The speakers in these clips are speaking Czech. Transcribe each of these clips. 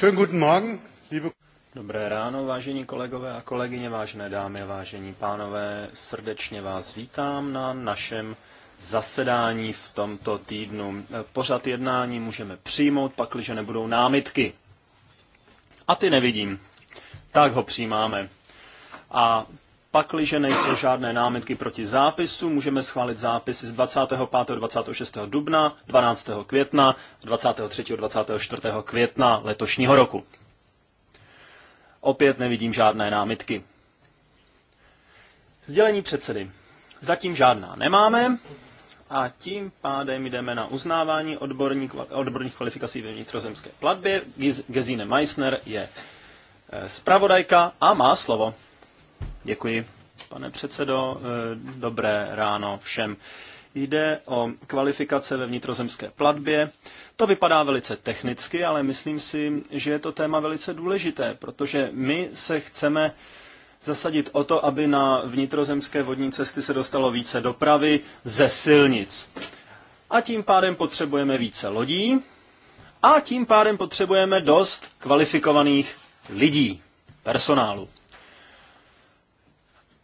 Schönen guten Morgen, liebe Dobré ráno, vážení kolegové a kolegyně, vážené dámy a vážení pánové. Srdečně vás vítám na našem zasedání v tomto týdnu. Pořad jednání můžeme přijmout, pakliže nebudou námitky. A ty nevidím. Tak ho přijímáme. A Pakliže nejsou žádné námitky proti zápisu, můžeme schválit zápisy z 25. 26. dubna, 12. května, 23. 24. května letošního roku. Opět nevidím žádné námitky. Sdělení předsedy. Zatím žádná nemáme a tím pádem jdeme na uznávání odborník, odborných kvalifikací ve vnitrozemské platbě. Gesine Meissner je eh, zpravodajka a má slovo. Děkuji, pane předsedo. E, dobré ráno všem. Jde o kvalifikace ve vnitrozemské platbě. To vypadá velice technicky, ale myslím si, že je to téma velice důležité, protože my se chceme zasadit o to, aby na vnitrozemské vodní cesty se dostalo více dopravy ze silnic. A tím pádem potřebujeme více lodí a tím pádem potřebujeme dost kvalifikovaných lidí, personálu.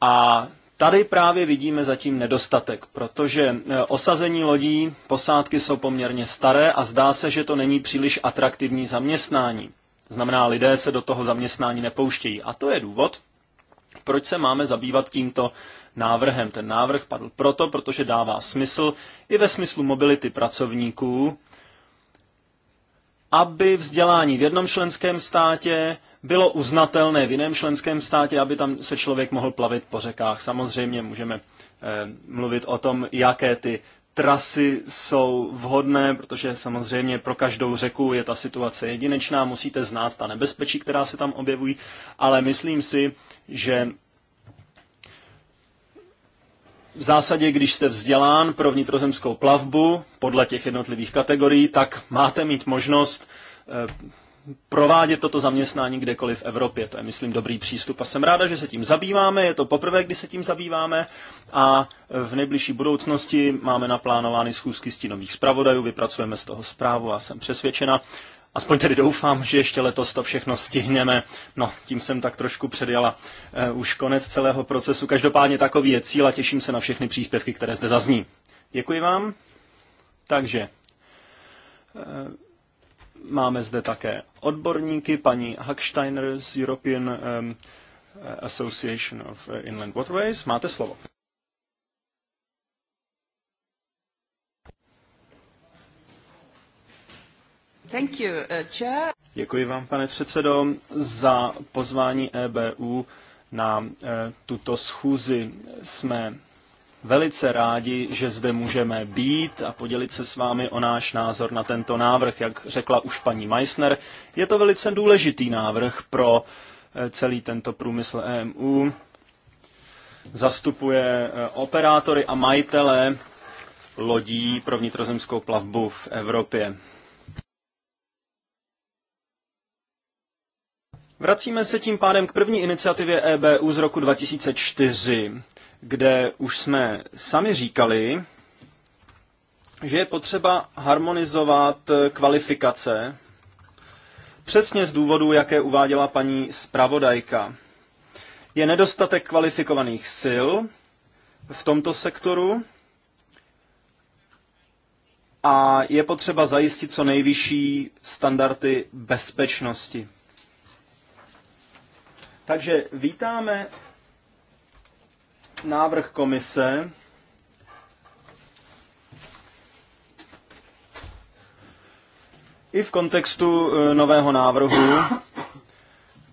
A tady právě vidíme zatím nedostatek, protože e, osazení lodí, posádky jsou poměrně staré a zdá se, že to není příliš atraktivní zaměstnání. To znamená, lidé se do toho zaměstnání nepouštějí. A to je důvod, proč se máme zabývat tímto návrhem. Ten návrh padl proto, protože dává smysl i ve smyslu mobility pracovníků, aby vzdělání v jednom členském státě bylo uznatelné v jiném členském státě, aby tam se člověk mohl plavit po řekách. Samozřejmě můžeme eh, mluvit o tom, jaké ty trasy jsou vhodné, protože samozřejmě pro každou řeku je ta situace jedinečná, musíte znát ta nebezpečí, která se tam objevují, ale myslím si, že v zásadě, když jste vzdělán pro vnitrozemskou plavbu podle těch jednotlivých kategorií, tak máte mít možnost eh, provádět toto zaměstnání kdekoliv v Evropě. To je, myslím, dobrý přístup a jsem ráda, že se tím zabýváme. Je to poprvé, kdy se tím zabýváme a v nejbližší budoucnosti máme naplánovány schůzky stínových zpravodajů, vypracujeme z toho zprávu a jsem přesvědčena, Aspoň tedy doufám, že ještě letos to všechno stihneme. No, tím jsem tak trošku předjela eh, už konec celého procesu. Každopádně takový je cíl a těším se na všechny příspěvky, které zde zazní. Děkuji vám. Takže eh, máme zde také odborníky, paní Hacksteiner z European eh, Association of Inland Waterways. Máte slovo. Thank you, uh, chair. Děkuji vám, pane předsedo, za pozvání EBU na uh, tuto schůzi. Jsme velice rádi, že zde můžeme být a podělit se s vámi o náš názor na tento návrh. Jak řekla už paní Meissner, je to velice důležitý návrh pro uh, celý tento průmysl EMU. Zastupuje operátory a majitele lodí pro vnitrozemskou plavbu v Evropě. Vracíme se tím pádem k první iniciativě EBU z roku 2004, kde už jsme sami říkali, že je potřeba harmonizovat kvalifikace přesně z důvodu, jaké uváděla paní zpravodajka. Je nedostatek kvalifikovaných sil v tomto sektoru a je potřeba zajistit co nejvyšší standardy bezpečnosti. Takže vítáme návrh komise, I v kontextu e, nového návrhu,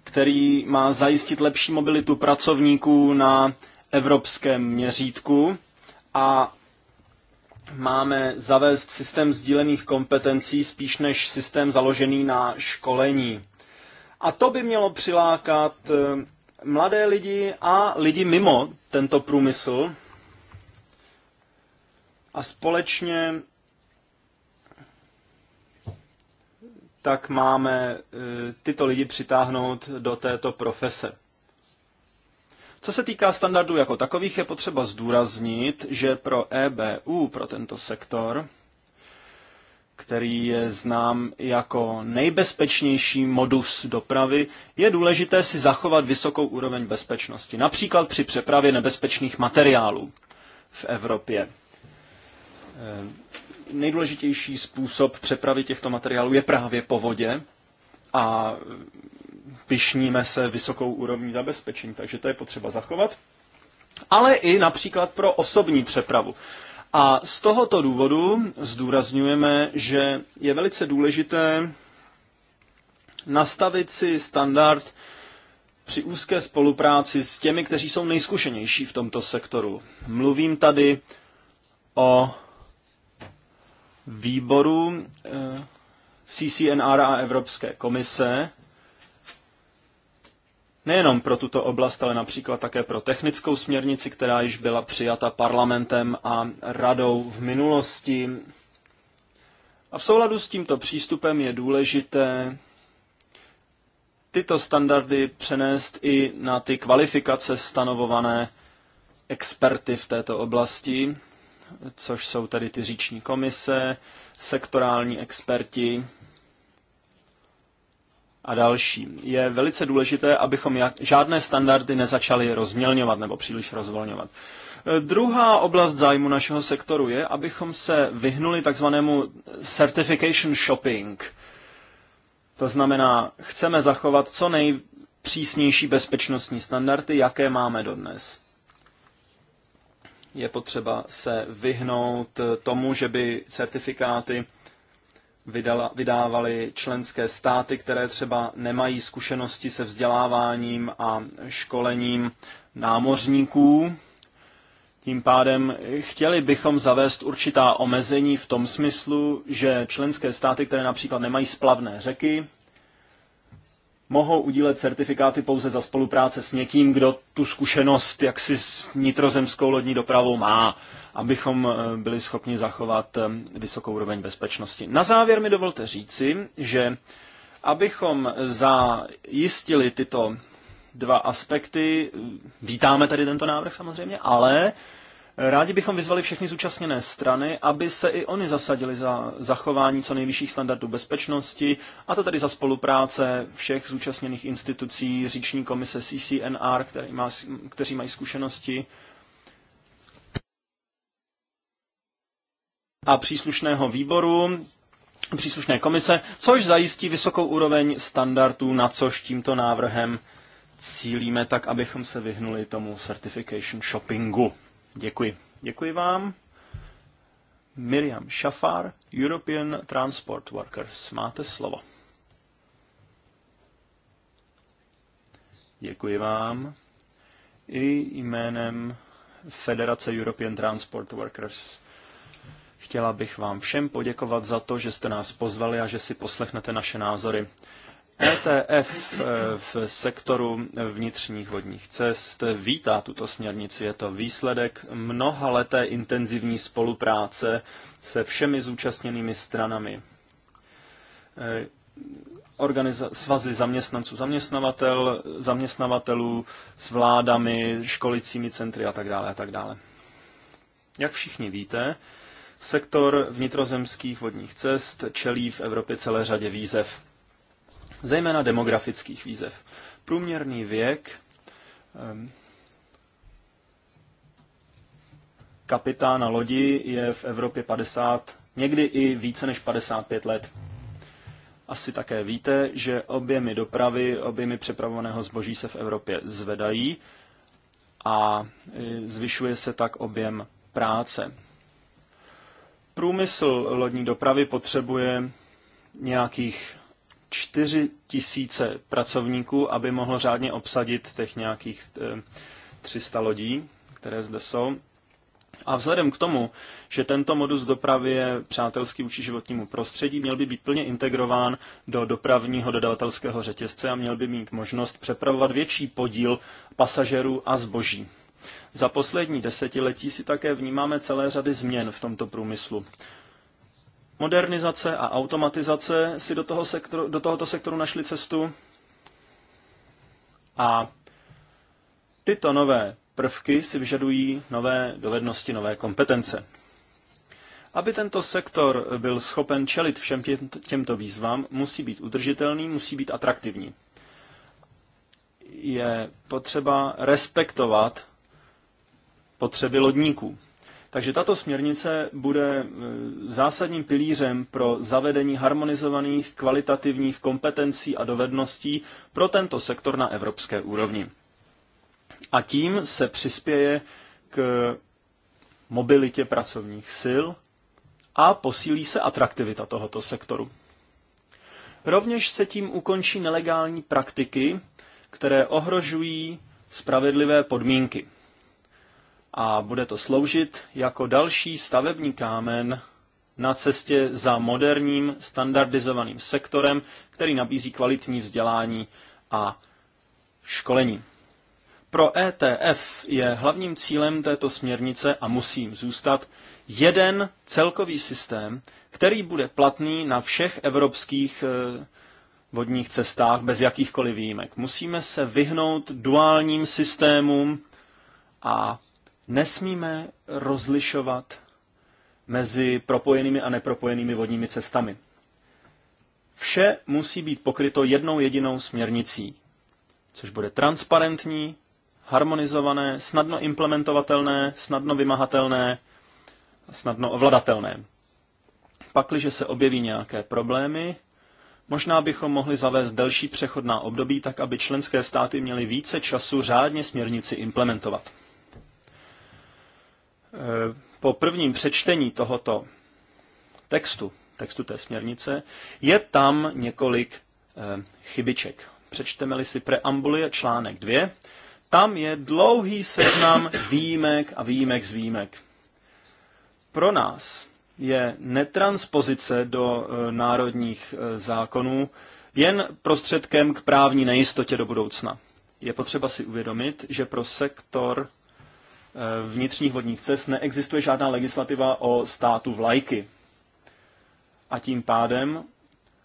který má zajistit lepší mobilitu pracovníků na evropském měřítku a máme zavést systém sdílených kompetencí spíš než systém založený na školení. A to by mělo přilákat eh, mladé lidi a lidi mimo tento průmysl a společně tak máme eh, tyto lidi přitáhnout do této profese. Co se týká standardů jako takových, je potřeba zdůraznit, že pro EBU, pro tento sektor, který je znám jako nejbezpečnější modus dopravy, je důležité si zachovat vysokou úroveň bezpečnosti, například při přepravě nebezpečných materiálů v Evropě. Eh, nejdůležitější způsob přepravy těchto materiálů je právě po vodě a pyšníme se vysokou úrovní zabezpečení, takže to je potřeba zachovat ale i například pro osobní přepravu. A z tohoto důvodu zdůrazňujeme, že je velice důležité nastavit si standard při úzké spolupráci s těmi, kteří jsou nejzkušenější v tomto sektoru. Mluvím tady o výboru eh, CCNR a Evropské komise, nejenom pro tuto oblast, ale například také pro technickou směrnici, která již byla přijata parlamentem a radou v minulosti. A v souladu s tímto přístupem je důležité tyto standardy přenést i na ty kvalifikace stanovované experty v této oblasti, což jsou tedy ty říční komise, sektorální experti, a další. Je velice důležité, abychom jak, žádné standardy nezačali rozmělňovat nebo příliš rozvolňovat. E, druhá oblast zájmu našeho sektoru je, abychom se vyhnuli takzvanému certification shopping. To znamená, chceme zachovat co nejpřísnější bezpečnostní standardy, jaké máme dodnes je potřeba se vyhnout tomu, že by certifikáty vydala, vydávaly členské státy, které třeba nemají zkušenosti se vzděláváním a školením námořníků. Tím pádem chtěli bychom zavést určitá omezení v tom smyslu, že členské státy, které například nemají splavné řeky, mohou udílet certifikáty pouze za spolupráce s někým, kdo tu zkušenost jaksi s nitrozemskou lodní dopravou má, abychom eh, byli schopni zachovat eh, vysokou úroveň bezpečnosti. Na závěr mi dovolte říci, že abychom zajistili tyto dva aspekty, eh, vítáme tady tento návrh samozřejmě, ale Rádi bychom vyzvali všechny zúčastněné strany, aby se i oni zasadili za zachování co nejvyšších standardů bezpečnosti, a to tedy za spolupráce všech zúčastněných institucí, říční komise CCNR, který má, kteří mají zkušenosti, a příslušného výboru, příslušné komise, což zajistí vysokou úroveň standardů, na což tímto návrhem cílíme tak, abychom se vyhnuli tomu certification shoppingu. Děkuji. Děkuji vám. Miriam Shafar, European Transport Workers. Máte slovo. Děkuji vám. I jménem Federace European Transport Workers. Chtěla bych vám všem poděkovat za to, že jste nás pozvali a že si poslechnete naše názory. ETF e, v sektoru vnitřních vodních cest vítá tuto směrnici. Je to výsledek mnohaleté intenzivní spolupráce se všemi zúčastněnými stranami. E, organiza- svazy zaměstnanců, zaměstnavatel, zaměstnavatelů s vládami, školicími centry a tak dále a tak dále. Jak všichni víte, sektor vnitrozemských vodních cest čelí v Evropě celé řadě výzev zejména demografických výzev. Průměrný věk kapitána lodi je v Evropě 50, někdy i více než 55 let. Asi také víte, že objemy dopravy, objemy přepravovaného zboží se v Evropě zvedají a e, zvyšuje se tak objem práce. Průmysl lodní dopravy potřebuje nějakých 4 tisíce pracovníků, aby mohlo řádně obsadit těch nějakých 300 eh, lodí, které zde jsou. A vzhledem k tomu, že tento modus dopravy je přátelský vůči životnímu prostředí, měl by být plně integrován do dopravního dodavatelského řetězce a měl by mít možnost přepravovat větší podíl pasažerů a zboží. Za poslední desetiletí si také vnímáme celé řady změn v tomto průmyslu. Modernizace a automatizace si do, toho sektoru, do tohoto sektoru našli cestu a tyto nové prvky si vyžadují nové dovednosti, nové kompetence. Aby tento sektor byl schopen čelit všem těmto výzvám, musí být udržitelný, musí být atraktivní. Je potřeba respektovat potřeby lodníků. Takže tato směrnice bude e, zásadním pilířem pro zavedení harmonizovaných kvalitativních kompetencí a dovedností pro tento sektor na evropské úrovni. A tím se přispěje k mobilitě pracovních sil a posílí se atraktivita tohoto sektoru. Rovněž se tím ukončí nelegální praktiky, které ohrožují spravedlivé podmínky a bude to sloužit jako další stavební kámen na cestě za moderním standardizovaným sektorem, který nabízí kvalitní vzdělání a školení. Pro ETF je hlavním cílem této směrnice a musím zůstat jeden celkový systém, který bude platný na všech evropských eh, vodních cestách bez jakýchkoliv výjimek. Musíme se vyhnout duálním systémům a Nesmíme rozlišovat mezi propojenými a nepropojenými vodními cestami. Vše musí být pokryto jednou jedinou směrnicí, což bude transparentní, harmonizované, snadno implementovatelné, snadno vymahatelné, snadno ovladatelné. Pakliže se objeví nějaké problémy, možná bychom mohli zavést delší přechodná období, tak aby členské státy měly více času řádně směrnici implementovat po prvním přečtení tohoto textu, textu té směrnice, je tam několik eh, chybiček. Přečteme-li si preambuli článek 2, tam je dlouhý seznam výjimek a výjimek z výjimek. Pro nás je netranspozice do eh, národních eh, zákonů jen prostředkem k právní nejistotě do budoucna. Je potřeba si uvědomit, že pro sektor Eh, vnitřních vodních cest neexistuje žádná legislativa o státu vlajky. A tím pádem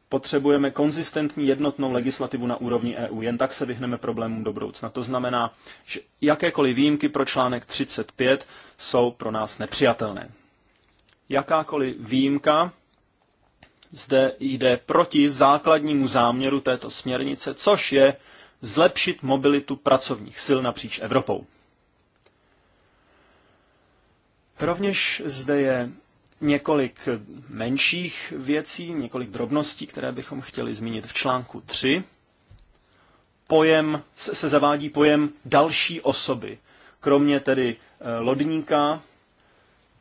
potřebujeme konzistentní jednotnou legislativu na úrovni EU. Jen tak se vyhneme problémům do budoucna. To znamená, že jakékoliv výjimky pro článek 35 jsou pro nás nepřijatelné. Jakákoliv výjimka zde jde proti základnímu záměru této směrnice, což je zlepšit mobilitu pracovních sil napříč Evropou. Rovněž zde je několik menších věcí, několik drobností, které bychom chtěli zmínit v článku 3. Pojem, se zavádí pojem další osoby, kromě tedy eh, lodníka,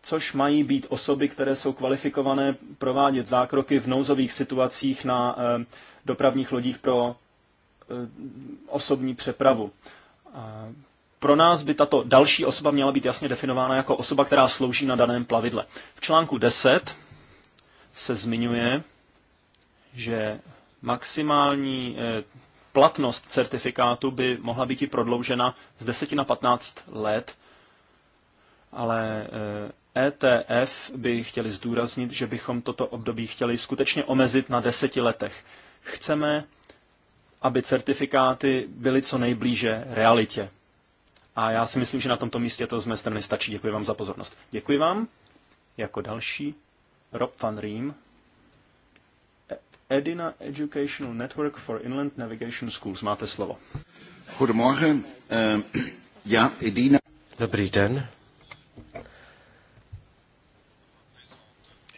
což mají být osoby, které jsou kvalifikované provádět zákroky v nouzových situacích na eh, dopravních lodích pro eh, osobní přepravu pro nás by tato další osoba měla být jasně definována jako osoba, která slouží na daném plavidle. V článku 10 se zmiňuje, že maximální eh, platnost certifikátu by mohla být i prodloužena z 10 na 15 let, ale ETF eh, e by chtěli zdůraznit, že bychom toto období chtěli skutečně omezit na 10 letech. Chceme, aby certifikáty byly co nejblíže realitě. A já si myslím, že na tomto místě to z mé strany stačí. Děkuji vám za pozornost. Děkuji vám. Jako další Rob van Riem, Edina Educational Network for Inland Navigation Schools. Máte slovo. Ehm, Edina. Dobrý den.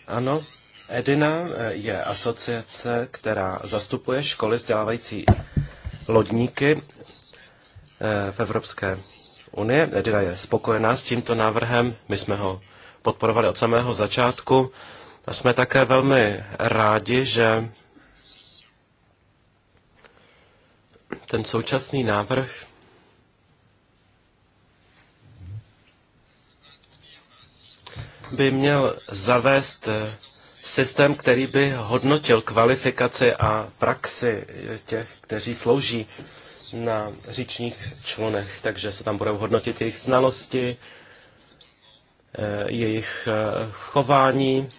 Ano, Edina eh, je asociace, která zastupuje školy vzdělávající lodníky eh, v Evropské unie. Edina je spokojená s tímto návrhem, my jsme ho podporovali od samého začátku a jsme také velmi rádi, že ten současný návrh by měl zavést systém, který by hodnotil kvalifikaci a praxi těch, kteří slouží na říčních člunech, takže se tam budou hodnotit jejich znalosti, eh, jejich eh, chování.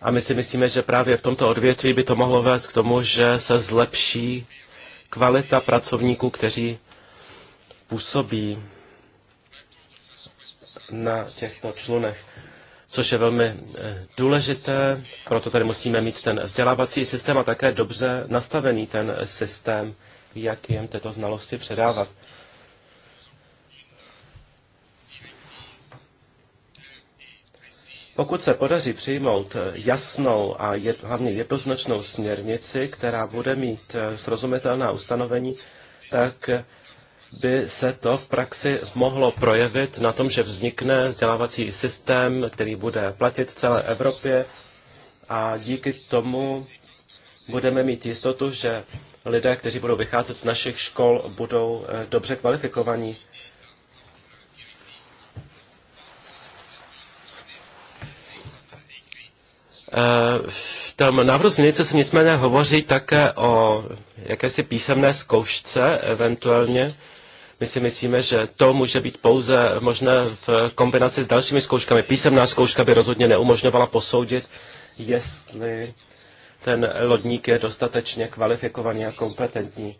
A my si myslíme, že právě v tomto odvětví by to mohlo vést k tomu, že se zlepší kvalita pracovníků, kteří působí na těchto člunech což je velmi eh, důležité, proto tady musíme mít ten vzdělávací systém a také dobře nastavený ten systém, jak jim tyto znalosti předávat. Pokud se podaří přijmout eh, jasnou a jed, hlavně jednoznačnou směrnici, která bude mít eh, srozumitelná ustanovení, tak by se to v praxi mohlo projevit na tom, že vznikne vzdělávací systém, který bude platit v celé Evropě a díky tomu budeme mít jistotu, že lidé, kteří budou vycházet z našich škol, budou eh, dobře kvalifikovaní. Eh, v tom návrhu změnice se nicméně hovoří také o jakési písemné zkoušce eventuálně, my si myslíme, že to může být pouze možné v kombinaci s dalšími zkouškami. Písemná zkouška by rozhodně neumožňovala posoudit, jestli ten lodník je dostatečně kvalifikovaný a kompetentní.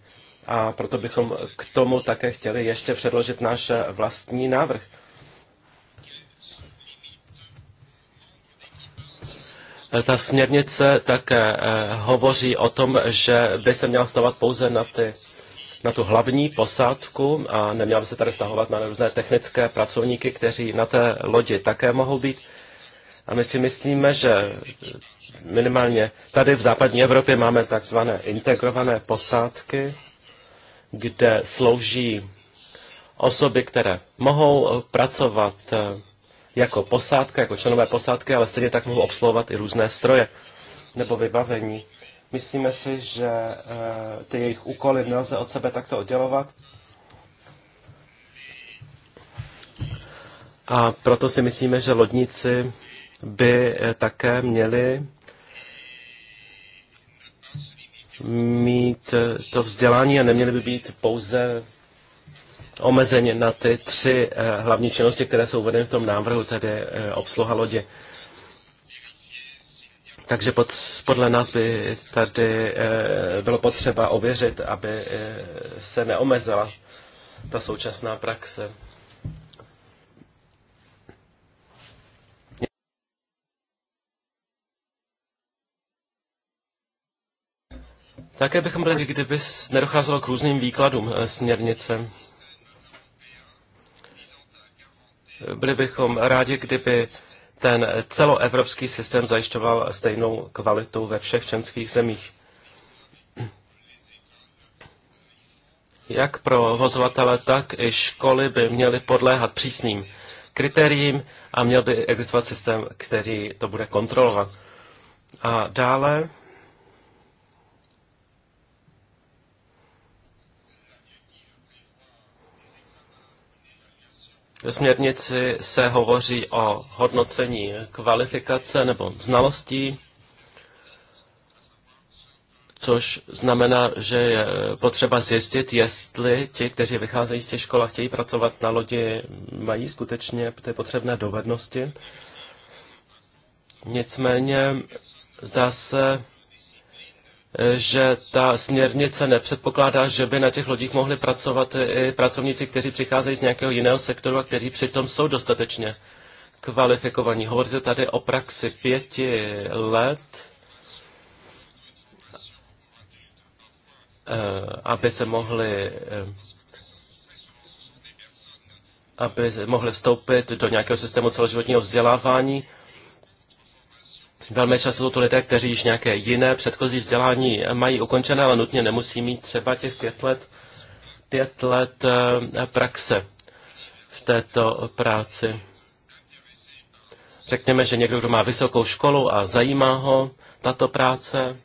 A proto bychom k tomu také chtěli ještě předložit náš vlastní návrh. Ta směrnice také eh, hovoří o tom, že by se měla stovat pouze na ty na tu hlavní posádku a neměla by se tady stahovat na různé technické pracovníky, kteří na té lodi také mohou být. A my si myslíme, že minimálně tady v západní Evropě máme takzvané integrované posádky, kde slouží osoby, které mohou pracovat eh, jako posádka, jako členové posádky, ale stejně tak mohou obsluhovat i různé stroje nebo vybavení. Myslíme si, že eh, ty jejich úkoly nelze od sebe takto oddělovat. A proto si myslíme, že lodníci by eh, také měli mít eh, to vzdělání a neměli by být pouze omezeně na ty tři hlavní činnosti, které jsou uvedeny v tom návrhu, tedy obsluha lodi. Takže pod, podle nás by tady eh, bylo potřeba ověřit, aby eh, se neomezila ta současná praxe. Také bychom byli, kdyby nedocházelo k různým výkladům eh, směrnice. Byli bychom rádi, kdyby ten celoevropský systém zajišťoval stejnou kvalitu ve všech členských zemích. Jak pro vozovatele, tak i školy by měly podléhat přísným kritériím a měl by existovat systém, který to bude kontrolovat. A dále směrnici se hovoří o hodnocení kvalifikace nebo znalostí, což znamená, že je potřeba zjistit, jestli ti, kteří vycházejí z těch škol a chtějí pracovat na lodi, mají skutečně ty potřebné dovednosti. Nicméně zdá se, že ta směrnice nepředpokládá, že by na těch lodích mohli pracovat i pracovníci, kteří přicházejí z nějakého jiného sektoru a kteří přitom jsou dostatečně kvalifikovaní. Hovoří se tady o praxi pěti let, eh, aby se mohli eh, aby mohli vstoupit do nějakého systému celoživotního vzdělávání. Velmi často jsou to lidé, kteří již nějaké jiné předchozí vzdělání mají ukončené, ale nutně nemusí mít třeba těch pět let, pět let eh, praxe v této práci. Řekněme, že někdo, kdo má vysokou školu a zajímá ho tato práce,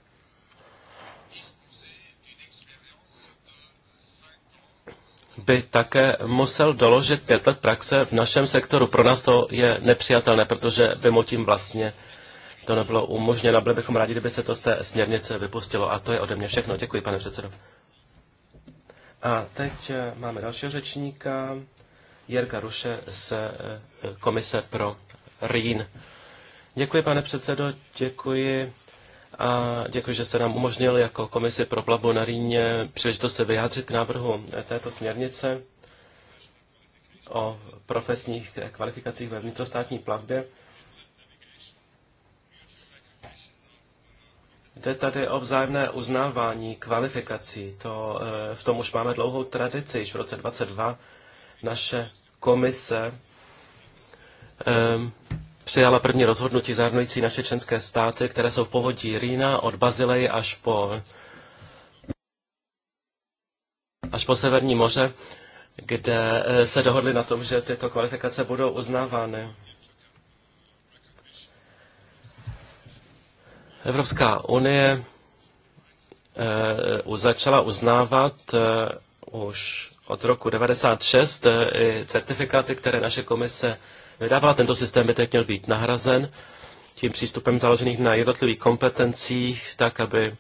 by také musel doložit pět let praxe v našem sektoru. Pro nás to je nepřijatelné, protože by mu tím vlastně to nebylo umožněno. Byli bychom rádi, kdyby se to z té směrnice vypustilo. A to je ode mě všechno. Děkuji, pane předsedo. A teď eh, máme dalšího řečníka, Jirka Ruše z eh, Komise pro Rýn. Děkuji, pane předsedo, děkuji a děkuji, že jste nám umožnil jako Komisi pro plavbu na Rýně příležitost se vyjádřit k návrhu eh, této směrnice o profesních kvalifikacích ve vnitrostátní plavbě. Jde tady o vzájemné uznávání kvalifikací. To, eh, v tom už máme dlouhou tradici. Již v roce 22 naše komise eh, přijala první rozhodnutí zahrnující naše členské státy, které jsou v povodí Rýna od Bazilej až po, až po Severní moře, kde eh, se dohodli na tom, že tyto kvalifikace budou uznávány. Evropská unie eh, začala uznávat eh, už od roku 96 eh, certifikáty, které naše komise vydávala. Tento systém by teď měl být nahrazen tím přístupem založených na jednotlivých kompetencích, tak aby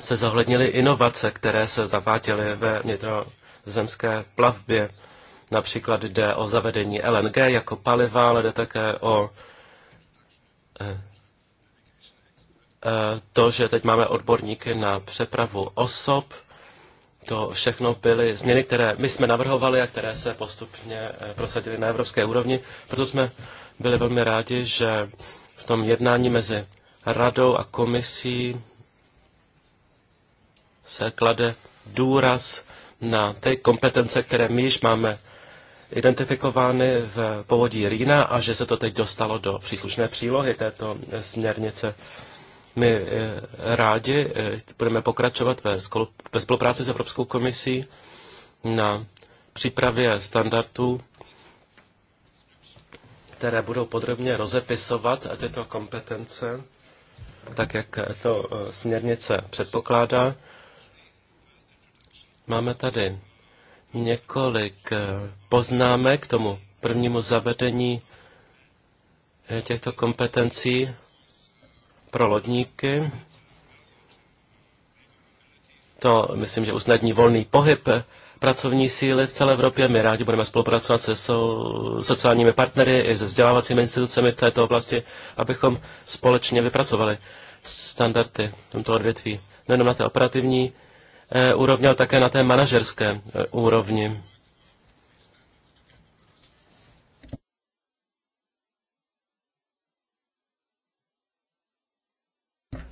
se zohlednily inovace, které se zaváděly ve vnitrozemské plavbě. Například jde o zavedení LNG jako paliva, ale jde také o Eh, to, že teď máme odborníky na přepravu osob, to všechno byly změny, které my jsme navrhovali a které se postupně eh, prosadily na evropské úrovni. Proto jsme byli velmi rádi, že v tom jednání mezi radou a komisí se klade důraz na ty kompetence, které my již máme identifikovány v povodí Rýna a že se to teď dostalo do příslušné přílohy této směrnice. My eh, rádi eh, budeme pokračovat ve spolupráci s Evropskou komisí na přípravě standardů, které budou podrobně rozepisovat tyto kompetence, tak jak to eh, směrnice předpokládá. Máme tady několik poznámek k tomu prvnímu zavedení těchto kompetencí pro lodníky. To myslím, že usnadní volný pohyb pracovní síly v celé Evropě. My rádi budeme spolupracovat se sociálními partnery i se vzdělávacími institucemi v této oblasti, abychom společně vypracovali standardy v tomto odvětví. Nejenom na té operativní eh, úrovni, ale také na té manažerské eh, úrovni.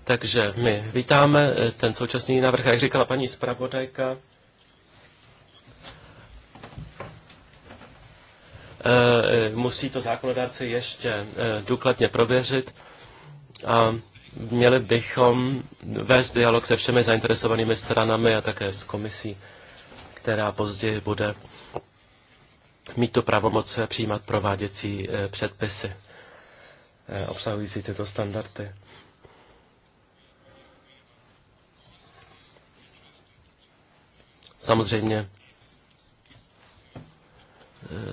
Takže my vítáme eh, ten současný návrh, jak říkala paní zpravodajka. Eh, musí to zákonodárci ještě eh, důkladně prověřit a měli bychom vést dialog se všemi zainteresovanými stranami a také s komisí, která později bude mít tu pravomoc přijímat prováděcí předpisy obsahující tyto standardy. Samozřejmě eh,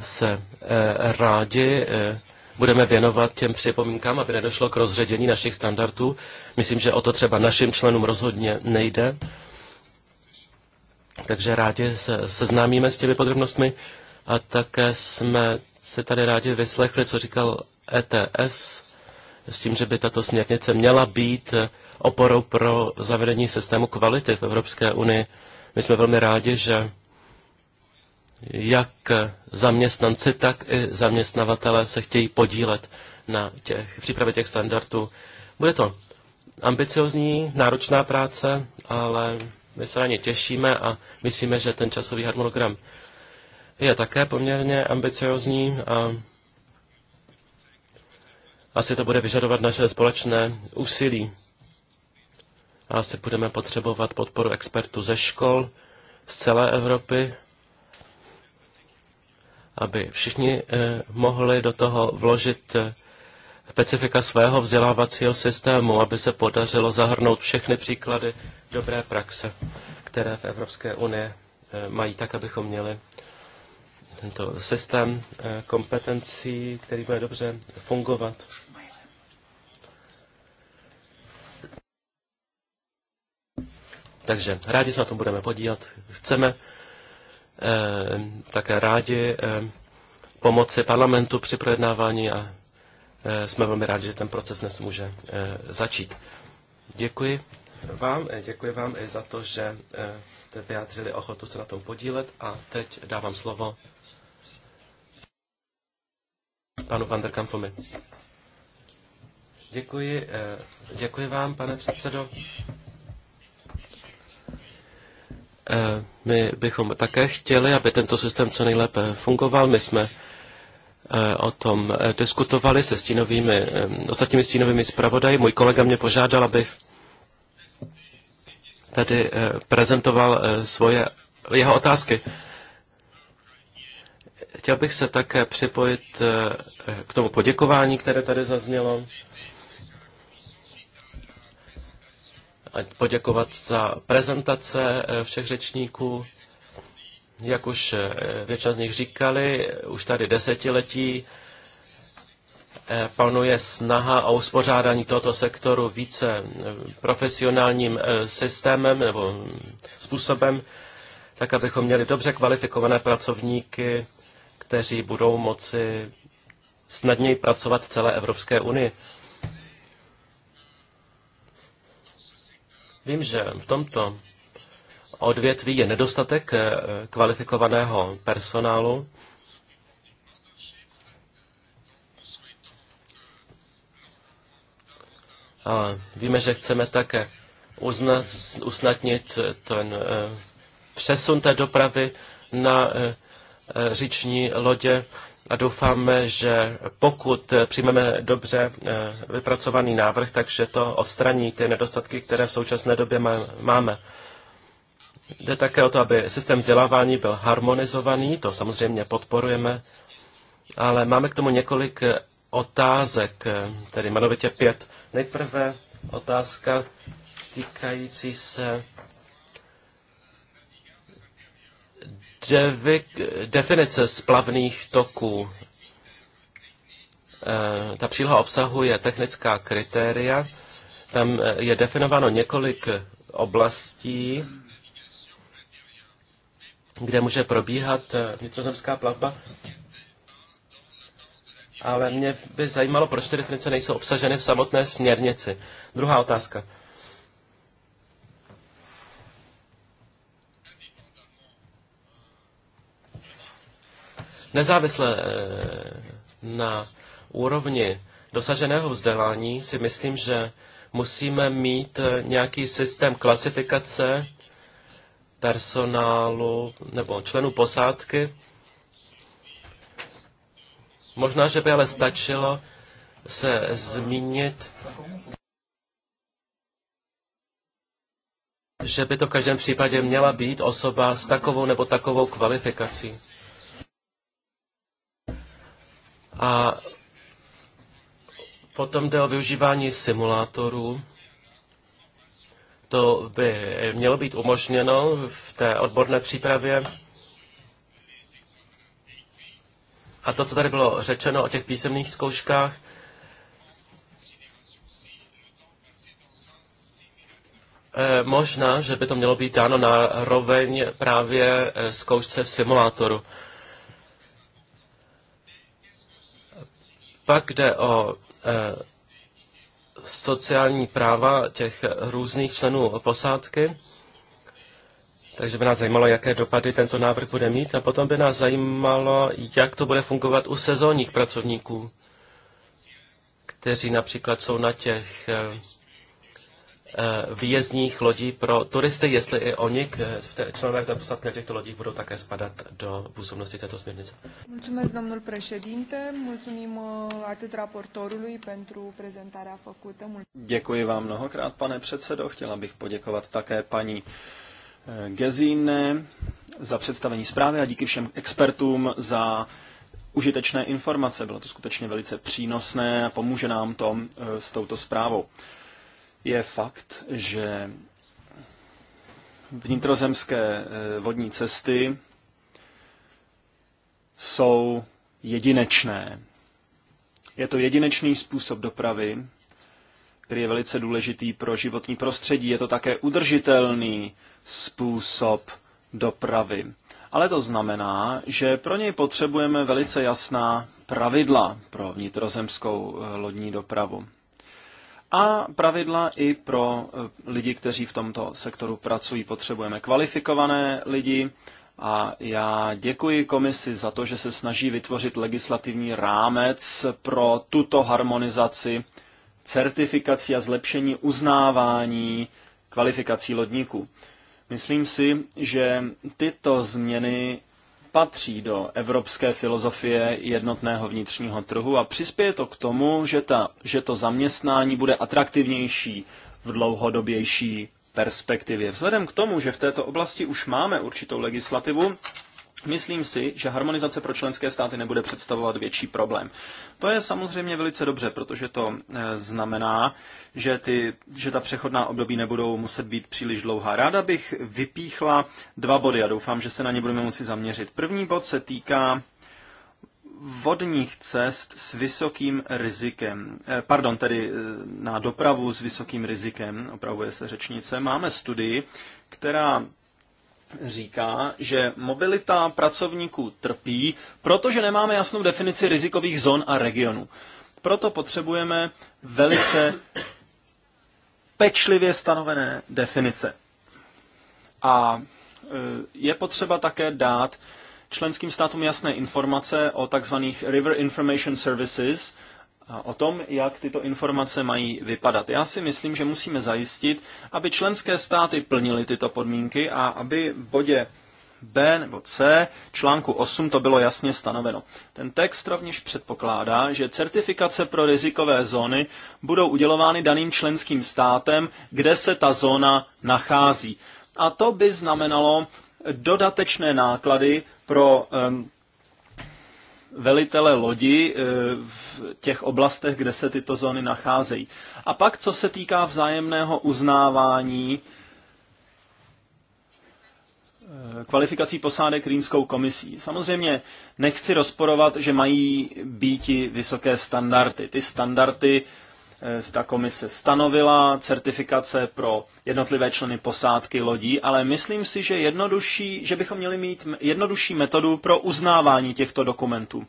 se eh, rádi eh, budeme věnovat těm připomínkám, aby nedošlo k rozředění našich standardů. Myslím, že o to třeba našim členům rozhodně nejde. Takže rádi se seznámíme s těmi podrobnostmi a také jsme se tady rádi vyslechli, co říkal ETS, s tím, že by tato směrnice měla být oporou pro zavedení systému kvality v Evropské unii. My jsme velmi rádi, že jak zaměstnanci, tak i zaměstnavatele se chtějí podílet na těch, přípravě těch standardů. Bude to ambiciozní, náročná práce, ale my se na ně těšíme a myslíme, že ten časový harmonogram je také poměrně ambiciozní a asi to bude vyžadovat naše společné úsilí a asi budeme potřebovat podporu expertů ze škol z celé Evropy, aby všichni eh, mohli do toho vložit eh, specifika svého vzdělávacího systému, aby se podařilo zahrnout všechny příklady dobré praxe, které v Evropské unii eh, mají tak, abychom měli tento systém kompetencí, který bude dobře fungovat. Takže rádi se na tom budeme podívat. Chceme e, také rádi e, pomoci parlamentu při projednávání a e, jsme velmi rádi, že ten proces dnes může e, začít. Děkuji vám, děkuji vám i za to, že jste vyjádřili ochotu se na tom podílet a teď dávám slovo panu van der Kampfumi. Děkuji, děkuji vám, pane předsedo. Eh, my bychom také chtěli, aby tento systém co nejlépe fungoval. My jsme eh, o tom eh, diskutovali se stínovými, ostatními stínovými zpravodaji. Můj kolega mě požádal, abych tady prezentoval svoje, jeho otázky. Chtěl bych se také připojit k tomu poděkování, které tady zaznělo. poděkovat za prezentace eh, všech řečníků. Jak už eh, většina z nich říkali, už tady desetiletí eh, panuje snaha o uspořádání tohoto sektoru více profesionálním systémem nebo způsobem, tak abychom měli dobře kvalifikované pracovníky, kteří budou moci snadněji pracovat v celé Evropské unii. Vím, že v tomto odvětví je nedostatek eh, kvalifikovaného personálu. A víme, že chceme také uznat, usnadnit ten eh, přesun té dopravy na eh, říční lodě a doufáme, že pokud přijmeme dobře eh, vypracovaný návrh, takže to odstraní ty nedostatky, které v současné době máme. Jde také o to, aby systém vzdělávání byl harmonizovaný, to samozřejmě podporujeme, ale máme k tomu několik otázek, eh, tedy jmenovitě pět. Nejprve otázka týkající se devik, definice splavných toků. Eh, ta příloha obsahuje technická kritéria. Tam eh, je definováno několik oblastí, kde může probíhat eh, vnitrozemská plavba. Ale mě by zajímalo, proč ty definice nejsou obsaženy v samotné směrnici. Druhá otázka. Nezávisle eh, na úrovni dosaženého vzdělání si myslím, že musíme mít eh, nějaký systém klasifikace personálu nebo členů posádky. Možná, že by ale stačilo se zmínit, že by to v každém případě měla být osoba s takovou nebo takovou kvalifikací. A potom jde o využívání simulátorů. To by mělo být umožněno v té odborné přípravě. A to, co tady bylo řečeno o těch písemných zkouškách, eh, možná, že by to mělo být dáno na roveň právě eh, zkoušce v simulátoru. Pak jde o eh, sociální práva těch různých členů posádky. Takže by nás zajímalo, jaké dopady tento návrh bude mít a potom by nás zajímalo, jak to bude fungovat u sezónních pracovníků, kteří například jsou na těch eh, Eh, výjezdních lodí pro turisty, jestli i oni, členové té posadky na těchto lodích, budou také spadat do působnosti této směrnice. Mulțumesc, domnul președinte, mulțumim eh, atât raportorului pentru prezentarea făcută. Děkuji vám mnohokrát, pane předsedo. Chtěla bych poděkovat také paní eh, Gezine za představení zprávy a díky všem expertům za užitečné informace. Bylo to skutečně velice přínosné a pomůže nám to s touto zprávou je fakt, že vnitrozemské eh, vodní cesty jsou jedinečné. Je to jedinečný způsob dopravy, který je velice důležitý pro životní prostředí. Je to také udržitelný způsob dopravy. Ale to znamená, že pro něj potřebujeme velice jasná pravidla pro vnitrozemskou eh, lodní dopravu a pravidla i pro eh, lidi, kteří v tomto sektoru pracují. Potřebujeme kvalifikované lidi a já děkuji komisi za to, že se snaží vytvořit legislativní rámec pro tuto harmonizaci certifikací a zlepšení uznávání kvalifikací lodníků. Myslím si, že tyto změny patří do evropské filozofie jednotného vnitřního trhu a přispěje to k tomu, že, ta, že to zaměstnání bude atraktivnější v dlouhodobější perspektivě. Vzhledem k tomu, že v této oblasti už máme určitou legislativu, Myslím si, že harmonizace pro členské státy nebude představovat větší problém. To je samozřejmě velice dobře, protože to eh, znamená, že, ty, že ta přechodná období nebudou muset být příliš dlouhá. Ráda bych vypíchla dva body a doufám, že se na ně budeme muset zaměřit. První bod se týká vodních cest s vysokým rizikem, eh, pardon, tedy eh, na dopravu s vysokým rizikem, opravuje se řečnice, máme studii, která říká, že mobilita pracovníků trpí, protože nemáme jasnou definici rizikových zón a regionů. Proto potřebujeme velice pečlivě stanovené definice. A e, je potřeba také dát členským státům jasné informace o takzvaných River Information Services, o tom, jak tyto informace mají vypadat. Já si myslím, že musíme zajistit, aby členské státy plnily tyto podmínky a aby v bodě B nebo C článku 8 to bylo jasně stanoveno. Ten text rovněž předpokládá, že certifikace pro rizikové zóny budou udělovány daným členským státem, kde se ta zóna nachází. A to by znamenalo dodatečné náklady pro um, velitele lodi eh, v těch oblastech, kde se tyto zóny nacházejí. A pak, co se týká vzájemného uznávání eh, kvalifikací posádek Rýnskou komisí. Samozřejmě nechci rozporovat, že mají býti vysoké standardy. Ty standardy ta eh, komise stanovila, certifikace pro jednotlivé členy posádky lodí, ale myslím si, že, jednodušší, že bychom měli mít jednodušší metodu pro uznávání těchto dokumentů.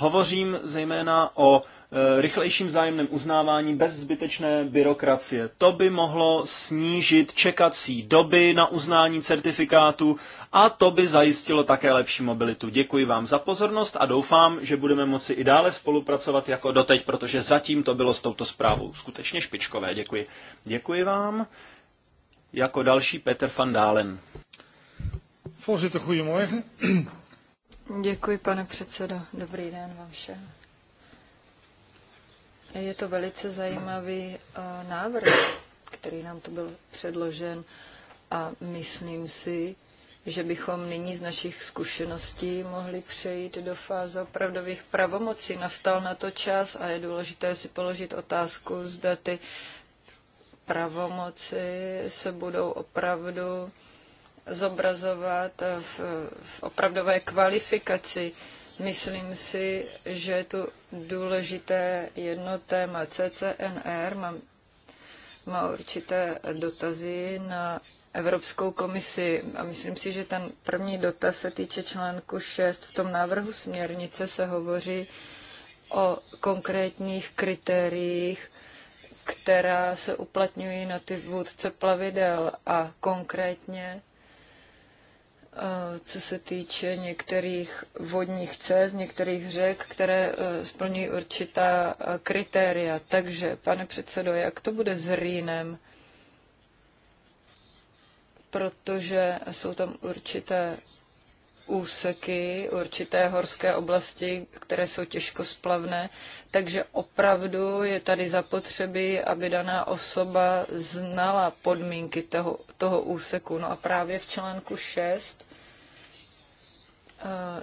Hovořím zejména o e, rychlejším vzájemném uznávání bez zbytečné byrokracie. To by mohlo snížit čekací doby na uznání certifikátu a to by zajistilo také lepší mobilitu. Děkuji vám za pozornost a doufám, že budeme moci i dále spolupracovat jako doteď, protože zatím to bylo s touto zprávou skutečně špičkové. Děkuji. Děkuji vám. Jako další Peter van Dalen. Voorzitter, goedemorgen. Děkuji, pane předsedo. Dobrý den vám všem. Je to velice zajímavý eh, návrh, který nám tu byl předložen a myslím si, že bychom nyní z našich zkušeností mohli přejít do fáze opravdových pravomocí. Nastal na to čas a je důležité si položit otázku, zda ty pravomoci se budou opravdu zobrazovat v, v opravdové kvalifikaci. Myslím si, že je tu důležité jedno téma CCNR. Mám, má určité dotazy na Evropskou komisi a myslím si, že ten první dotaz se týče článku 6. V tom návrhu směrnice se hovoří o konkrétních kritériích, která se uplatňují na ty vůdce plavidel a konkrétně co se týče některých vodních cest, některých řek, které e, splňují určitá e, kritéria. Takže, pane předsedo, jak to bude s Rýnem? Protože jsou tam určité úseky, určité horské oblasti, které jsou těžko splavné. Takže opravdu je tady zapotřebí, aby daná osoba znala podmínky toho toho úseku. No a právě v článku 6 eh,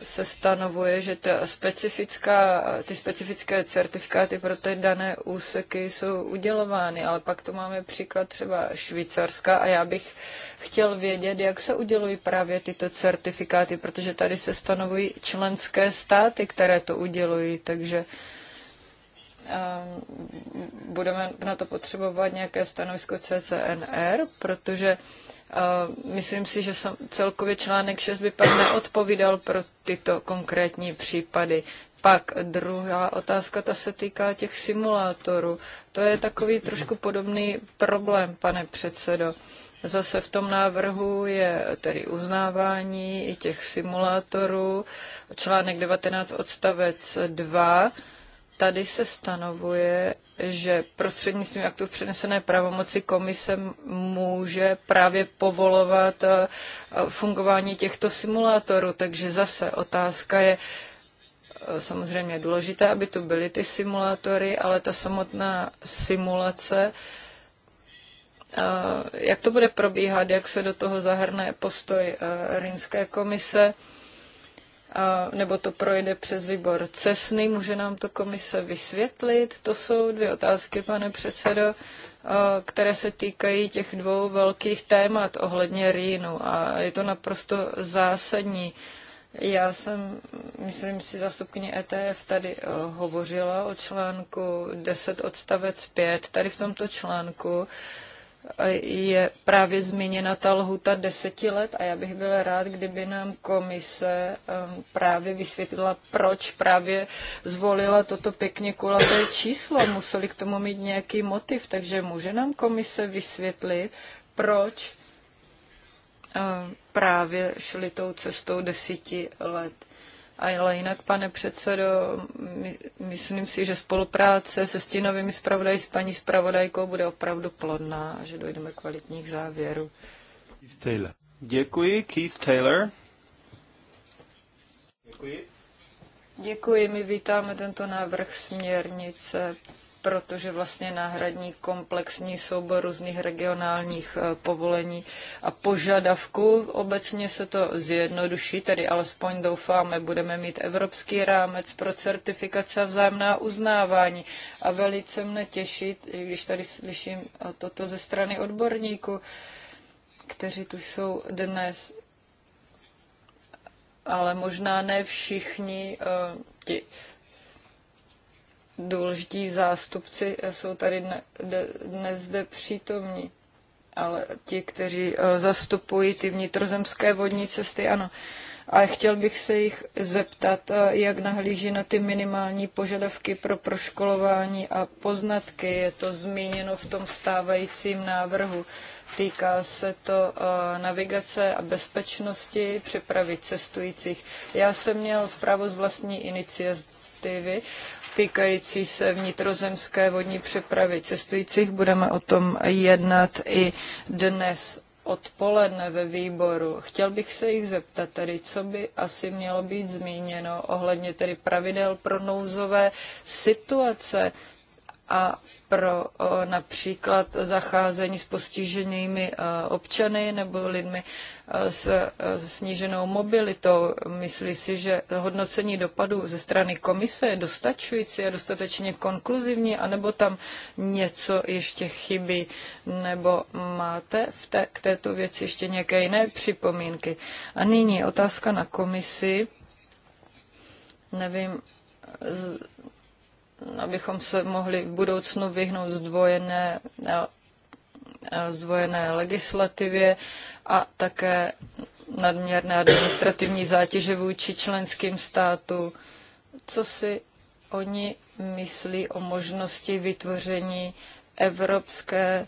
se stanovuje, že ta specifická, ty specifické certifikáty pro ty dané úseky jsou udělovány, ale pak tu máme příklad třeba Švýcarska a já bych chtěl vědět, jak se udělují právě tyto certifikáty, protože tady se stanovují členské státy, které to udělují, takže uh, Ehm, budeme na to potřebovat nějaké stanovisko CCNR, protože ehm, myslím si, že celkově článek 6 by pak neodpovídal pro tyto konkrétní případy. Pak druhá otázka, ta se týká těch simulátorů. To je takový trošku podobný problém, pane předsedo. Zase v tom návrhu je tedy uznávání i těch simulátorů, článek 19 odstavec 2 Tady se stanovuje, že prostřednictvím aktu přenesené pravomoci komise může právě povolovat eh, fungování těchto simulátorů. Takže zase otázka je, eh, samozřejmě je důležité, aby tu byly ty simulátory, ale ta samotná simulace, eh, jak to bude probíhat, jak se do toho zahrne postoj Rinské komise, nebo to projde přes výbor CESNY. Může nám to komise vysvětlit? To jsou dvě otázky, pane předsedo, které se týkají těch dvou velkých témat ohledně Rýnu a je to naprosto zásadní. Já jsem, myslím si, zastupkyně ETF tady eh, hovořila o článku 10 odstavec 5. Tady v tomto článku je právě změněna ta lhuta deseti let a já bych byl rád, kdyby nám komise um, právě vysvětlila, proč právě zvolila toto pěkně kulaté číslo. Museli k tomu mít nějaký motiv, takže může nám komise vysvětlit, proč um, právě šli tou cestou deseti let. Ale jinak, pane předsedo, my, myslím si, že spolupráce se stínovými zpravodaji s paní zpravodajkou bude opravdu plodná a že dojdeme kvalitních závěrů. Keith Taylor. Děkuji, Keith Taylor. Děkuji. Děkuji, my vítáme tento návrh směrnice protože vlastně náhradní komplexní soubor různých regionálních eh, povolení a požadavků. Obecně se to zjednoduší, tedy alespoň doufáme, budeme mít evropský rámec pro certifikace a vzájemná uznávání. A velice mne těší, když tady slyším toto ze strany odborníků, kteří tu jsou dnes, ale možná ne všichni eh, ti důležití zástupci jsou tady dnes zde přítomní, ale ti, kteří eh, zastupují ty vnitrozemské vodní cesty, ano. A chtěl bych se jich zeptat, eh, jak nahlíží na ty minimální požadavky pro proškolování a poznatky. Je to zmíněno v tom stávajícím návrhu. Týká se to eh, navigace a bezpečnosti přepravy cestujících. Já jsem měl zprávu z vlastní iniciativy týkající se vnitrozemské vodní přepravy cestujících. Budeme o tom jednat i dnes odpoledne ve výboru. Chtěl bych se jich zeptat tedy, co by asi mělo být zmíněno ohledně tedy pravidel pro nouzové situace a pro například zacházení s postiženými e, občany nebo lidmi e, e, s sníženou mobilitou. Myslí si, že hodnocení dopadů ze strany komise je dostačující a dostatečně konkluzivní, anebo tam něco ještě chybí, nebo máte v té, k této věci ještě nějaké jiné připomínky. A nyní otázka na komisi. Nevím, abychom se mohli v budoucnu vyhnout zdvojené, eh, eh, zdvojené legislativě a také nadměrné administrativní zátěže vůči členským státu. Co si oni myslí o možnosti vytvoření evropské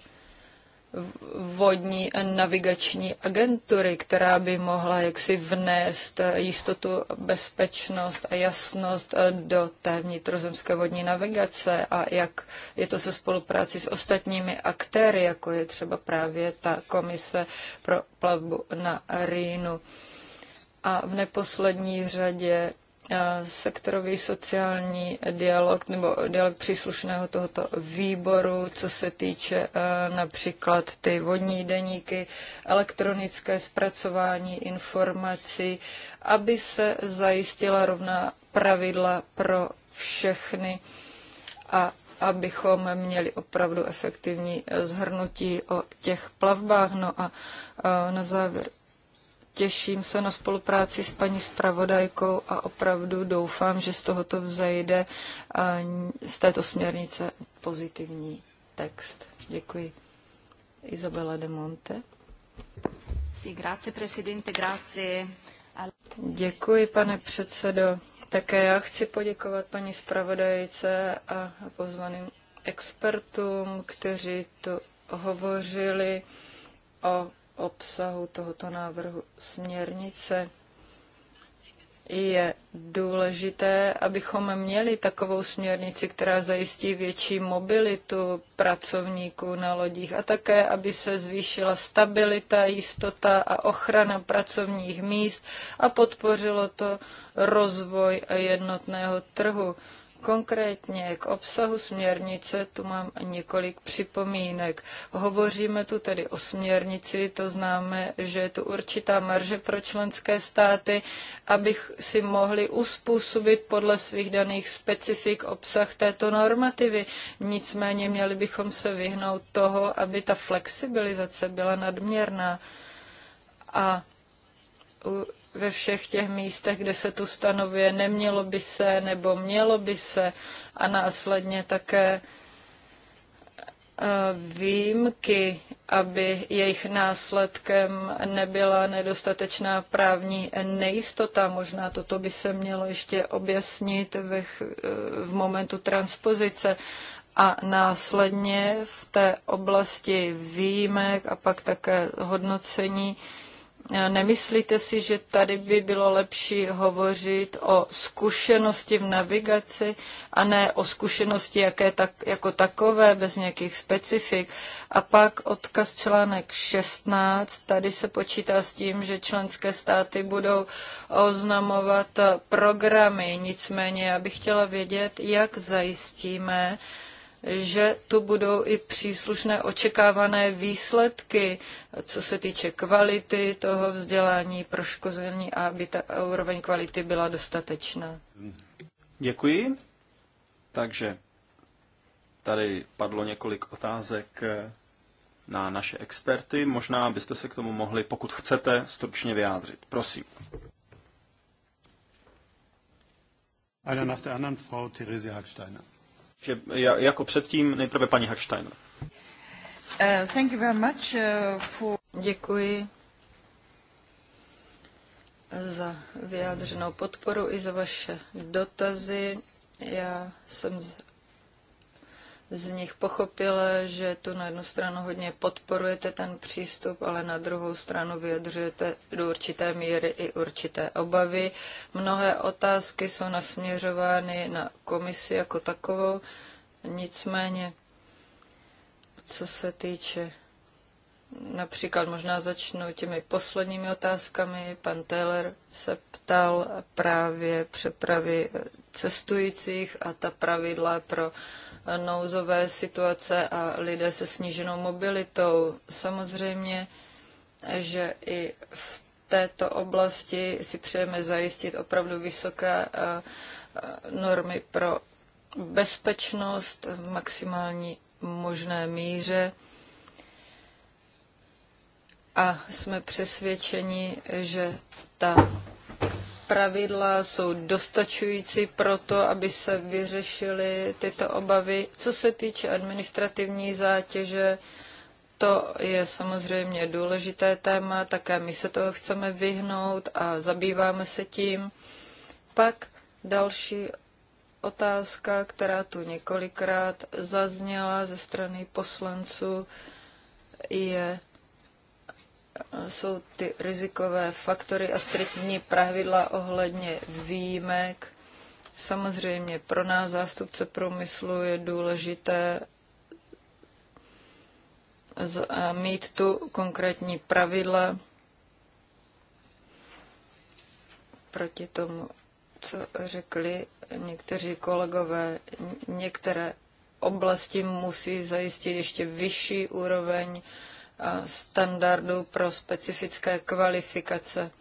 vodní navigační agentury, která by mohla jaksi vnést jistotu, bezpečnost a jasnost do té vnitrozemské vodní navigace a jak je to se spolupráci s ostatními aktéry, jako je třeba právě ta komise pro plavbu na Rýnu. A v neposlední řadě Eh, sektorový sociální dialog nebo dialog příslušného tohoto výboru, co se týče eh, například ty vodní deníky, elektronické zpracování informací, aby se zajistila rovná pravidla pro všechny a abychom měli opravdu efektivní eh, zhrnutí o těch plavbách. No a na závěr Těším se na spolupráci s paní zpravodajkou a opravdu doufám, že z tohoto vzejde z této směrnice pozitivní text. Děkuji. Isabella de Monte. Sí, grazie, presidente, grazie. Děkuji, pane předsedo. Také já chci poděkovat paní zpravodajce a pozvaným expertům, kteří to hovořili o obsahu tohoto návrhu směrnice. Je důležité, abychom měli takovou směrnici, která zajistí větší mobilitu pracovníků na lodích a také, aby se zvýšila stabilita, jistota a ochrana pracovních míst a podpořilo to rozvoj jednotného trhu. Konkrétně k obsahu směrnice tu mám několik připomínek. Hovoříme tu tedy o směrnici, to známe, že je tu určitá marže pro členské státy, abych si mohli uspůsobit podle svých daných specifik obsah této normativy. Nicméně měli bychom se vyhnout toho, aby ta flexibilizace byla nadměrná. A ve všech těch místech, kde se tu stanovuje nemělo by se nebo mělo by se a následně také eh, výjimky, aby jejich následkem nebyla nedostatečná právní nejistota. Možná toto by se mělo ještě objasnit ve, eh, v momentu transpozice a následně v té oblasti výjimek a pak také hodnocení Nemyslíte si, že tady by bylo lepší hovořit o zkušenosti v navigaci a ne o zkušenosti jaké tak, jako takové, bez nějakých specifik? A pak odkaz článek 16. Tady se počítá s tím, že členské státy budou oznamovat programy. Nicméně já bych chtěla vědět, jak zajistíme, že tu budou i příslušné očekávané výsledky, co se týče kvality toho vzdělání, proškození a aby ta úroveň kvality byla dostatečná. Děkuji. Takže tady padlo několik otázek eh, na naše experty. Možná byste se k tomu mohli, pokud chcete, stručně vyjádřit. Prosím. Einer nach der anderen, Frau Therese Hagsteiner že jako předtím nejprve paní Hacksteiner. Eh, thank you very much eh, for... Děkuji za vyjádřenou podporu i za vaše dotazy. Já jsem z nich pochopila, že tu na jednu stranu hodně podporujete ten přístup, ale na druhou stranu vyjadřujete do určité míry i určité obavy. Mnohé otázky jsou nasměřovány na komisi jako takovou, nicméně, co se týče například možná začnu těmi posledními otázkami. Pan Taylor se ptal právě přepravy cestujících a ta pravidla pro uh, nouzové situace a lidé se sníženou mobilitou. Samozřejmě, že i v této oblasti si přejeme zajistit opravdu vysoké eh, eh, normy pro bezpečnost v maximální možné míře. A jsme přesvědčeni, že ta pravidla jsou dostačující pro to, aby se vyřešily tyto obavy. Co se týče administrativní zátěže, to je samozřejmě důležité téma, také my se toho chceme vyhnout a zabýváme se tím. Pak další otázka, která tu několikrát zazněla ze strany poslanců, je jsou ty rizikové faktory a striktní pravidla ohledně výjimek. Samozřejmě pro nás zástupce průmyslu je důležité mít tu konkrétní pravidla proti tomu, co řekli někteří kolegové. Některé oblasti musí zajistit ještě vyšší úroveň uh, standardů pro specifické kvalifikace.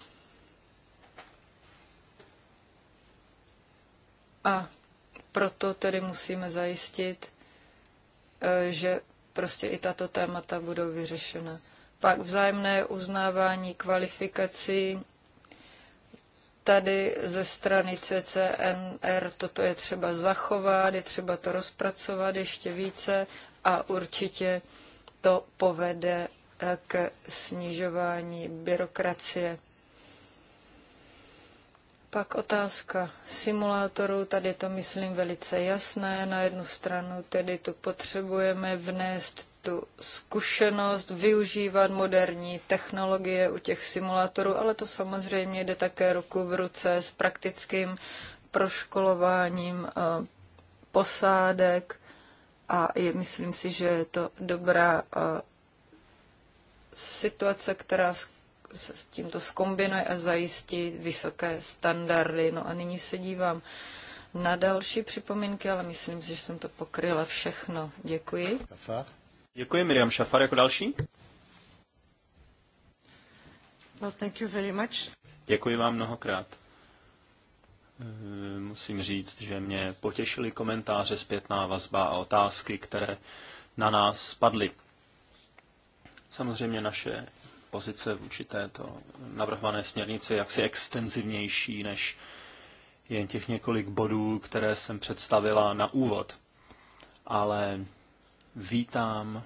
A proto tedy musíme zajistit, e, že prostě i tato témata budou vyřešena. Pak vzájemné uznávání kvalifikací tady ze strany CCNR toto je třeba zachovat, je třeba to rozpracovat ještě více a určitě to povede eh, k snižování byrokracie. Pak otázka simulátorů, tady to myslím velice jasné. Na jednu stranu tedy tu potřebujeme vnést tu zkušenost, využívat moderní technologie u těch simulátorů, ale to samozřejmě jde také ruku v ruce s praktickým proškolováním eh, posádek a je, myslím si, že je to dobrá situace, která s tímto skombinuje a zajistí vysoké standardy. No a nyní se dívám na další připomínky, ale myslím si, že jsem to pokryla všechno. Děkuji. Děkuji, Miriam Šafar jako další. Well, thank you very much. Děkuji vám mnohokrát. Eh, musím říct, že mě potěšily komentáře, zpětná vazba a otázky, které na nás spadly. Samozřejmě naše pozice vůči této navrhované směrnici je jaksi extenzivnější než jen těch několik bodů, které jsem představila na úvod. Ale vítám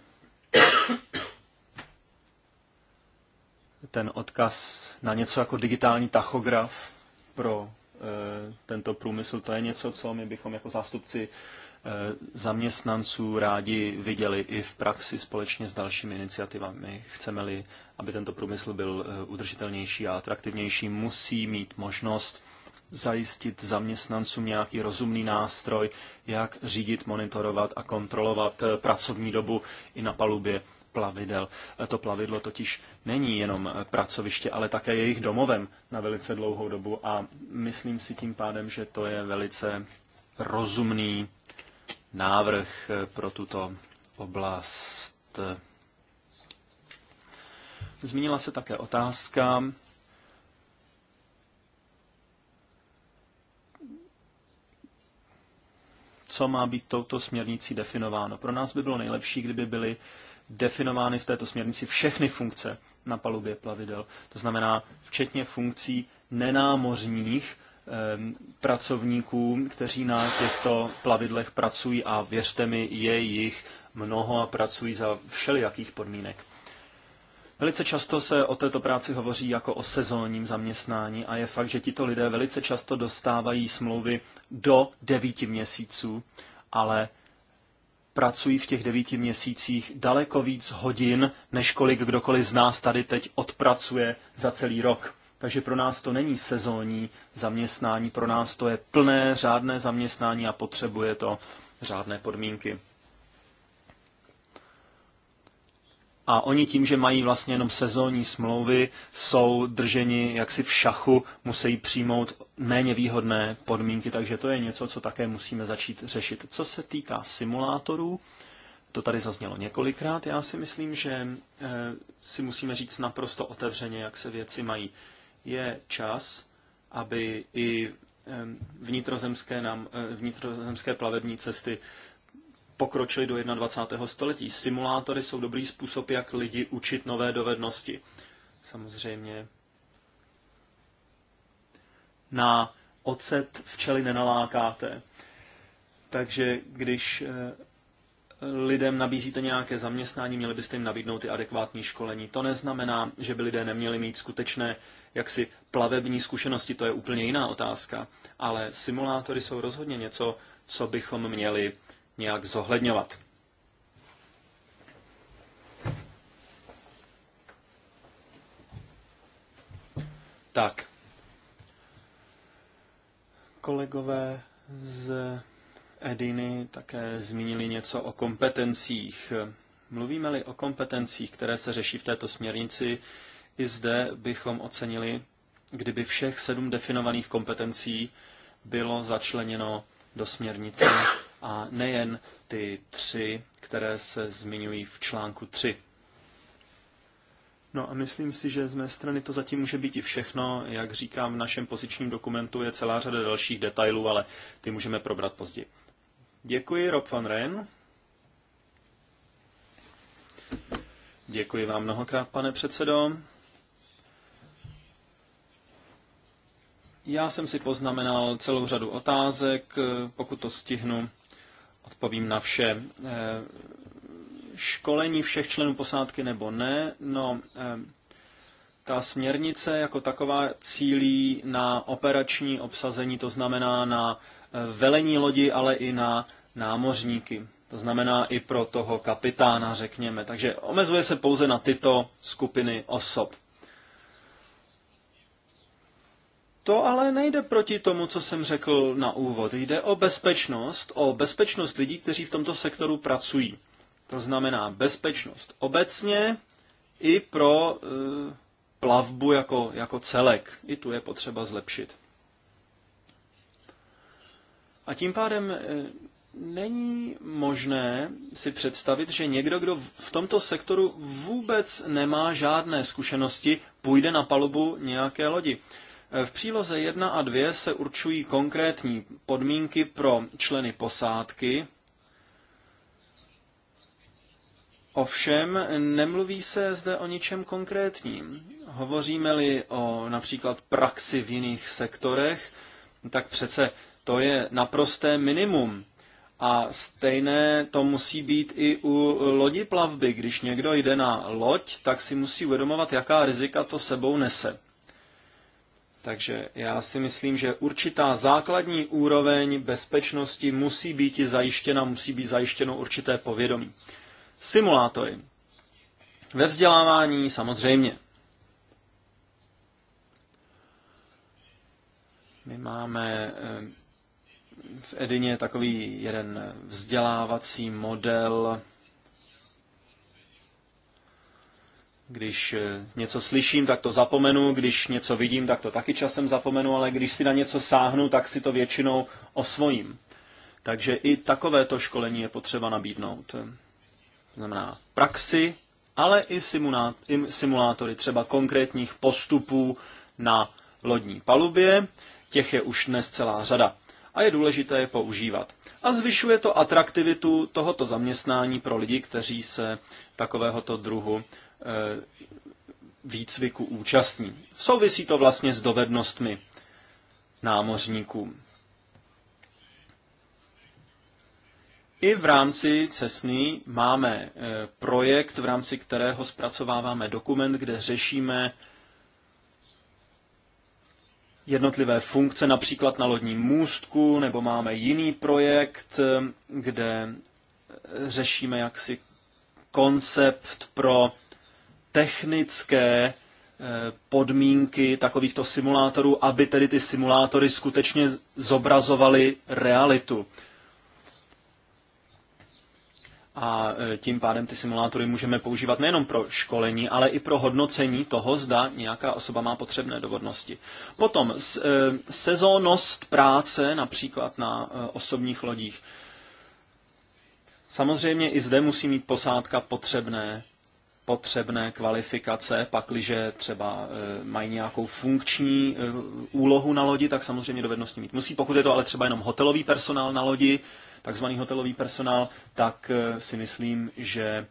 ten odkaz na něco jako digitální tachograf pro Eh, tento průmysl. To je něco, co my bychom jako zástupci eh, zaměstnanců rádi viděli i v praxi společně s dalšími iniciativami. Chceme-li, aby tento průmysl byl eh, udržitelnější a atraktivnější, musí mít možnost zajistit zaměstnancům nějaký rozumný nástroj, jak řídit, monitorovat a kontrolovat pracovní dobu i na palubě plavidel. To plavidlo totiž není jenom pracoviště, ale také jejich domovem na velice dlouhou dobu a myslím si tím pádem, že to je velice rozumný návrh pro tuto oblast. Zmínila se také otázka, co má být touto směrnicí definováno. Pro nás by bylo nejlepší, kdyby byly definovány v této směrnici všechny funkce na palubě plavidel. To znamená včetně funkcí nenámořních pracovníků, kteří na těchto plavidlech pracují a věřte mi, je jich mnoho a pracují za všelijakých podmínek. Velice často se o této práci hovoří jako o sezónním zaměstnání a je fakt, že tito lidé velice často dostávají smlouvy do devíti měsíců, ale pracují v těch devíti měsících daleko víc hodin, než kolik kdokoliv z nás tady teď odpracuje za celý rok. Takže pro nás to není sezónní zaměstnání, pro nás to je plné řádné zaměstnání a potřebuje to řádné podmínky. a oni tím, že mají vlastně jenom sezónní smlouvy, jsou drženi jaksi v šachu, musí přijmout méně výhodné podmínky, takže to je něco, co také musíme začít řešit. Co se týká simulátorů, to tady zaznělo několikrát, já si myslím, že eh, si musíme říct naprosto otevřeně, jak se věci mají. Je čas, aby i eh, vnitrozemské, nám, eh, vnitrozemské plavební cesty pokročili do 21. století. Simulátory jsou dobrý způsob, jak lidi učit nové dovednosti. Samozřejmě na ocet včely nenalákáte. Takže když eh, lidem nabízíte nějaké zaměstnání, měli byste jim nabídnout i adekvátní školení. To neznamená, že by lidé neměli mít skutečné jaksi plavební zkušenosti, to je úplně jiná otázka. Ale simulátory jsou rozhodně něco, co bychom měli nějak zohledňovat. Tak. Kolegové z Ediny také zmínili něco o kompetencích. Mluvíme-li o kompetencích, které se řeší v této směrnici, i zde bychom ocenili, kdyby všech sedm definovaných kompetencí bylo začleněno do směrnice a nejen ty tři, které se zmiňují v článku 3. No a myslím si, že z mé strany to zatím může být i všechno. Jak říkám, v našem pozičním dokumentu je celá řada dalších detailů, ale ty můžeme probrat později. Děkuji, Rob van Ren. Děkuji vám mnohokrát, pane předsedo. Já jsem si poznamenal celou řadu otázek, pokud to stihnu, odpovím na vše. Eh, školení všech členů posádky nebo ne? No, eh, ta směrnice jako taková cílí na operační obsazení, to znamená na eh, velení lodi, ale i na námořníky. To znamená i pro toho kapitána, řekněme. Takže omezuje se pouze na tyto skupiny osob. To ale nejde proti tomu, co jsem řekl na úvod. Jde o bezpečnost, o bezpečnost lidí, kteří v tomto sektoru pracují. To znamená bezpečnost obecně i pro e, plavbu jako, jako celek. I tu je potřeba zlepšit. A tím pádem e, není možné si představit, že někdo, kdo v tomto sektoru vůbec nemá žádné zkušenosti, půjde na palubu nějaké lodi. E, v příloze 1 a 2 se určují konkrétní podmínky pro členy posádky, Ovšem, nemluví se zde o ničem konkrétním. Hovoříme-li o například praxi v jiných sektorech, tak přece to je naprosté minimum. A stejné to musí být i u lodi plavby. Když někdo jde na loď, tak si musí uvědomovat, jaká rizika to sebou nese. Takže já si myslím, že určitá základní úroveň bezpečnosti musí být zajištěna, musí být zajištěno určité povědomí. Simulátory. Ve vzdělávání samozřejmě. My máme eh, v Edině takový jeden vzdělávací model Když eh, něco slyším, tak to zapomenu, když něco vidím, tak to taky časem zapomenu, ale když si na něco sáhnu, tak si to většinou osvojím. Takže i takovéto školení je potřeba nabídnout. To znamená praxi, ale i, simulátory třeba konkrétních postupů na lodní palubě. Těch je už dnes celá řada a je důležité je používat. A zvyšuje to atraktivitu tohoto zaměstnání pro lidi, kteří se takovéhoto druhu Eh, výcviku účastní. Souvisí to vlastně s dovednostmi námořníků. I v rámci CESNY máme eh, projekt, v rámci kterého zpracováváme dokument, kde řešíme jednotlivé funkce, například na lodním můstku, nebo máme jiný projekt, eh, kde řešíme jaksi koncept pro technické eh, podmínky takovýchto simulátorů, aby tedy ty simulátory skutečně zobrazovaly realitu. A eh, tím pádem ty simulátory můžeme používat nejenom pro školení, ale i pro hodnocení toho, zda nějaká osoba má potřebné dovednosti. Potom eh, sezónnost práce například na osobních lodích. Samozřejmě i zde musí mít posádka potřebné potřebné kvalifikace, pakliže třeba e, mají nějakou funkční e, úlohu na lodi, tak samozřejmě dovednosti mít musí. Pokud je to ale třeba jenom hotelový personál na lodi, takzvaný hotelový personál, tak e, si myslím, že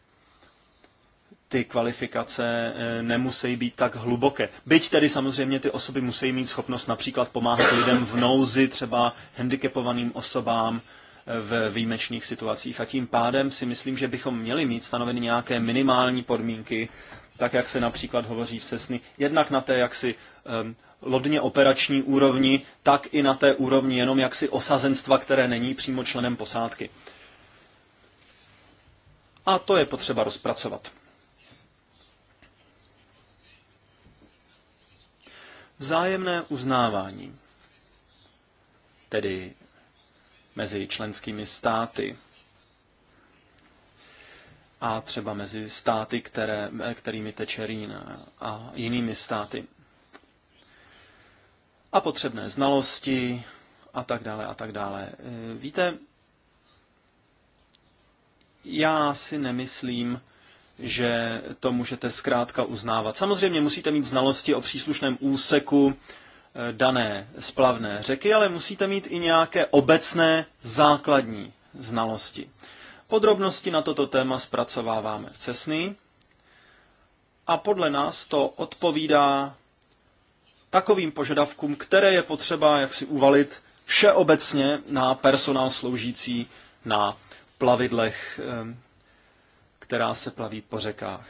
ty kvalifikace nemusí být tak hluboké. Byť tedy samozřejmě ty osoby musí mít schopnost například pomáhat lidem v nouzi, třeba handicapovaným osobám, v výjimečných situacích. A tím pádem si myslím, že bychom měli mít stanoveny nějaké minimální podmínky, tak jak se například hovoří v Cesny, jednak na té jaksi um, lodně operační úrovni, tak i na té úrovni jenom jaksi osazenstva, které není přímo členem posádky. A to je potřeba rozpracovat. Vzájemné uznávání, tedy mezi členskými státy a třeba mezi státy, které, kterými teče Rýn a jinými státy. A potřebné znalosti a tak dále a tak dále. Víte, já si nemyslím, že to můžete zkrátka uznávat. Samozřejmě musíte mít znalosti o příslušném úseku Eh, dané splavné řeky, ale musíte mít i nějaké obecné základní znalosti. Podrobnosti na toto téma zpracováváme v CESNY a podle nás to odpovídá takovým požadavkům, které je potřeba jak si uvalit všeobecně na personál sloužící na plavidlech, eh, která se plaví po řekách.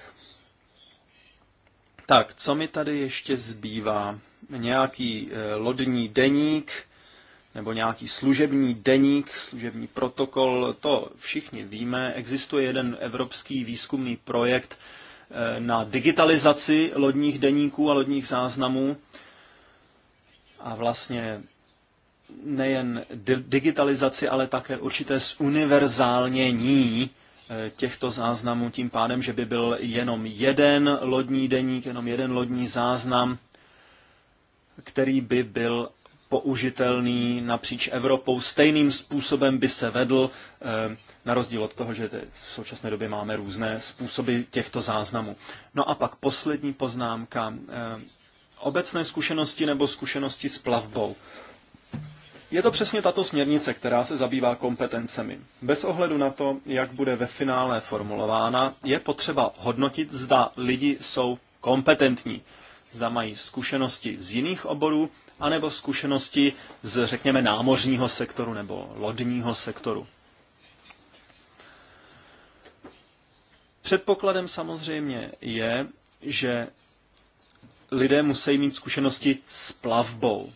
Tak, co mi tady ještě zbývá? nějaký eh, lodní deník nebo nějaký služební deník, služební protokol, to všichni víme. Existuje jeden evropský výzkumný projekt eh, na digitalizaci lodních deníků a lodních záznamů. A vlastně nejen digitalizaci, ale také určité zuniverzálnění eh, těchto záznamů tím pádem, že by byl jenom jeden lodní deník, jenom jeden lodní záznam který by byl použitelný napříč Evropou. Stejným způsobem by se vedl, eh, na rozdíl od toho, že v současné době máme různé způsoby těchto záznamů. No a pak poslední poznámka. Eh, obecné zkušenosti nebo zkušenosti s plavbou. Je to přesně tato směrnice, která se zabývá kompetencemi. Bez ohledu na to, jak bude ve finále formulována, je potřeba hodnotit, zda lidi jsou kompetentní zda mají zkušenosti z jiných oborů, anebo zkušenosti z, řekněme, námořního sektoru nebo lodního sektoru. Předpokladem samozřejmě je, že lidé musí mít zkušenosti s plavbou.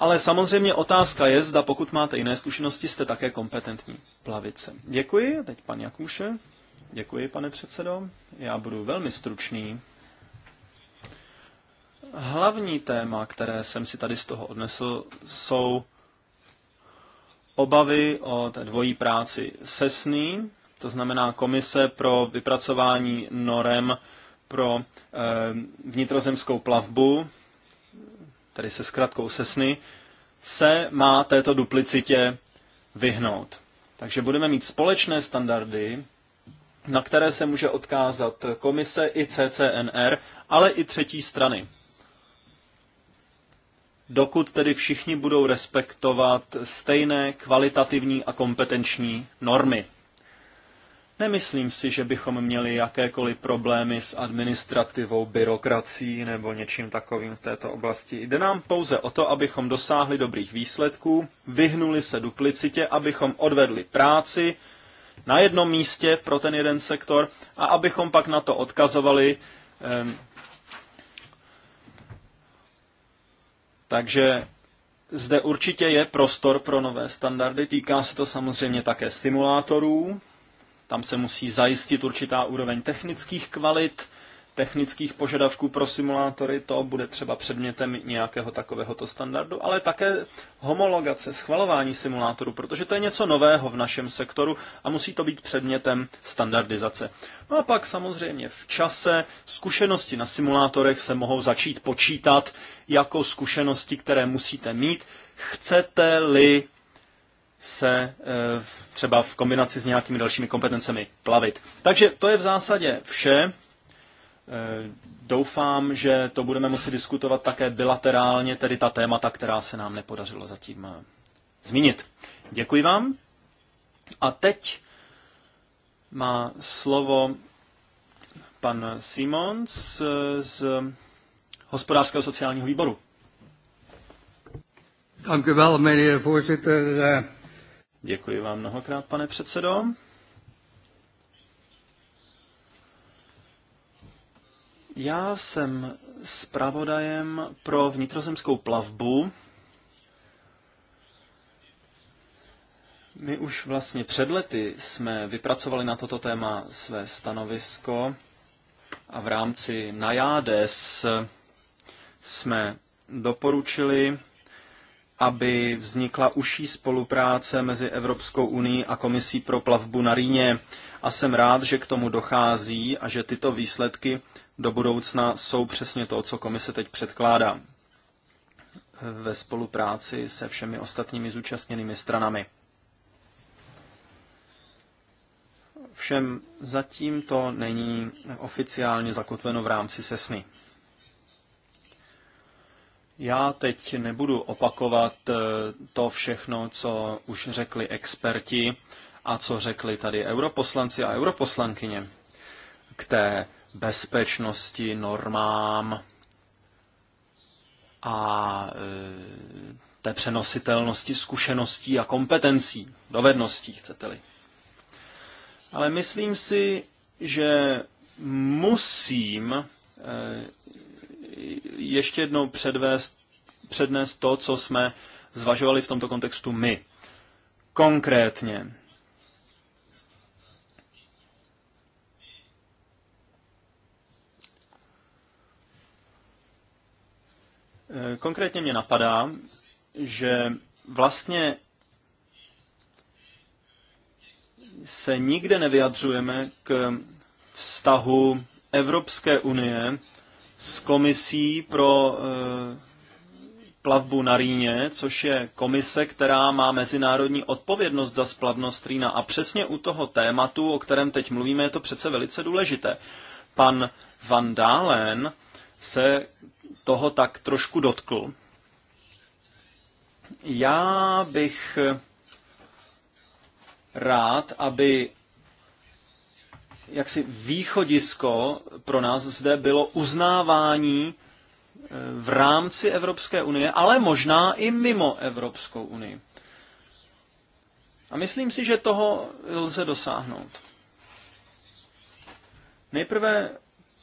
Ale samozřejmě otázka je, zda pokud máte jiné zkušenosti, jste také kompetentní plavice. Děkuji, teď pan Jakuše. Děkuji, pane předsedo. Já budu velmi stručný. Hlavní téma, které jsem si tady z toho odnesl, jsou obavy o té dvojí práci sesný, to znamená komise pro vypracování norem pro e, vnitrozemskou plavbu, tedy se zkratkou sesny, se má této duplicitě vyhnout. Takže budeme mít společné standardy, na které se může odkázat komise i CCNR, ale i třetí strany dokud tedy všichni budou respektovat stejné kvalitativní a kompetenční normy. Nemyslím si, že bychom měli jakékoliv problémy s administrativou, byrokracií nebo něčím takovým v této oblasti. Jde nám pouze o to, abychom dosáhli dobrých výsledků, vyhnuli se duplicitě, abychom odvedli práci na jednom místě pro ten jeden sektor a abychom pak na to odkazovali Takže zde určitě je prostor pro nové standardy. Týká se to samozřejmě také simulátorů. Tam se musí zajistit určitá úroveň technických kvalit, technických požadavků pro simulátory, to bude třeba předmětem nějakého takovéhoto standardu, ale také homologace, schvalování simulátoru, protože to je něco nového v našem sektoru a musí to být předmětem standardizace. No a pak samozřejmě v čase zkušenosti na simulátorech se mohou začít počítat jako zkušenosti, které musíte mít, chcete-li se e, třeba v kombinaci s nějakými dalšími kompetencemi plavit. Takže to je v zásadě vše. Eh, doufám, že to budeme moci diskutovat také bilaterálně, tedy ta témata, která se nám nepodařilo zatím eh, zmínit. Děkuji vám. A teď má slovo pan Simons eh, z hospodářského sociálního výboru. Děkuji vám mnohokrát, pane předsedo. Já jsem zpravodajem pro vnitrozemskou plavbu. My už vlastně před lety jsme vypracovali na toto téma své stanovisko a v rámci NAJADES jsme doporučili aby vznikla užší spolupráce mezi Evropskou unii a Komisí pro plavbu na Rýně a jsem rád, že k tomu dochází a že tyto výsledky do budoucna jsou přesně to, co komise teď předkládá ve spolupráci se všemi ostatními zúčastněnými stranami. Všem zatím to není oficiálně zakotveno v rámci SESNY. Já teď nebudu opakovat eh, to všechno, co už řekli experti a co řekli tady europoslanci a europoslankyně k té bezpečnosti, normám a eh, té přenositelnosti zkušeností a kompetencí, dovedností, chcete-li. Ale myslím si, že musím eh, ještě jednou předvést, přednést to, co jsme zvažovali v tomto kontextu my. Konkrétně. Eh, konkrétně mě napadá, že vlastně se nikde nevyjadřujeme k vztahu Evropské unie s komisí pro eh, plavbu na Rýně, což je komise, která má mezinárodní odpovědnost za splavnost Rýna. A přesně u toho tématu, o kterém teď mluvíme, je to přece velice důležité. Pan Van Dalen se toho tak trošku dotkl. Já bych rád, aby jaksi východisko pro nás zde bylo uznávání eh, v rámci Evropské unie, ale možná i mimo Evropskou unii. A myslím si, že toho lze dosáhnout. Nejprve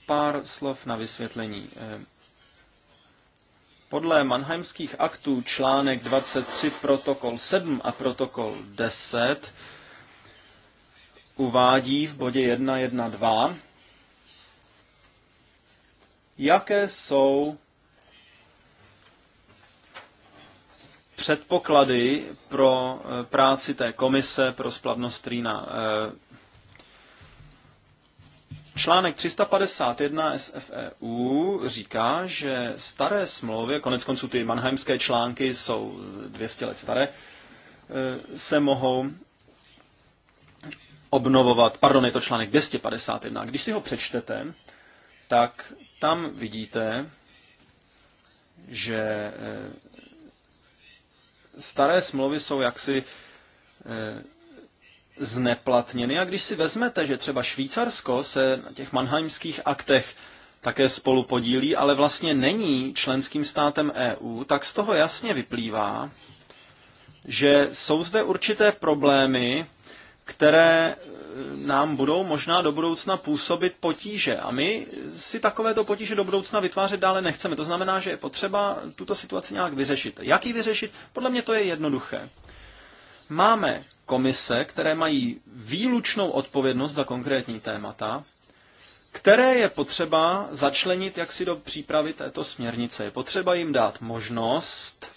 pár slov na vysvětlení. Eh, podle Mannheimských aktů článek 23 protokol 7 a protokol 10 uvádí v bodě 1.1.2, jaké jsou předpoklady pro eh, práci té komise pro splavnost Rýna. Eh, článek 351 SFEU říká, že staré smlouvy, konec konců ty manheimské články jsou 200 let staré, eh, se mohou obnovovat, pardon, je to článek 251. Když si ho přečtete, tak tam vidíte, že eh, staré smlouvy jsou jaksi eh, zneplatněny. A když si vezmete, že třeba Švýcarsko se na těch manheimských aktech také spolu podílí, ale vlastně není členským státem EU, tak z toho jasně vyplývá, že jsou zde určité problémy které eh, nám budou možná do budoucna působit potíže. A my si takovéto potíže do budoucna vytvářet dále nechceme. To znamená, že je potřeba tuto situaci nějak vyřešit. Jak ji vyřešit? Podle mě to je jednoduché. Máme komise, které mají výlučnou odpovědnost za konkrétní témata, které je potřeba začlenit jaksi do přípravy této směrnice. Je potřeba jim dát možnost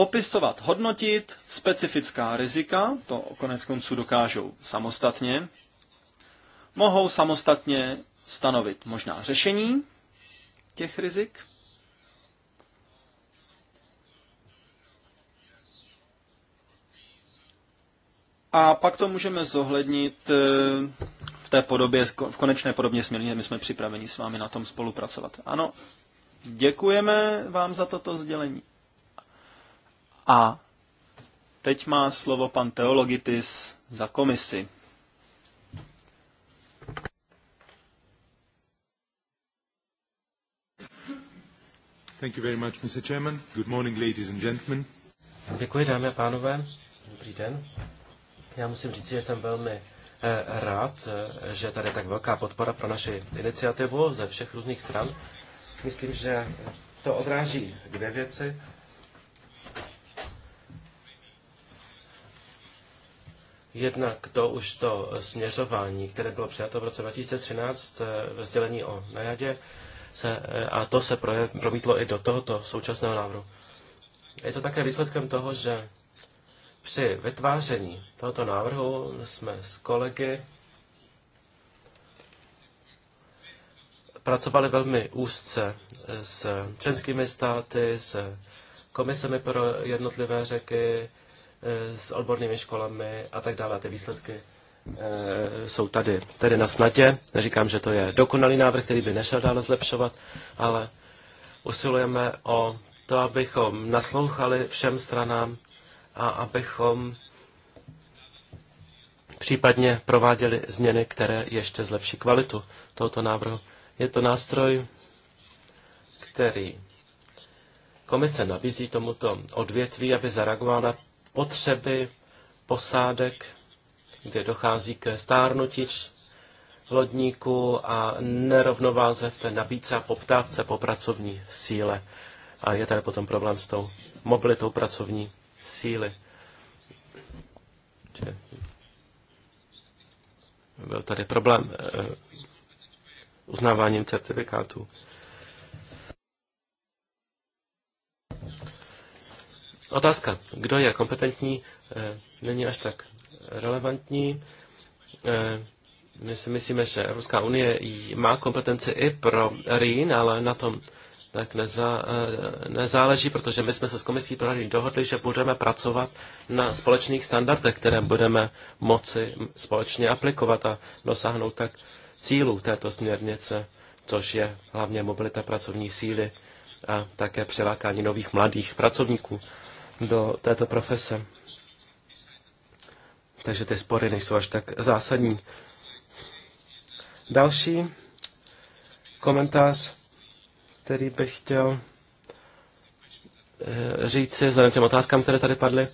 popisovat, hodnotit specifická rizika, to konec konců dokážou samostatně, mohou samostatně stanovit možná řešení těch rizik, A pak to můžeme zohlednit eh, v té podobě, v konečné podobě směrně, My jsme připraveni s vámi na tom spolupracovat. Ano, děkujeme vám za toto sdělení. A teď má slovo pan Teologitis za komisi. Thank you very much, Mr. Chairman. Good morning, ladies and gentlemen. Děkuji, dámy a pánové. Dobrý den. Já musím říct, že jsem velmi eh, rád, eh, že tady je tak velká podpora pro naši iniciativu ze všech různých stran. Myslím, že to odráží dvě věci. Jednak to už to směřování, které bylo přijato v roce 2013 eh, ve sdělení o najadě, se, eh, a to se promítlo i do tohoto současného návrhu. Je to také výsledkem toho, že při vytváření tohoto návrhu jsme s kolegy pracovali velmi úzce s členskými státy, s komisemi pro jednotlivé řeky, Eh, s odbornými školami a tak dále. A ty výsledky eh, jsou tady, tedy na snadě. Neříkám, že to je dokonalý návrh, který by nešel dále zlepšovat, ale usilujeme o to, abychom naslouchali všem stranám a abychom případně prováděli změny, které ještě zlepší kvalitu tohoto návrhu. Je to nástroj, který komise nabízí tomuto odvětví, aby zareagovala na potřeby posádek, kde dochází ke stárnutí lodníků a nerovnováze v té nabídce a poptávce po pracovní síle. A je tady potom problém s tou mobilitou pracovní síly. Byl tady problém eh, uznáváním certifikátů. Otázka, kdo je kompetentní, eh, není až tak relevantní. Eh, my si myslíme, že Evropská unie má kompetenci i pro RIN, ale na tom tak neza, eh, nezáleží, protože my jsme se s komisí pro RIN dohodli, že budeme pracovat na společných standardech, které budeme moci společně aplikovat a dosáhnout tak cílů této směrnice, což je hlavně mobilita pracovní síly a také přilákání nových mladých pracovníků do této profese. Takže ty spory nejsou až tak zásadní. Další komentář, který bych chtěl eh, říci, vzhledem k těm otázkám, které tady padly,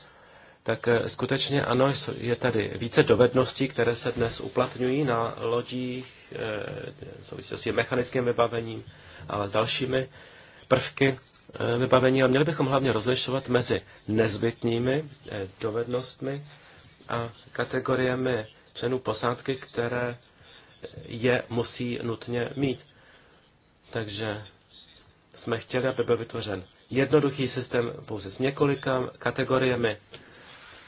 tak eh, skutečně ano, je tady více dovedností, které se dnes uplatňují na lodích eh, v souvislosti s mechanickým vybavením, ale s dalšími prvky Eh, vybavení, ale měli bychom hlavně rozlišovat mezi nezbytnými eh, dovednostmi a kategoriemi členů posádky, které je musí nutně mít. Takže jsme chtěli, aby byl vytvořen jednoduchý systém pouze s několika kategoriemi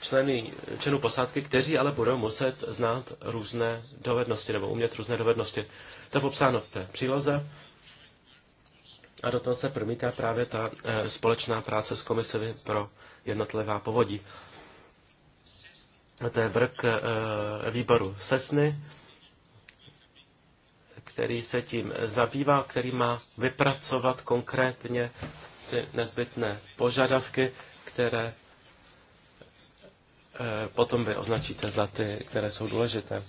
členy, členů posádky, kteří ale budou muset znát různé dovednosti nebo umět různé dovednosti. To je popsáno v té příloze. A do toho se promítá právě ta eh, společná práce s komisemi pro jednotlivá povodí. A to je vrk eh, výboru Sesny, který se tím zabývá, který má vypracovat konkrétně ty nezbytné požadavky, které eh, potom vy označíte za ty, které jsou důležité.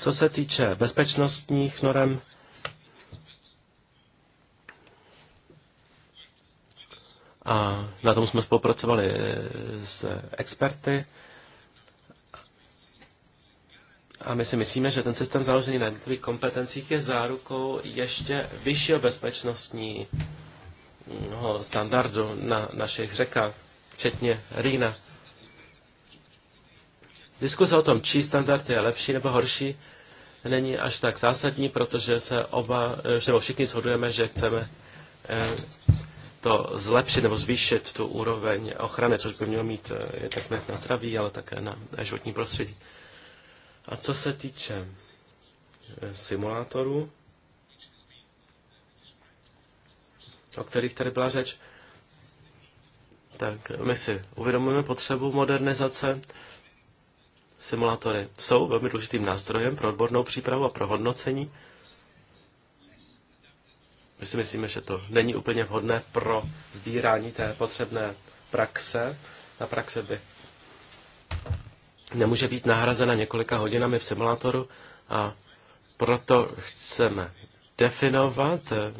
Co se týče bezpečnostních norem, a na tom jsme spolupracovali eh, s experty. A my si myslíme, že ten systém založený na jednotlivých kompetencích je zárukou ještě vyššího bezpečnostního standardu na našich řekách, včetně Rýna. Diskuse o tom, čí standard je lepší nebo horší, není až tak zásadní, protože se oba, že eh, všichni shodujeme, že chceme eh, to zlepšit nebo zvýšit tu úroveň ochrany, což by mělo mít eh, je tak na zdraví, ale také na životní prostředí. A co se týče eh, simulátorů, o kterých tady byla řeč, tak my si uvědomujeme potřebu modernizace. Simulátory jsou velmi důležitým nástrojem pro odbornou přípravu a pro hodnocení my si myslíme, že to není úplně vhodné pro sbírání té potřebné praxe. Ta praxe by nemůže být nahrazena několika hodinami v simulátoru a proto chceme definovat eh,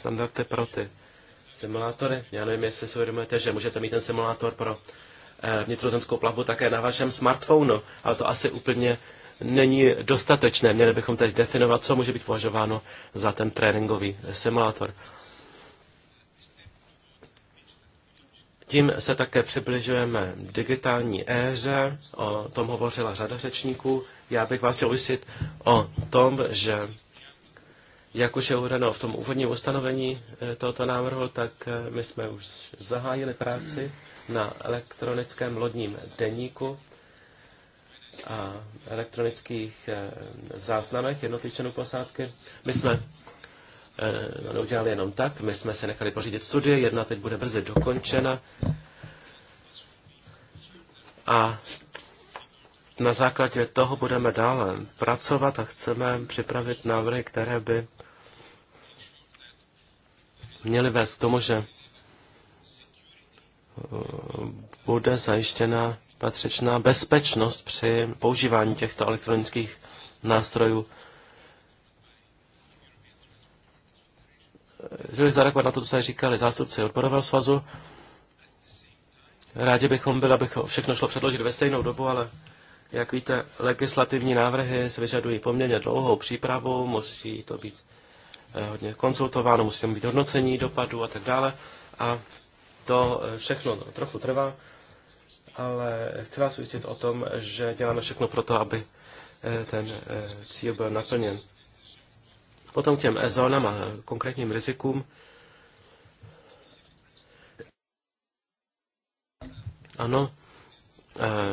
standardy pro ty simulátory. Já nevím, jestli si uvědomujete, že můžete mít ten simulátor pro eh, vnitrozemskou plavbu také na vašem smartphonu, ale to asi úplně není dostatečné. Měli bychom tedy definovat, co může být považováno za ten tréninkový simulátor. Tím se také přibližujeme digitální éře, o tom hovořila řada řečníků. Já bych vás chtěl ujistit o tom, že jak už je uvedeno v tom úvodním ustanovení eh, tohoto návrhu, tak eh, my jsme už zahájili práci na elektronickém lodním deníku a elektronických eh, záznamech jednotlivých členů posádky. My jsme to eh, no, neudělali jenom tak, my jsme se nechali pořídit studie, jedna teď bude brzy dokončena. A na základě toho budeme dále pracovat a chceme připravit návrhy, které by měly vést k tomu, že eh, bude zajištěna patřičná bezpečnost při používání těchto elektronických nástrojů. Chtěl bych zareagovat na to, co se říkali zástupci odborového svazu. Rádi bychom byli, aby všechno šlo předložit ve stejnou dobu, ale jak víte, legislativní návrhy se vyžadují poměrně dlouhou přípravu, musí to být eh, hodně konsultováno, musí tam být hodnocení dopadů a tak dále. A to eh, všechno trochu trvá ale chci vás ujistit o tom, že děláme všechno pro to, aby eh, ten eh, cíl byl naplněn. Potom k těm eh, zónám a konkrétním rizikům. Ano,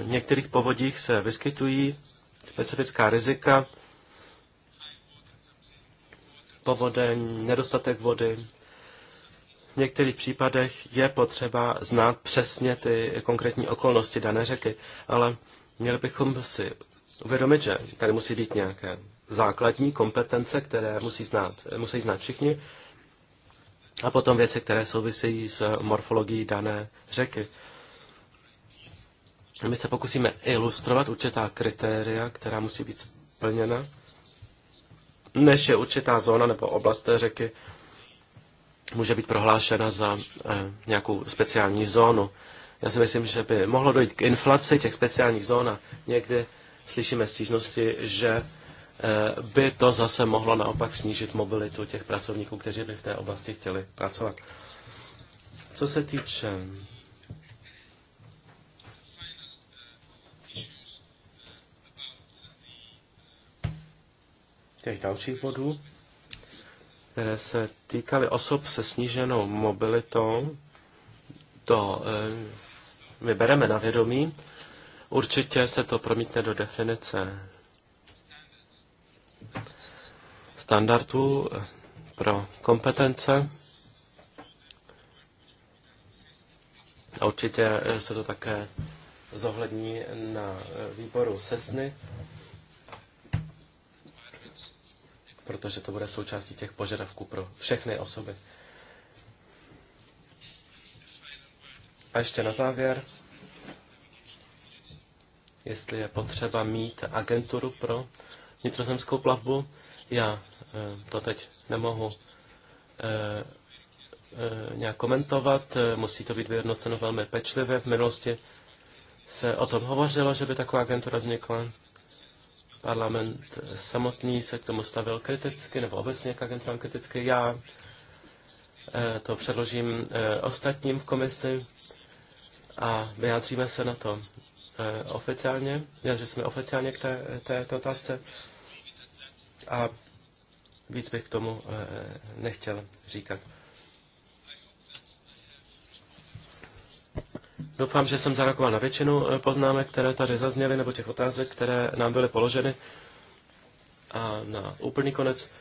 v některých povodích se vyskytují specifická rizika, povodeň, nedostatek vody, v některých případech je potřeba znát přesně ty konkrétní okolnosti dané řeky, ale měli bychom si uvědomit, že tady musí být nějaké základní kompetence, které musí znát, musí znát všichni, a potom věci, které souvisejí s morfologií dané řeky. My se pokusíme ilustrovat určitá kritéria, která musí být splněna, než je určitá zóna nebo oblast té řeky může být prohlášena za eh, nějakou speciální zónu. Já si myslím, že by mohlo dojít k inflaci těch speciálních zón a někdy slyšíme stížnosti, že eh, by to zase mohlo naopak snížit mobilitu těch pracovníků, kteří by v té oblasti chtěli pracovat. Co se týče těch dalších bodů, které se týkaly osob se sníženou mobilitou. To eh, my bereme na vědomí. Určitě se to promítne do definice standardů eh, pro kompetence. A určitě eh, se to také zohlední na výboru SESNY, protože to bude součástí těch požadavků pro všechny osoby. A ještě na závěr, jestli je potřeba mít agenturu pro vnitrozemskou plavbu, já eh, to teď nemohu eh, eh, nějak komentovat, musí to být vyhodnoceno velmi pečlivě. V minulosti se o tom hovořilo, že by taková agentura vznikla. Parlament eh, samotný se k tomu stavil kriticky, nebo obecně k agenturám kriticky. Já eh, to předložím eh, ostatním v komisi a vyjádříme se na to oficiálně, vyjádřili jsme oficiálně k té, této otázce a víc bych k tomu nechtěl říkat. Doufám, že jsem zareagoval na většinu eh, poznámek, které tady zazněly, nebo těch otázek, které nám byly položeny. A na úplný konec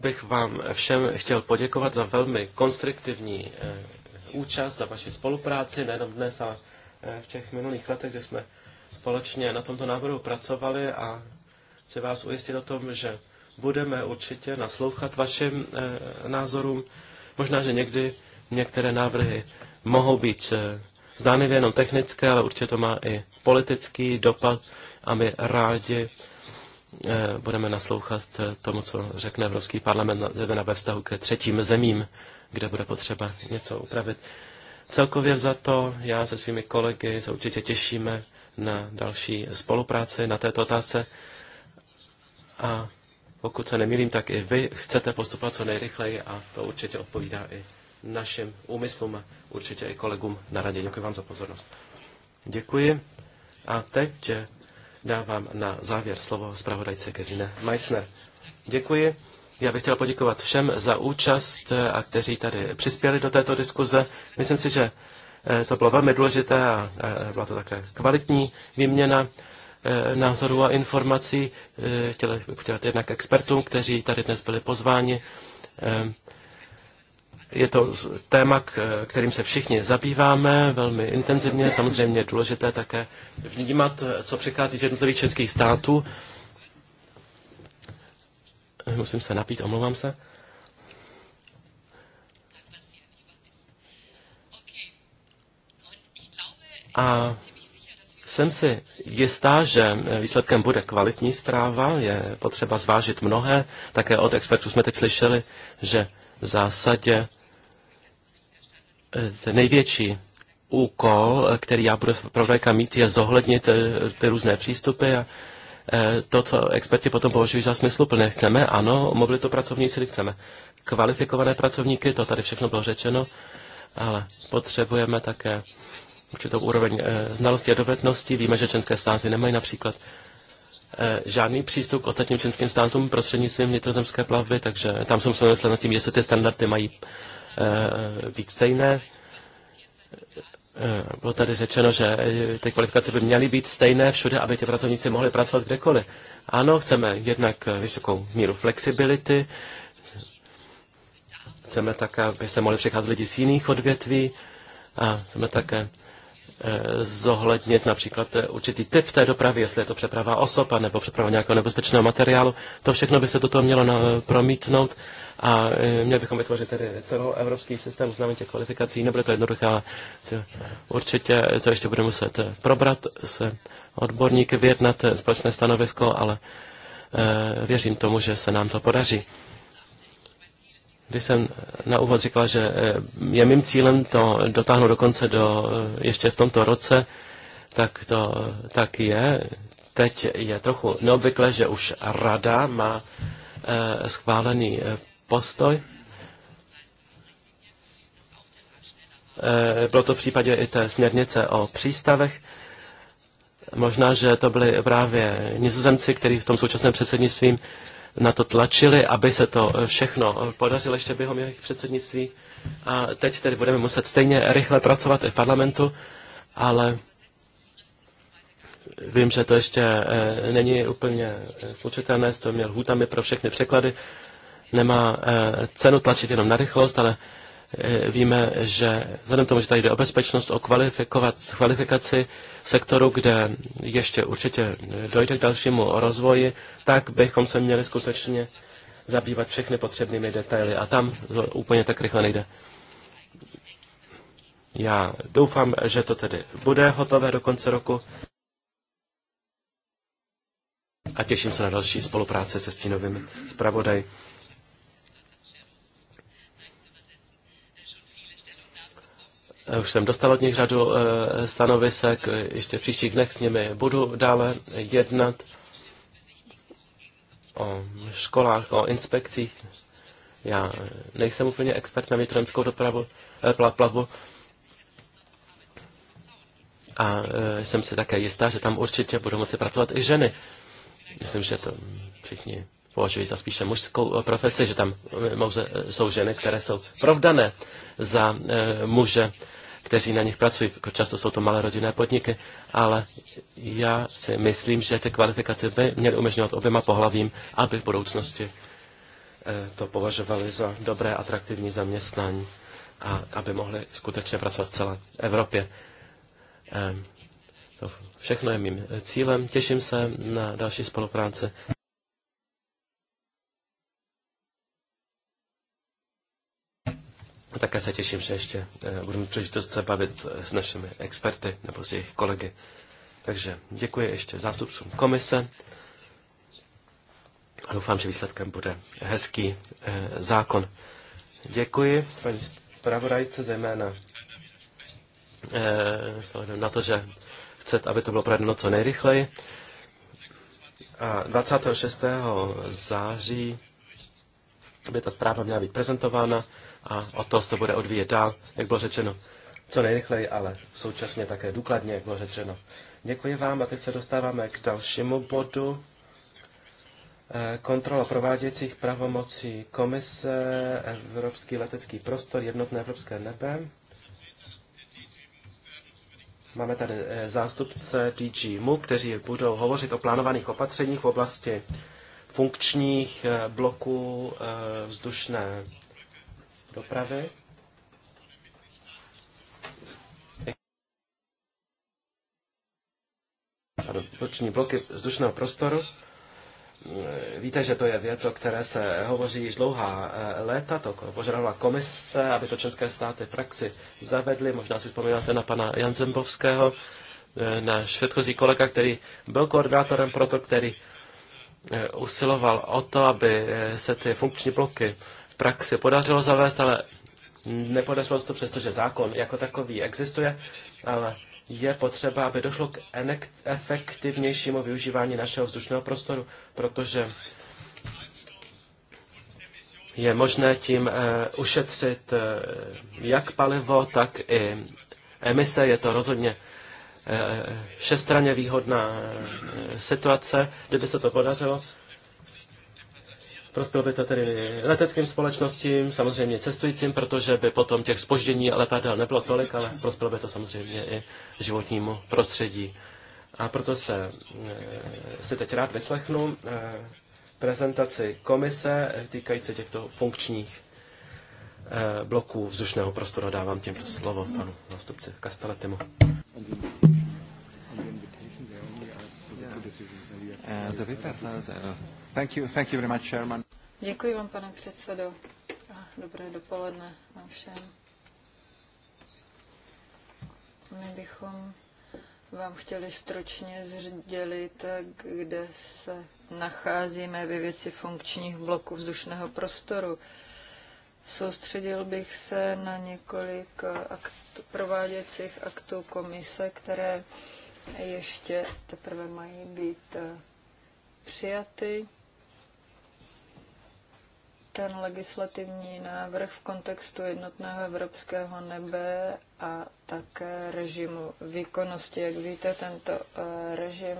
bych vám všem chtěl poděkovat za velmi konstruktivní eh, účast, za vaši spolupráci, nejenom dnes, ale eh, v těch minulých letech, kdy jsme společně na tomto návrhu pracovali a chci vás ujistit o tom, že budeme určitě naslouchat vašim názorům. Možná, že někdy některé návrhy mohou být zdánlivě jenom technické, ale určitě to má i politický dopad a my rádi eh, budeme naslouchat eh, tomu, co řekne Evropský parlament na ve vztahu ke třetím zemím, kde bude potřeba něco upravit. Celkově za to já se svými kolegy se určitě těšíme na další spolupráci na této otázce a pokud se nemýlím, tak i vy chcete postupovat co nejrychleji a to určitě odpovídá i našim úmyslům určitě i kolegům na radě. Děkuji vám za pozornost. Děkuji. A teď eh, dávám na závěr slovo zpravodajce Kezine Meissner. Děkuji. Já bych chtěl poděkovat všem za účast eh, a kteří tady přispěli do této diskuze. Myslím si, že eh, to bylo velmi důležité a byla to také kvalitní výměna názorů a informací. Chtěl bych poděkovat jednak expertům, kteří tady dnes byli pozváni je to téma, kterým se všichni zabýváme velmi intenzivně. Samozřejmě je důležité také vnímat, co přichází z jednotlivých českých států. Musím se napít, omlouvám se. A jsem si jistá, že výsledkem bude kvalitní zpráva, je potřeba zvážit mnohé. Také od expertů jsme teď slyšeli, že v zásadě Eh, ten největší úkol, eh, který já budu zpravodajka mít, je zohlednit eh, ty různé přístupy a to, co experti potom považují za smysluplné. Chceme, ano, mobilitu pracovní síly chceme. Kvalifikované pracovníky, to tady všechno bylo řečeno, ale potřebujeme také určitou úroveň znalosti a dovedností. Víme, že členské státy nemají například žádný přístup k ostatním členským státům prostřednictvím vnitrozemské plavby, takže tam jsem se nad tím, jestli ty standardy mají Eh, být stejné. Eh, bylo tady řečeno, že ty kvalifikace by měly být stejné všude, aby ti pracovníci mohli pracovat kdekoliv. Ano, chceme jednak vysokou míru flexibility, chceme také, aby se mohli přicházet lidi z jiných odvětví a chceme také Eh, zohlednit například eh, určitý typ té dopravy, jestli je to přeprava osob nebo přeprava nějakého nebezpečného materiálu. To všechno by se do toho mělo eh, promítnout a měli bychom vytvořit tedy celou evropský systém uznávání těch kvalifikací. Nebude to jednoduché, ale určitě to ještě bude muset probrat se odborníky, vyjednat společné stanovisko, ale věřím tomu, že se nám to podaří. Když jsem na úvod říkal, že eh, je mým cílem to dotáhnout dokonce do, eh, ještě v tomto roce, tak to eh, tak je. Teď je trochu neobvykle, že už rada má schválený postoj. Bylo to v případě i té směrnice o přístavech. Možná, že to byly právě nizozemci, kteří v tom současném předsednictvím na to tlačili, aby se to eh, všechno eh, podařilo ještě během jejich předsednictví. A teď tedy budeme muset stejně rychle pracovat i v parlamentu, ale vím, že to ještě eh, není úplně slučitelné s těmi lhůtami pro všechny překlady. Nemá cenu tlačit jenom na rychlost, ale Eh, víme, že vzhledem k tomu, že tady jde o bezpečnost, o kvalifikaci sektoru, kde ještě určitě dojde k dalšímu rozvoji, tak bychom se měli skutečně zabývat všechny potřebnými detaily. A tam to úplně tak rychle nejde. Já doufám, že to tedy bude hotové do konce roku a těším se na další spolupráce se stínovým zpravodaj. Eh, už jsem dostal od nich řadu eh, stanovisek, ještě v příštích dnech s nimi budu dále jednat o školách, o inspekcích. Já nejsem úplně expert na vnitrozemskou dopravu, eh, plavbu. A jsem si také jistá, že tam určitě budou moci pracovat i ženy. Myslím, že to všichni považují za spíše mužskou profesi, že tam jsou ženy, které jsou provdané za muže kteří na nich pracují. Jako často jsou to malé rodinné podniky, ale já si myslím, že ty kvalifikace by měly umožňovat oběma pohlavím, aby v budoucnosti eh, to považovali za dobré, atraktivní zaměstnání a aby mohli skutečně pracovat v celé Evropě. Eh, to všechno je mým cílem. Těším se na další spolupráci. A také se těším, že ještě eh, budeme příležitost se bavit eh, s našimi experty nebo s jejich kolegy. Takže děkuji ještě zástupcům komise. A doufám, že výsledkem bude hezký eh, zákon. Děkuji paní zpravodajce zejména na to, že chcete, aby to bylo projednáno co nejrychleji. A 26. září by ta zpráva měla být prezentována a o to se to bude odvíjet dál, jak bylo řečeno, co nejrychleji, ale současně také důkladně, jak bylo řečeno. Děkuji vám a teď se dostáváme k dalšímu bodu. Eh, kontrola prováděcích pravomocí Komise Evropský letecký prostor, jednotné evropské nebe. Máme tady eh, zástupce DG MU, kteří budou hovořit o plánovaných opatřeních v oblasti funkčních eh, bloků vzdušné dopravy. A boční bloky vzdušného prostoru. Víte, že to je věc, o které se hovoří již dlouhá eh, léta. To požadovala komise, aby to české státy v praxi zavedly. Možná si vzpomínáte na pana Janzembovského, eh, náš předchozí kolega, který byl koordinátorem proto, který eh, usiloval o to, aby se ty funkční bloky praxi podařilo zavést, ale nepodařilo se to přesto, že zákon jako takový existuje, ale je potřeba, aby došlo k efektivnějšímu využívání našeho vzdušného prostoru, protože je možné tím eh, ušetřit eh, jak palivo, tak i emise. Je to rozhodně eh, všestranně výhodná situace, kdyby se to podařilo. Prospělo by to tedy leteckým společnostím, samozřejmě cestujícím, protože by potom těch spoždění letadel nebylo tolik, ale prospělo by to samozřejmě i životnímu prostředí. A proto se eh, si teď rád vyslechnu eh, prezentaci komise týkající těchto funkčních eh, bloků vzdušného prostoru. Dávám tím slovo panu nástupci Kastaletemu. Uh, the papers are uh, Thank you, thank you very much, Chairman. Děkuji vám, pane předsedo. A dobré dopoledne vám všem. My bychom vám chtěli stročně sdělit, kde se nacházíme ve věci funkčních bloků vzdušného prostoru. Soustředil bych se na několik akt, prováděcích aktů komise, které ještě teprve mají být přijaty ten legislativní návrh v kontextu jednotného evropského nebe a také režimu výkonnosti. Jak víte, tento eh, režim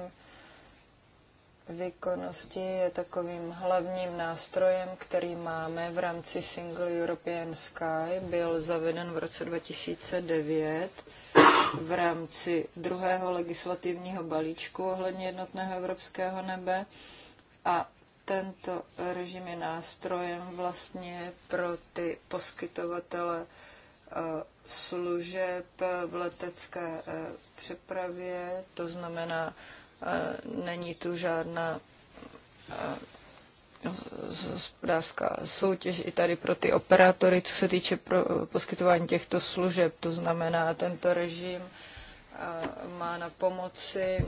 výkonnosti je takovým hlavním nástrojem, který máme v rámci Single European Sky. Byl zaveden v roce 2009 v rámci druhého legislativního balíčku ohledně jednotného evropského nebe a tento režim je nástrojem vlastně pro ty poskytovatele eh, služeb v letecké eh, přepravě, to znamená, eh, není tu žádná hospodářská soutěž i tady pro ty operátory, co se týče pro poskytování těchto služeb. To znamená, tento režim má na pomoci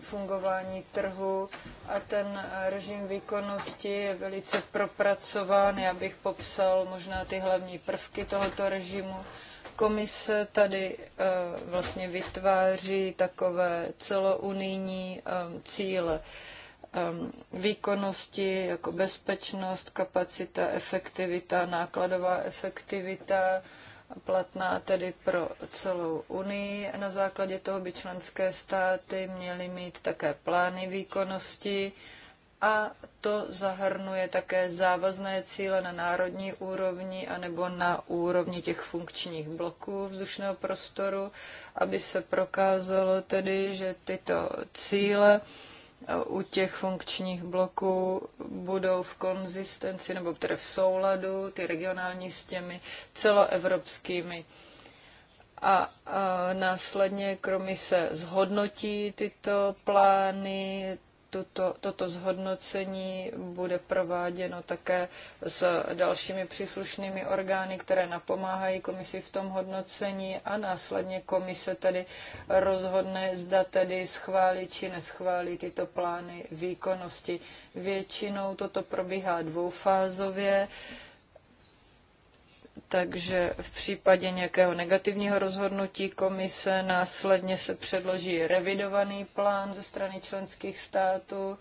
fungování trhu a ten režim výkonnosti je velice propracován. Já bych popsal možná ty hlavní prvky tohoto režimu. Komise tady vlastně vytváří takové celounijní cíle výkonnosti, jako bezpečnost, kapacita, efektivita, nákladová efektivita, platná tedy pro celou Unii. Na základě toho by členské státy měly mít také plány výkonnosti a to zahrnuje také závazné cíle na národní úrovni anebo na úrovni těch funkčních bloků vzdušného prostoru, aby se prokázalo tedy, že tyto cíle Eh, u těch funkčních bloků budou v konzistenci nebo které v souladu ty regionální s těmi celoevropskými. A, a eh, následně komise zhodnotí tyto plány, tuto, toto zhodnocení bude prováděno také s dalšími příslušnými orgány, které napomáhají komisi v tom hodnocení a následně komise tedy rozhodne, zda tedy schválí či neschválí tyto plány výkonnosti. Většinou toto probíhá dvoufázově takže v případě nějakého negativního rozhodnutí komise následně se předloží revidovaný plán ze strany členských států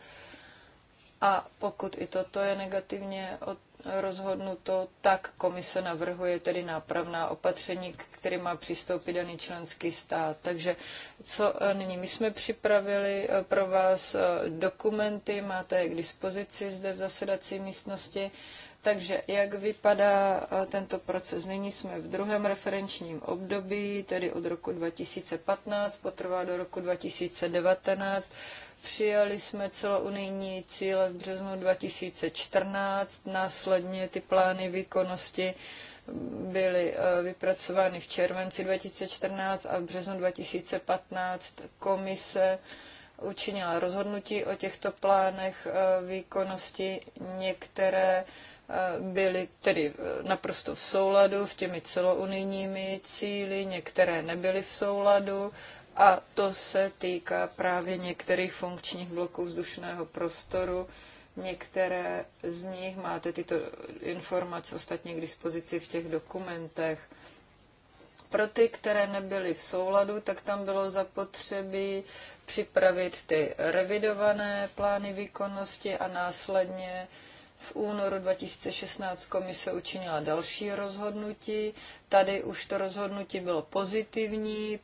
a pokud i toto je negativně rozhodnuto, tak komise navrhuje tedy nápravná opatření, který má přistoupit daný členský stát. Takže co e, nyní? My jsme připravili e, pro vás e, dokumenty, máte je k dispozici zde v zasedací místnosti. Takže jak vypadá tento proces? Nyní jsme v druhém referenčním období, tedy od roku 2015, potrvá do roku 2019. Přijali jsme celounijní cíle v březnu 2014, následně ty plány výkonnosti byly vypracovány v červenci 2014 a v březnu 2015 komise učinila rozhodnutí o těchto plánech výkonnosti. Některé Eh, byly tedy eh, naprosto v souladu v těmi celounijními cíly, některé nebyly v souladu a to se týká právě některých funkčních bloků vzdušného prostoru. Některé z nich máte tyto informace ostatně k dispozici v těch dokumentech. Pro ty, které nebyly v souladu, tak tam bylo zapotřebí připravit ty revidované plány výkonnosti a následně uh, v únoru 2016 komise učinila další rozhodnutí. Tady už to rozhodnutí bylo pozitivní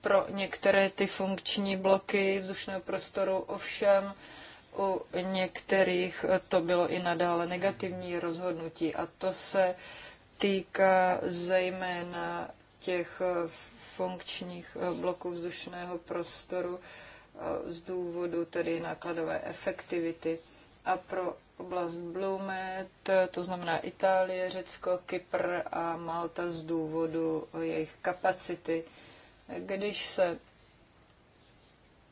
pro některé ty funkční bloky vzdušného prostoru, ovšem u některých to bylo i nadále negativní rozhodnutí. A to se týká zejména těch funkčních bloků vzdušného prostoru z důvodu tedy nákladové efektivity a pro oblast Blumet, to znamená Itálie, Řecko, Kypr a Malta z důvodu jejich kapacity. Když se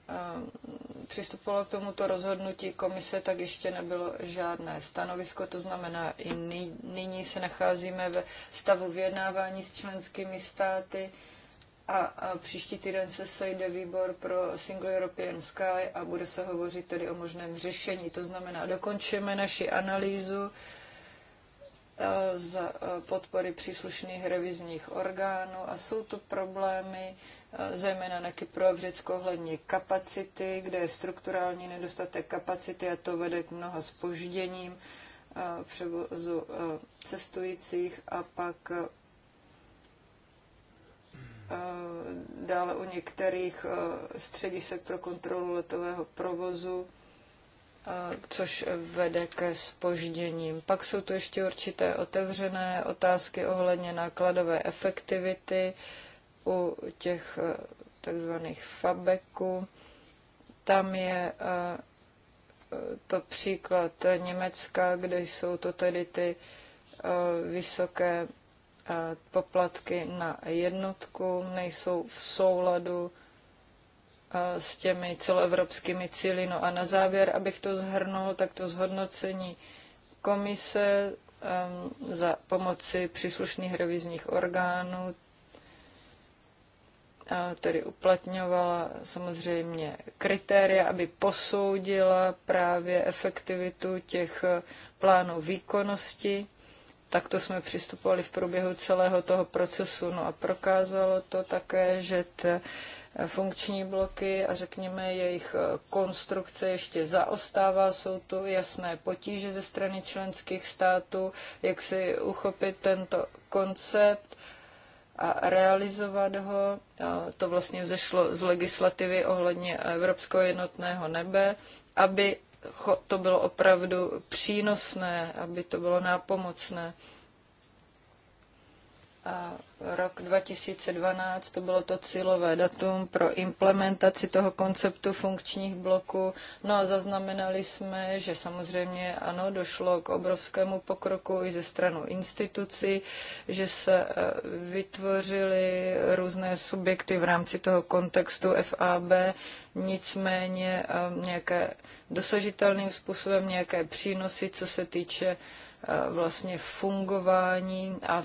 eh, přistupovalo k tomuto rozhodnutí komise, tak ještě nebylo žádné stanovisko, to znamená i nyní se nacházíme ve stavu vyjednávání s členskými státy a, a příští týden se sejde výbor pro Single European Sky a bude se hovořit tedy o možném řešení. To znamená, dokončíme naši analýzu e, za e, podpory příslušných revizních orgánů a jsou to problémy e, zejména na Kypru a v Řecku ohledně kapacity, kde je strukturální nedostatek kapacity a to vede k mnoha spožděním převozu cestujících a pak Eh, dále u některých eh, středisek pro kontrolu letového provozu, eh, což vede ke spožděním. Pak jsou tu ještě určité otevřené otázky ohledně nákladové efektivity u těch takzvaných fabeků. Tam je to příklad Německa, kde jsou to tedy ty vysoké Eh, poplatky na jednotku nejsou v souladu eh, s těmi celoevropskými cíly. No a na závěr, abych to zhrnul, tak to zhodnocení komise za pomoci příslušných revizních orgánů, eh, tedy uplatňovala samozřejmě kritéria, aby posoudila právě efektivitu těch plánů výkonnosti takto jsme přistupovali v průběhu celého toho procesu. No a prokázalo to také, že ty funkční bloky a řekněme jejich konstrukce ještě zaostává. Jsou tu jasné potíže ze strany členských států, jak si uchopit tento koncept a realizovat ho. To vlastně vzešlo z legislativy ohledně Evropského jednotného nebe, aby to bylo opravdu přínosné, aby to bylo nápomocné. A rok 2012 to bylo to cílové datum pro implementaci toho konceptu funkčních bloků. No a zaznamenali jsme, že samozřejmě ano, došlo k obrovskému pokroku i ze stranu institucí, že se e, vytvořily různé subjekty v rámci toho kontextu FAB, nicméně e, nějaké dosažitelným způsobem nějaké přínosy, co se týče Eh, vlastně fungování a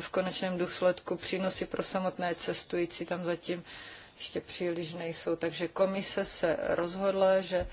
v konečném důsledku přínosy pro samotné cestující tam zatím ještě příliš nejsou. Takže komise se rozhodla, že eh,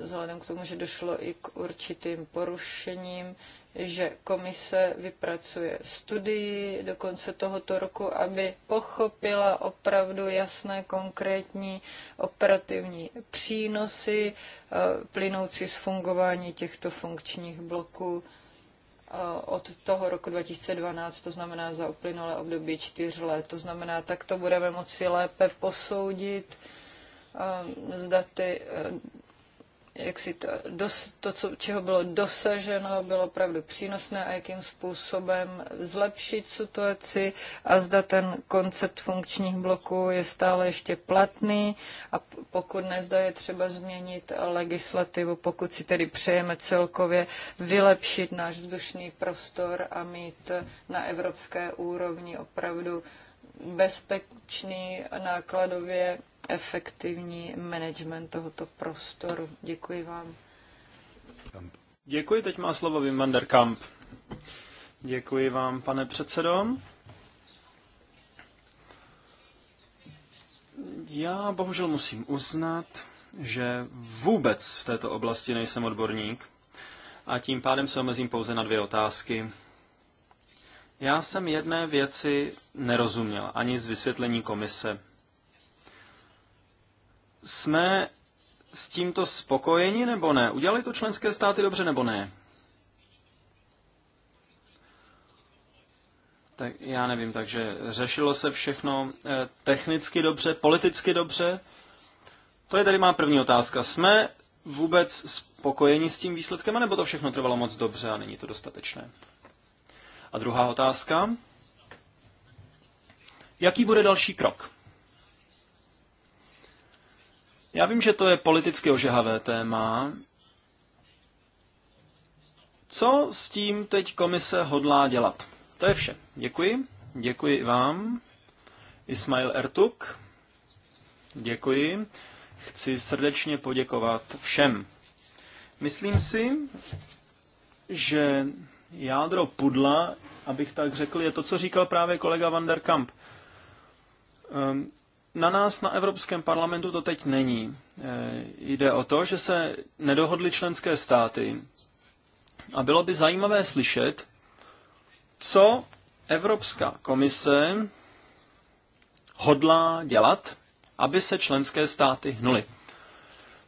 vzhledem k tomu, že došlo i k určitým porušením, že komise vypracuje studii do konce tohoto roku, aby pochopila opravdu jasné, konkrétní operativní přínosy eh, plynoucí z fungování těchto funkčních bloků eh, od toho roku 2012, to znamená za uplynulé období čtyř let. To znamená, tak to budeme moci lépe posoudit, eh, zda ty jak si to, dos, to co, čeho bylo dosaženo, bylo opravdu přínosné a jakým způsobem zlepšit situaci a zda ten koncept funkčních bloků je stále ještě platný a pokud ne, zda je třeba změnit legislativu, pokud si tedy přejeme celkově vylepšit náš vzdušný prostor a mít na evropské úrovni opravdu bezpečný nákladově efektivní management tohoto prostoru. Děkuji vám. Děkuji, teď má slovo Wim van der Kamp. Děkuji vám, pane předsedo. Já bohužel musím uznat, že vůbec v této oblasti nejsem odborník a tím pádem se omezím pouze na dvě otázky. Já jsem jedné věci nerozuměl ani z vysvětlení komise. Jsme s tímto spokojeni nebo ne? Udělali to členské státy dobře nebo ne? Tak já nevím, takže řešilo se všechno eh, technicky dobře, politicky dobře. To je tady má první otázka. Jsme vůbec spokojeni s tím výsledkem, nebo to všechno trvalo moc dobře a není to dostatečné? A druhá otázka. Jaký bude další krok? Já vím, že to je politicky ožehavé téma. Co s tím teď komise hodlá dělat? To je vše. Děkuji. Děkuji i vám. Ismail Ertuk. Děkuji. Chci srdečně poděkovat všem. Myslím si, že jádro pudla, abych tak řekl, je to, co říkal právě kolega Vanderkamp. Um, ehm, na nás na Evropském parlamentu to teď není. Eh, jde o to, že se nedohodly členské státy a bylo by zajímavé slyšet, co Evropská komise hodlá dělat, aby se členské státy hnuly.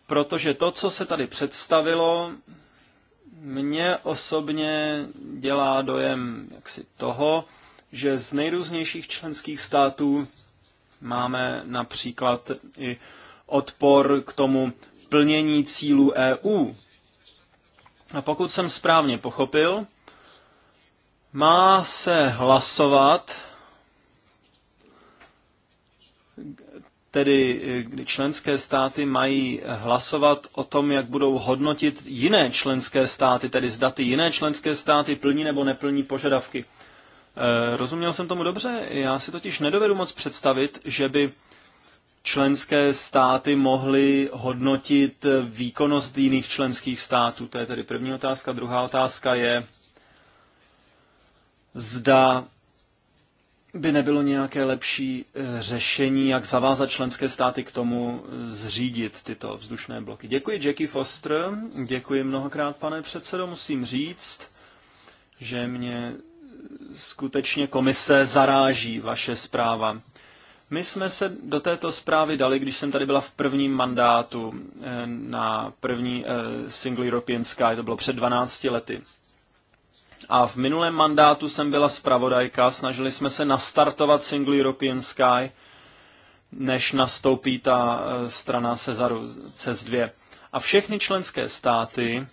Protože to, co se tady představilo, mně osobně dělá dojem jaksi toho, že z nejrůznějších členských států Máme například i odpor k tomu plnění cílů EU. A pokud jsem správně pochopil, má se hlasovat, tedy kdy členské státy mají hlasovat o tom, jak budou hodnotit jiné členské státy, tedy zdaty jiné členské státy plní nebo neplní požadavky Eh, rozuměl jsem tomu dobře? Já si totiž nedovedu moc představit, že by členské státy mohly hodnotit výkonnost jiných členských států. To je tedy první otázka. Druhá otázka je, zda by nebylo nějaké lepší eh, řešení, jak zavázat členské státy k tomu eh, zřídit tyto vzdušné bloky. Děkuji Jackie Foster, děkuji mnohokrát, pane předsedo. Musím říct, že mě skutečně komise zaráží vaše zpráva. My jsme se do této zprávy dali, když jsem tady byla v prvním mandátu eh, na první eh, Single European Sky, to bylo před 12 lety. A v minulém mandátu jsem byla zpravodajka, snažili jsme se nastartovat Single European Sky, než nastoupí ta eh, strana Cezaru CES2. A všechny členské státy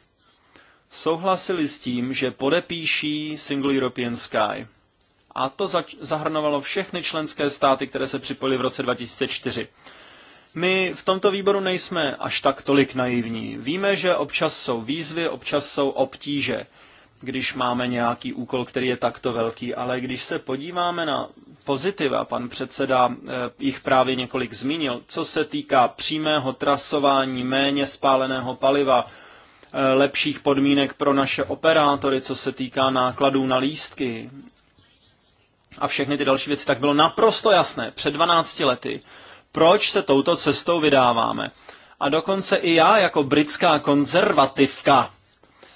souhlasili s tím, že podepíší Single European Sky. A to zahrnovalo všechny členské státy, které se připojily v roce 2004. My v tomto výboru nejsme až tak tolik naivní. Víme, že občas jsou výzvy, občas jsou obtíže, když máme nějaký úkol, který je takto velký, ale když se podíváme na pozitiva, pan předseda eh, jich právě několik zmínil, co se týká přímého trasování, méně spáleného paliva, Eh, lepších podmínek pro naše operátory, co se týká nákladů na lístky a všechny ty další věci, tak bylo naprosto jasné před 12 lety, proč se touto cestou vydáváme. A dokonce i já jako britská konzervativka,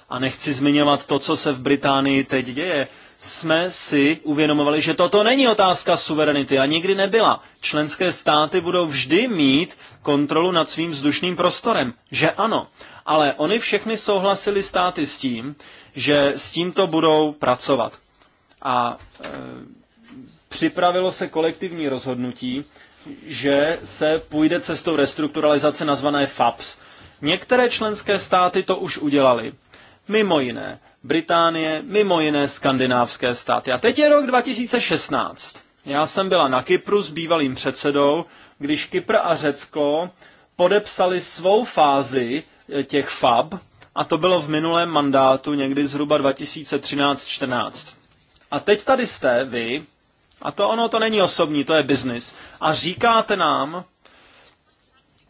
a nechci zmiňovat to, co se v Británii teď děje, jsme si uvědomovali, že toto není otázka suverenity a nikdy nebyla. Členské státy budou vždy mít kontrolu nad svým vzdušným prostorem. Že ano ale oni všechny souhlasili státy s tím, že s tímto budou pracovat. A e, připravilo se kolektivní rozhodnutí, že se půjde cestou restrukturalizace nazvané FAPS. Některé členské státy to už udělali. Mimo jiné Británie, mimo jiné skandinávské státy. A teď je rok 2016. Já jsem byla na Kypru s bývalým předsedou, když Kypr a Řecko podepsali svou fázi Eh, těch FAB a to bylo v minulém mandátu někdy zhruba 2013-14. A teď tady jste vy, a to ono to není osobní, to je biznis, a říkáte nám,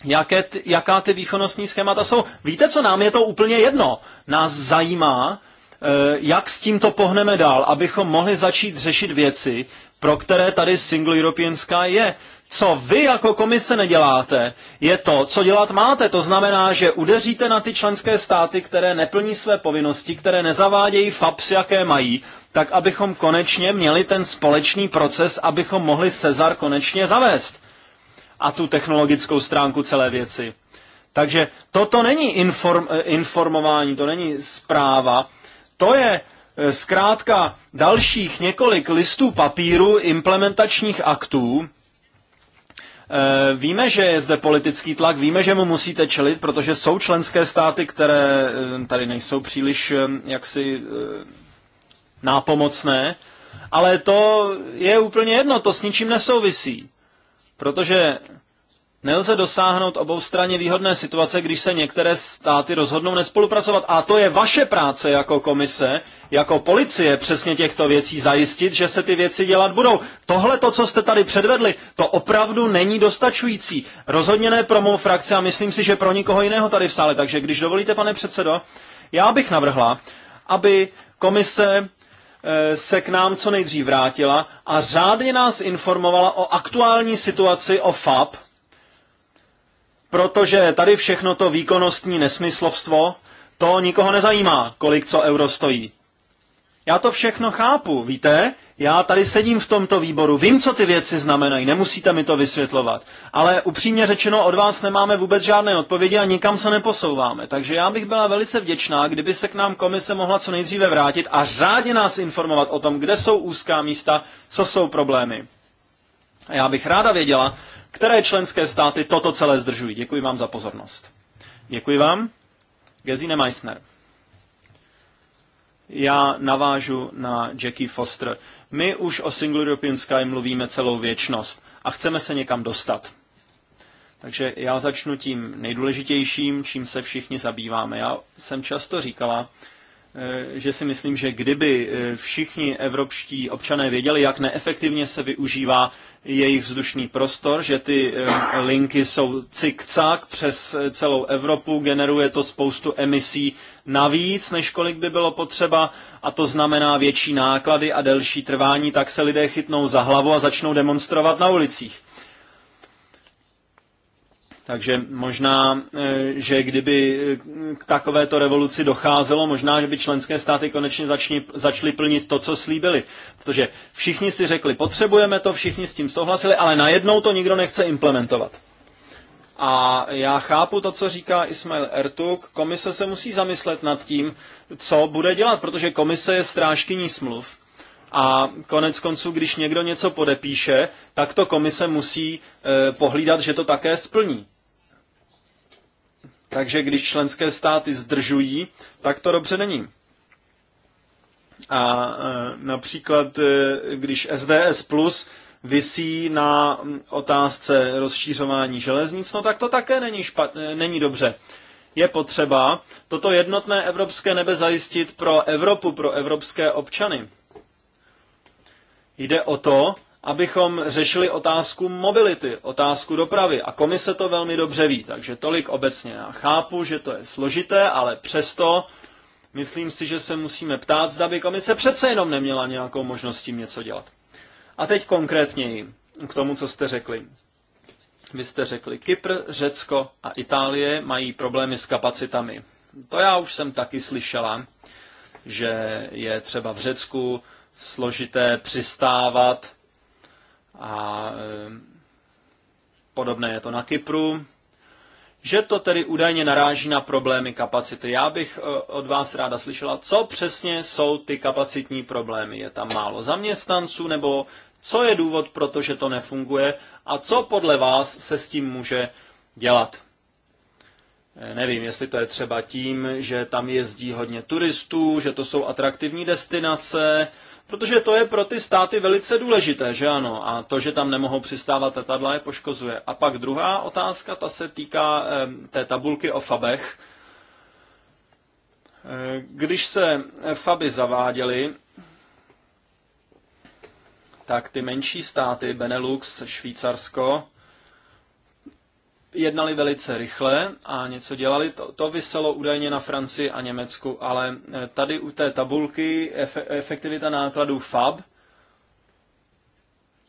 jaké ty, jaká ty výkonnostní schémata jsou. Víte co, nám je to úplně jedno. Nás zajímá, eh, jak s tímto pohneme dál, abychom mohli začít řešit věci, pro které tady Single European Sky je. Co vy jako komise neděláte, je to, co dělat máte. To znamená, že udeříte na ty členské státy, které neplní své povinnosti, které nezavádějí FAPS, jaké mají, tak abychom konečně měli ten společný proces, abychom mohli Cezar konečně zavést. A tu technologickou stránku celé věci. Takže toto není inform, eh, informování, to není zpráva, to je eh, zkrátka dalších několik listů papíru implementačních aktů, Eh, víme, že je zde politický tlak, víme, že mu musíte čelit, protože jsou členské státy, které eh, tady nejsou příliš eh, jaksi nápomocné, ale to je úplně jedno, to s ničím nesouvisí. Protože Nelze dosáhnout oboustranně výhodné situace, když se některé státy rozhodnou nespolupracovat. A to je vaše práce jako komise, jako policie přesně těchto věcí zajistit, že se ty věci dělat budou. Tohle to, co jste tady předvedli, to opravdu není dostačující. Rozhodně ne pro mou frakci a myslím si, že pro nikoho jiného tady v sále. Takže když dovolíte, pane předsedo, já bych navrhla, aby komise eh, se k nám co nejdřív vrátila a řádně nás informovala o aktuální situaci o fap. Protože tady všechno to výkonnostní nesmyslovstvo, to nikoho nezajímá, kolik co euro stojí. Já to všechno chápu, víte? Já tady sedím v tomto výboru, vím, co ty věci znamenají, nemusíte mi to vysvětlovat. Ale upřímně řečeno, od vás nemáme vůbec žádné odpovědi a nikam se neposouváme. Takže já bych byla velice vděčná, kdyby se k nám komise mohla co nejdříve vrátit a řádně nás informovat o tom, kde jsou úzká místa, co jsou problémy. A já bych ráda věděla, které členské státy toto celé zdržují. Děkuji vám za pozornost. Děkuji vám. Gesine Meissner. Já navážu na Jackie Foster. My už o Single European Sky mluvíme celou věčnost a chceme se někam dostat. Takže já začnu tím nejdůležitějším, čím se všichni zabýváme. Já jsem často říkala, Eh, že si myslím, že kdyby eh, všichni evropští občané věděli, jak neefektivně se využívá jejich vzdušný prostor, že ty eh, linky jsou cikcák, přes celou Evropu, generuje to spoustu emisí navíc, než kolik by bylo potřeba, a to znamená větší náklady a delší trvání, tak se lidé chytnou za hlavu a začnou demonstrovat na ulicích. Takže možná, eh, že kdyby eh, k takovéto revoluci docházelo, možná, že by členské státy konečně začni, začaly plnit to, co slíbili. Protože všichni si řekli, potřebujeme to, všichni s tím souhlasili, ale najednou to nikdo nechce implementovat. A já chápu to, co říká Ismail Ertuk. Komise se musí zamyslet nad tím, co bude dělat, protože komise je strážkyní smluv. A konec konců, když někdo něco podepíše, tak to komise musí e, pohlídat, že to také splní. Takže když členské státy zdržují, tak to dobře není. A e, například, e, když SDS Plus visí na otázce rozšířování železnic, no tak to také není, špat, e, není dobře. Je potřeba toto jednotné evropské nebe zajistit pro Evropu, pro evropské občany. Jde o to, abychom řešili otázku mobility, otázku dopravy. A komise to velmi dobře ví, takže tolik obecně. Já chápu, že to je složité, ale přesto myslím si, že se musíme ptát, zda by komise přece jenom neměla nějakou možnost s tím něco dělat. A teď konkrétněji k tomu, co jste řekli. Vy jste řekli, Kypr, Řecko a Itálie mají problémy s kapacitami. To já už jsem taky slyšela, že je třeba v Řecku složité přistávat a eh, podobné je to na Kypru, že to tedy údajně naráží na problémy kapacity. Já bych eh, od vás ráda slyšela, co přesně jsou ty kapacitní problémy. Je tam málo zaměstnanců, nebo co je důvod, protože to nefunguje a co podle vás se s tím může dělat? Eh, nevím, jestli to je třeba tím, že tam jezdí hodně turistů, že to jsou atraktivní destinace, Protože to je pro ty státy velice důležité, že ano? A to, že tam nemohou přistávat letadla, je poškozuje. A pak druhá otázka, ta se týká té tabulky o fabech. Když se faby zaváděly, tak ty menší státy, Benelux, Švýcarsko, jednali velice rychle a něco dělali. To, to vyselo údajně na Francii a Německu, ale eh, tady u té tabulky efektivita nákladů FAB,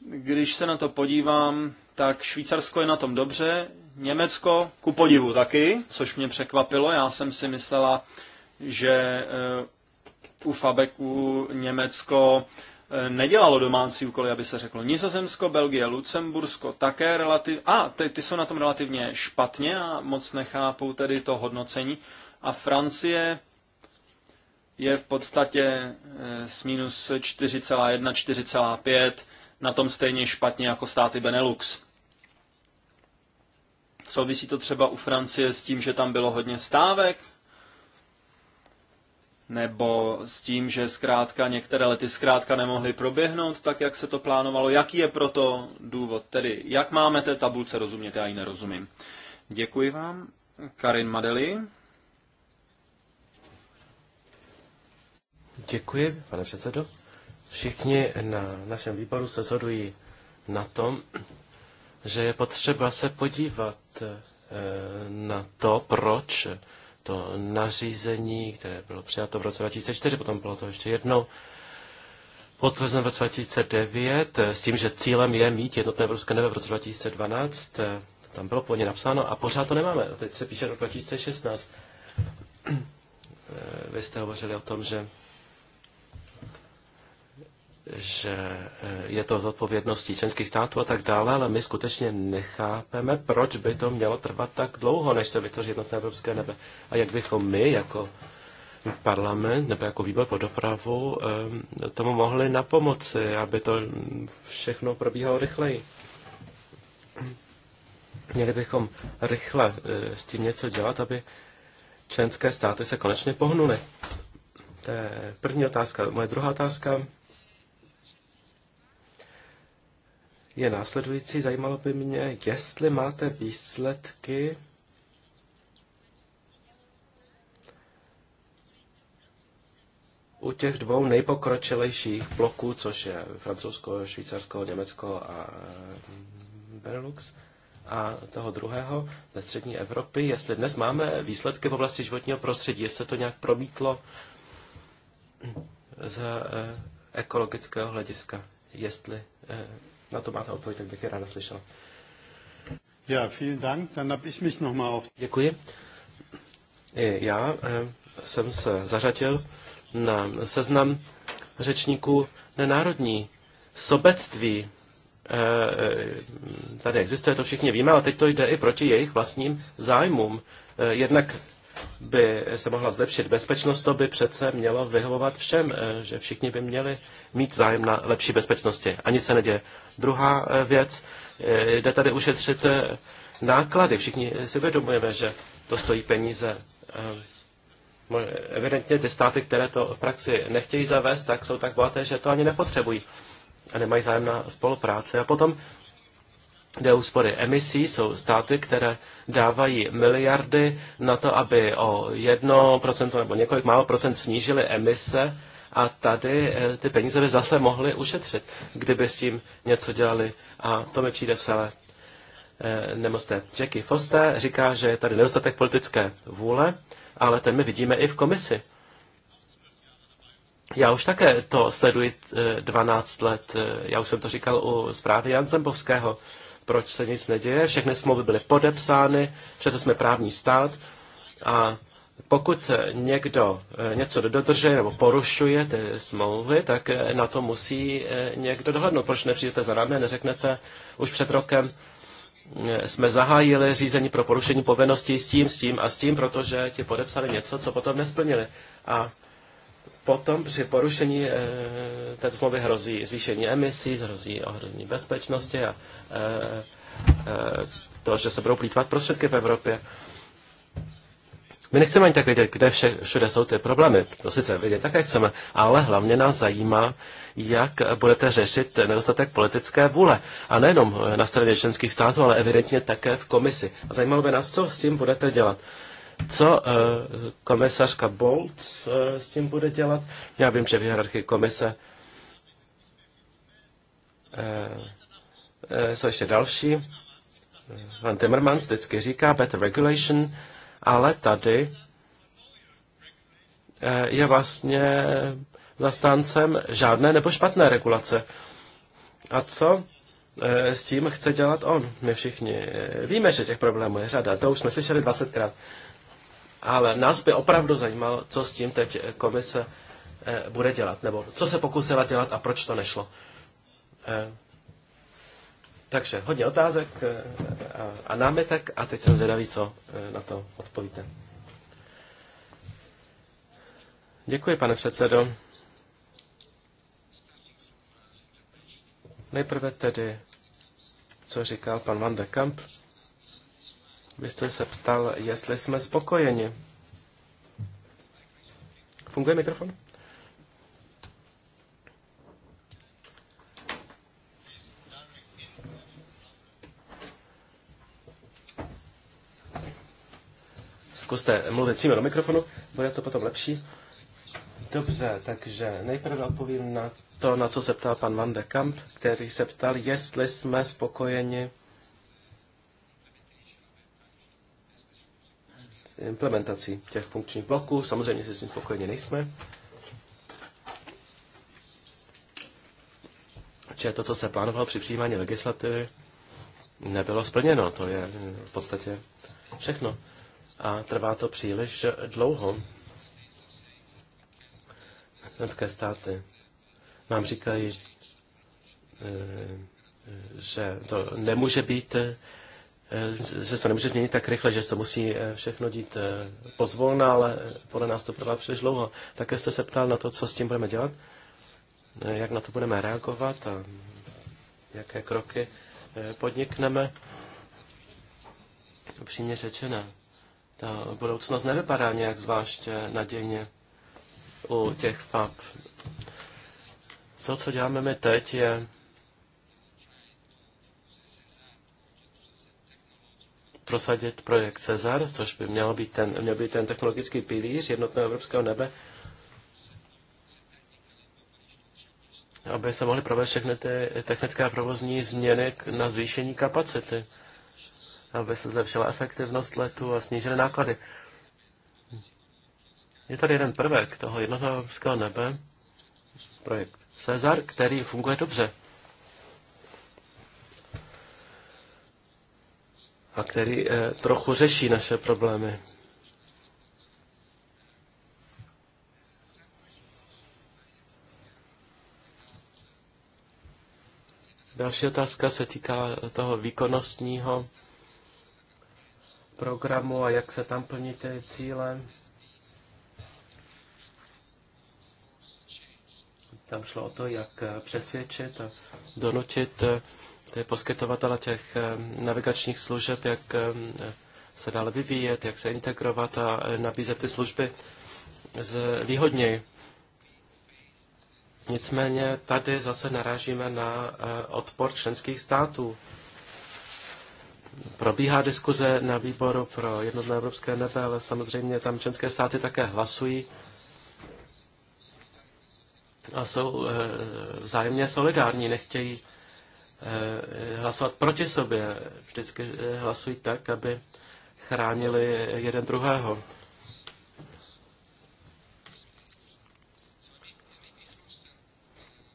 když se na to podívám, tak Švýcarsko je na tom dobře, Německo ku podivu taky, což mě překvapilo. Já jsem si myslela, že eh, u Fabeku Německo nedělalo domácí úkoly, aby se řeklo. Nizozemsko, Belgie, Lucembursko také relativně. A, ty, ty jsou na tom relativně špatně a moc nechápou tedy to hodnocení. A Francie je v podstatě eh, s minus 4,1, 4,5 na tom stejně špatně jako státy Benelux. Souvisí to třeba u Francie s tím, že tam bylo hodně stávek, nebo s tím, že zkrátka některé lety zkrátka nemohly proběhnout tak, jak se to plánovalo. Jaký je proto důvod? Tedy, jak máme té tabulce rozumět? Já ji nerozumím. Děkuji vám. Karin Madeli. Děkuji, pane předsedo. Všichni na našem výboru se shodují na tom, že je potřeba se podívat eh, na to, proč to nařízení, které bylo přijato v roce 2004, potom bylo to ještě jednou potvrzeno v roce 2009 eh, s tím, že cílem je mít jednotné evropské nebe v roce 2012. Eh, tam bylo původně napsáno a pořád to nemáme. Teď se píše rok 2016. Eh, vy jste hovořili o tom, že že eh, je to zodpovědností členských států a tak dále, ale my skutečně nechápeme, proč by to mělo trvat tak dlouho, než se vytvoří jednotné evropské nebe. A jak bychom my jako parlament nebo jako výbor pro dopravu eh, tomu mohli na pomoci, aby to všechno probíhalo rychleji. Měli bychom rychle eh, s tím něco dělat, aby členské státy se konečně pohnuly. To je první otázka. Moje druhá otázka je následující. Zajímalo by mě, jestli máte výsledky u těch dvou nejpokročilejších bloků, což je Francouzsko, Švýcarsko, Německo a eh, Benelux, a toho druhého ve střední Evropy, jestli dnes máme výsledky v oblasti životního prostředí, jestli se to nějak promítlo z eh, ekologického hlediska, jestli eh, na to máte odpověď, tak bych je ráda slyšela. Ja, vielen Dank. Dann hab ich mich noch mal auf... Děkuji. já eh, jsem se zařadil na seznam řečníků nenárodní sobectví. Eh, eh, tady existuje, to všichni víme, ale teď to jde i proti jejich vlastním zájmům. jednak by se mohla zlepšit bezpečnost, to by přece mělo vyhovovat všem, eh, že všichni by měli mít zájem na lepší bezpečnosti. A nic se neděje. Druhá eh, věc, eh, jde tady ušetřit náklady. Všichni si vědomujeme, že to stojí peníze. Evidentně ty státy, které to v praxi nechtějí zavést, tak jsou tak bohaté, že to ani nepotřebují a nemají zájem na spolupráci. A potom Jde úspory emisí, jsou státy, které dávají miliardy na to, aby o jedno procento nebo několik málo procent snížili emise a tady eh, ty peníze by zase mohly ušetřit, kdyby s tím něco dělali a to mi přijde celé eh, nemocné. Jackie Foster říká, že je tady nedostatek politické vůle, ale ten my vidíme i v komisi. Já už také to sleduji 12 eh, let, já už jsem to říkal u zprávy Jan Zembovského proč se nic neděje. Všechny smlouvy byly podepsány, přece jsme právní stát a pokud někdo eh, něco dodržuje nebo porušuje ty smlouvy, tak eh, na to musí eh, někdo dohlednout. Proč nepřijdete za námi a neřeknete už před rokem, jsme zahájili řízení pro porušení povinností s tím, s tím a s tím, protože ti podepsali něco, co potom nesplnili. A potom při porušení e, této smlouvy hrozí zvýšení emisí, hrozí ohrožení bezpečnosti a e, e, to, že se budou plítvat prostředky v Evropě. My nechceme ani tak vědět, kde vše, všude jsou ty problémy. To sice vědět také chceme, ale hlavně nás zajímá, jak budete řešit nedostatek politické vůle. A nejenom na straně členských států, ale evidentně také v komisi. A zajímalo by nás, co s tím budete dělat. Co eh, komisařka Bolt eh, s tím bude dělat? Já vím, že v hierarchii komise eh, jsou ještě další. Van Timmermans vždycky říká better regulation, ale tady je vlastně zastáncem žádné nebo špatné regulace. A co s tím chce dělat on? My všichni víme, že těch problémů je řada. To už jsme slyšeli 20krát ale nás by opravdu zajímalo, co s tím teď eh, komise eh, bude dělat, nebo co se pokusila dělat a proč to nešlo. Eh, takže hodně otázek a námitek a teď jsem zvědavý, co na to odpovíte. Děkuji, pane předsedo. Nejprve tedy, co říkal pan Van de Kamp. Vy jste se ptal, jestli jsme spokojeni. Funguje mikrofon? Zkuste mluvit přímo do mikrofonu, bude to potom lepší. Dobře, takže nejprve odpovím na to, na co se ptal pan Van de Kamp, který se ptal, jestli jsme spokojeni implementací těch funkčních bloků. Samozřejmě si s tím spokojeni nejsme. Čili to, co se plánovalo při přijímání legislativy, nebylo splněno. To je v podstatě všechno. A trvá to příliš dlouho. Členské státy nám říkají, eh, že to nemůže být Eh, se to nemůže změnit tak rychle, že se to musí eh, všechno dít eh, pozvolna, ale podle nás to trvá příliš dlouho. Také jste se ptal na to, co s tím budeme dělat, jak na to budeme reagovat a jaké kroky podnikneme. Upřímně řečeno, ta budoucnost nevypadá nějak zvlášť nadějně u těch FAP. To, co děláme my teď, je prosadit projekt Cezar, což by měl být ten, měl být ten technologický pilíř jednotného evropského nebe, aby se mohly provést všechny ty technické a provozní změny na zvýšení kapacity, aby se zlepšila efektivnost letu a snížily náklady. Je tady jeden prvek toho jednotného evropského nebe, projekt Cezar, který funguje dobře. a který eh, trochu řeší naše problémy. Další otázka se týká toho výkonnostního programu a jak se tam plní ty cíle. Tam šlo o to, jak eh, přesvědčit a donutit eh, ty poskytovatele těch eh, navigačních služeb, jak eh, se dále vyvíjet, jak se integrovat a eh, nabízet ty služby z výhodněji. Nicméně tady zase narážíme na odpor členských států. Probíhá diskuze na výboru pro jednotné evropské nebe, ale samozřejmě tam členské státy také hlasují a jsou vzájemně solidární, nechtějí Eh, hlasovat proti sobě. Vždycky eh, hlasují tak, aby chránili jeden druhého.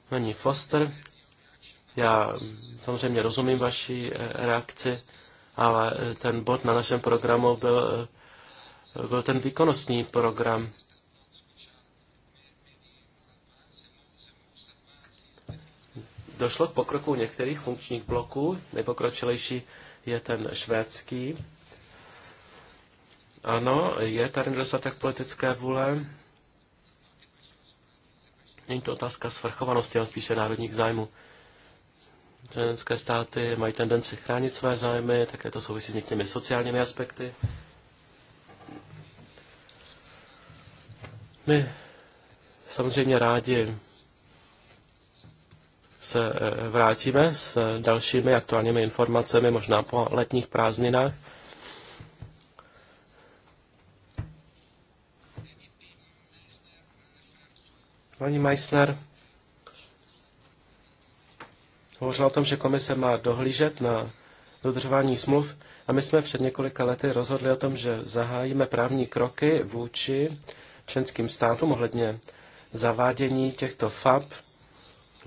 Paní Foster, já samozřejmě rozumím vaší eh, reakci, ale ten bod na našem programu byl, byl ten výkonnostní program. došlo k pokroku některých funkčních bloků. Nejpokročilejší je ten švédský. Ano, je tady nedostatek politické vůle. Není to otázka svrchovanosti, ale spíše národních zájmů. Členské státy mají tendenci chránit své zájmy, také to souvisí s některými sociálními aspekty. My samozřejmě rádi se eh, vrátíme s eh, dalšími aktuálními informacemi, možná po letních prázdninách. Paní Meissner hovořila o tom, že komise má dohlížet na dodržování smluv a my jsme před několika lety rozhodli o tom, že zahájíme právní kroky vůči členským státům ohledně zavádění těchto FAB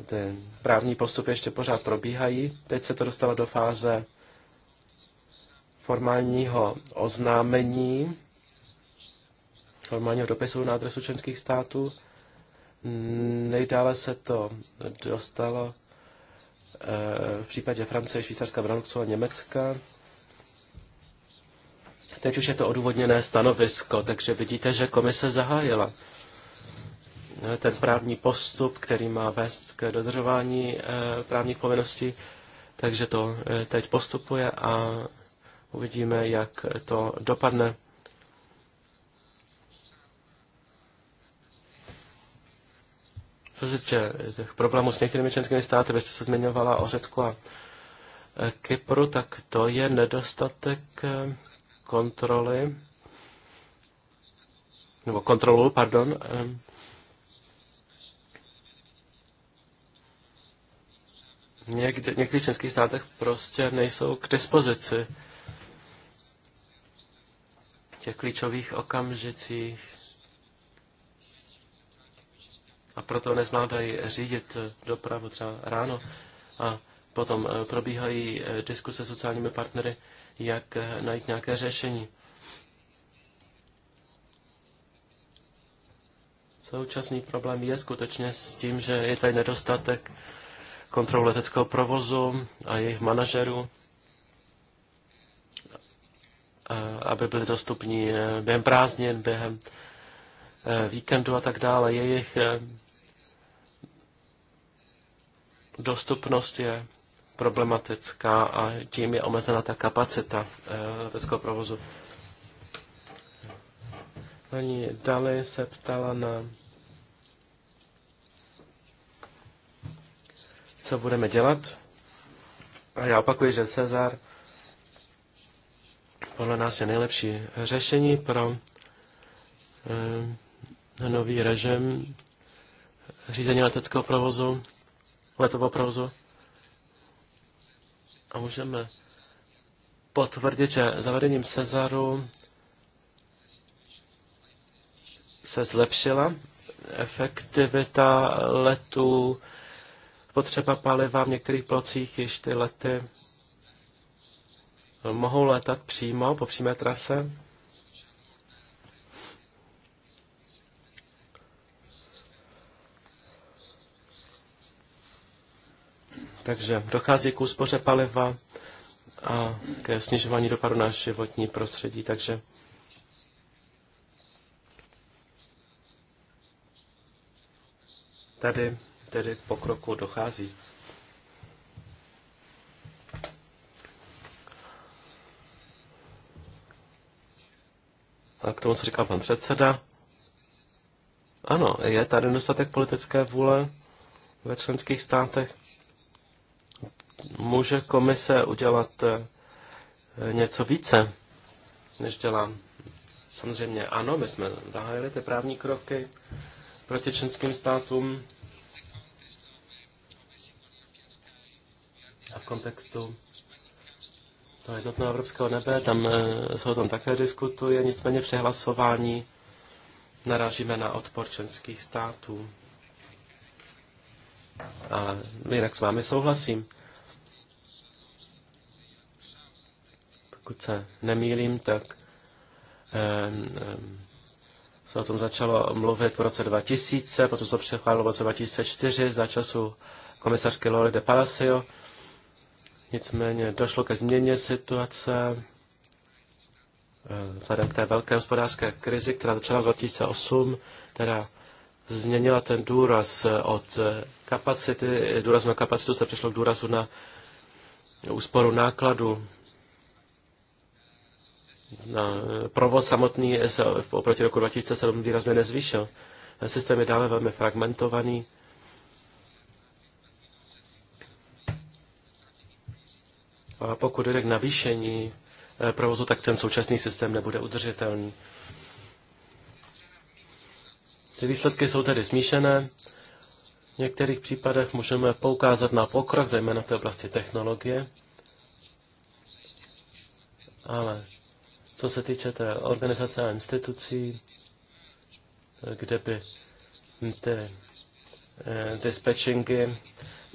ty právní postupy ještě pořád probíhají. Teď se to dostalo do fáze formálního oznámení, formálního dopisu na adresu členských států. Nejdále se to dostalo eh, v případě Francie, Švýcarska, Branuxu a Německa. Teď už je to odůvodněné stanovisko, takže vidíte, že komise zahájila Eh, ten právní postup, který má vést k dodržování eh, právních povinností. Takže to eh, teď postupuje a uvidíme, jak to dopadne. Co se týče těch problémů s některými členskými státy, byste se zmiňovala o Řecku a Kypru, tak to je nedostatek kontroly, nebo kontrolu, pardon, někde, v některých českých státech prostě nejsou k dispozici těch klíčových okamžicích. A proto nezvládají řídit dopravu třeba ráno. A potom eh, probíhají eh, diskuse s sociálními partnery, jak eh, najít nějaké řešení. Současný problém je skutečně s tím, že je tady nedostatek kontrolu leteckého provozu a jejich manažerů, aby byli dostupní eh, během prázdnin, během eh, víkendu a tak dále. Jejich eh, dostupnost je problematická a tím je omezena ta kapacita leteckého provozu. Paní Dali se ptala na co budeme dělat. A já opakuji, že Cezar podle nás je nejlepší řešení pro e, nový režim řízení leteckého provozu, letového provozu. A můžeme potvrdit, že zavedením Cezaru se zlepšila efektivita letů Potřeba paliva v některých plocích již ty lety mohou létat přímo po přímé trase. Takže dochází k úspoře paliva a ke snižování dopadu na životní prostředí, takže tady tedy pokroku dochází. A k tomu, co říkal pan předseda, ano, je tady nedostatek politické vůle ve členských státech. Může komise udělat eh, něco více, než dělá. Samozřejmě ano, my jsme zahájili ty právní kroky proti členským státům. kontextu to jednotného evropského nebe, tam eh, se o tom také diskutuje, nicméně přehlasování narážíme na odpor členských států. A jinak s vámi souhlasím. Pokud se nemýlím, tak ehm, ehm, se o tom začalo mluvit v roce 2000, potom se přechválilo v roce 2004 za času komisařky Lory de Palacio. Nicméně došlo ke změně situace eh, vzhledem k té velké hospodářské krizi, která začala v 2008, která změnila ten důraz eh, od eh, kapacity, důraz na kapacitu se přišlo k důrazu na úsporu nákladu. Na provoz samotný se oproti roku 2007 výrazně nezvýšil. Ten systém je dále velmi fragmentovaný A pokud jde k navýšení eh, provozu, tak ten současný systém nebude udržitelný. Ty výsledky jsou tedy smíšené. V některých případech můžeme poukázat na pokrok, zejména v té oblasti technologie. Ale co se týče té organizace a institucí, eh, kde by ty dispatchingy eh,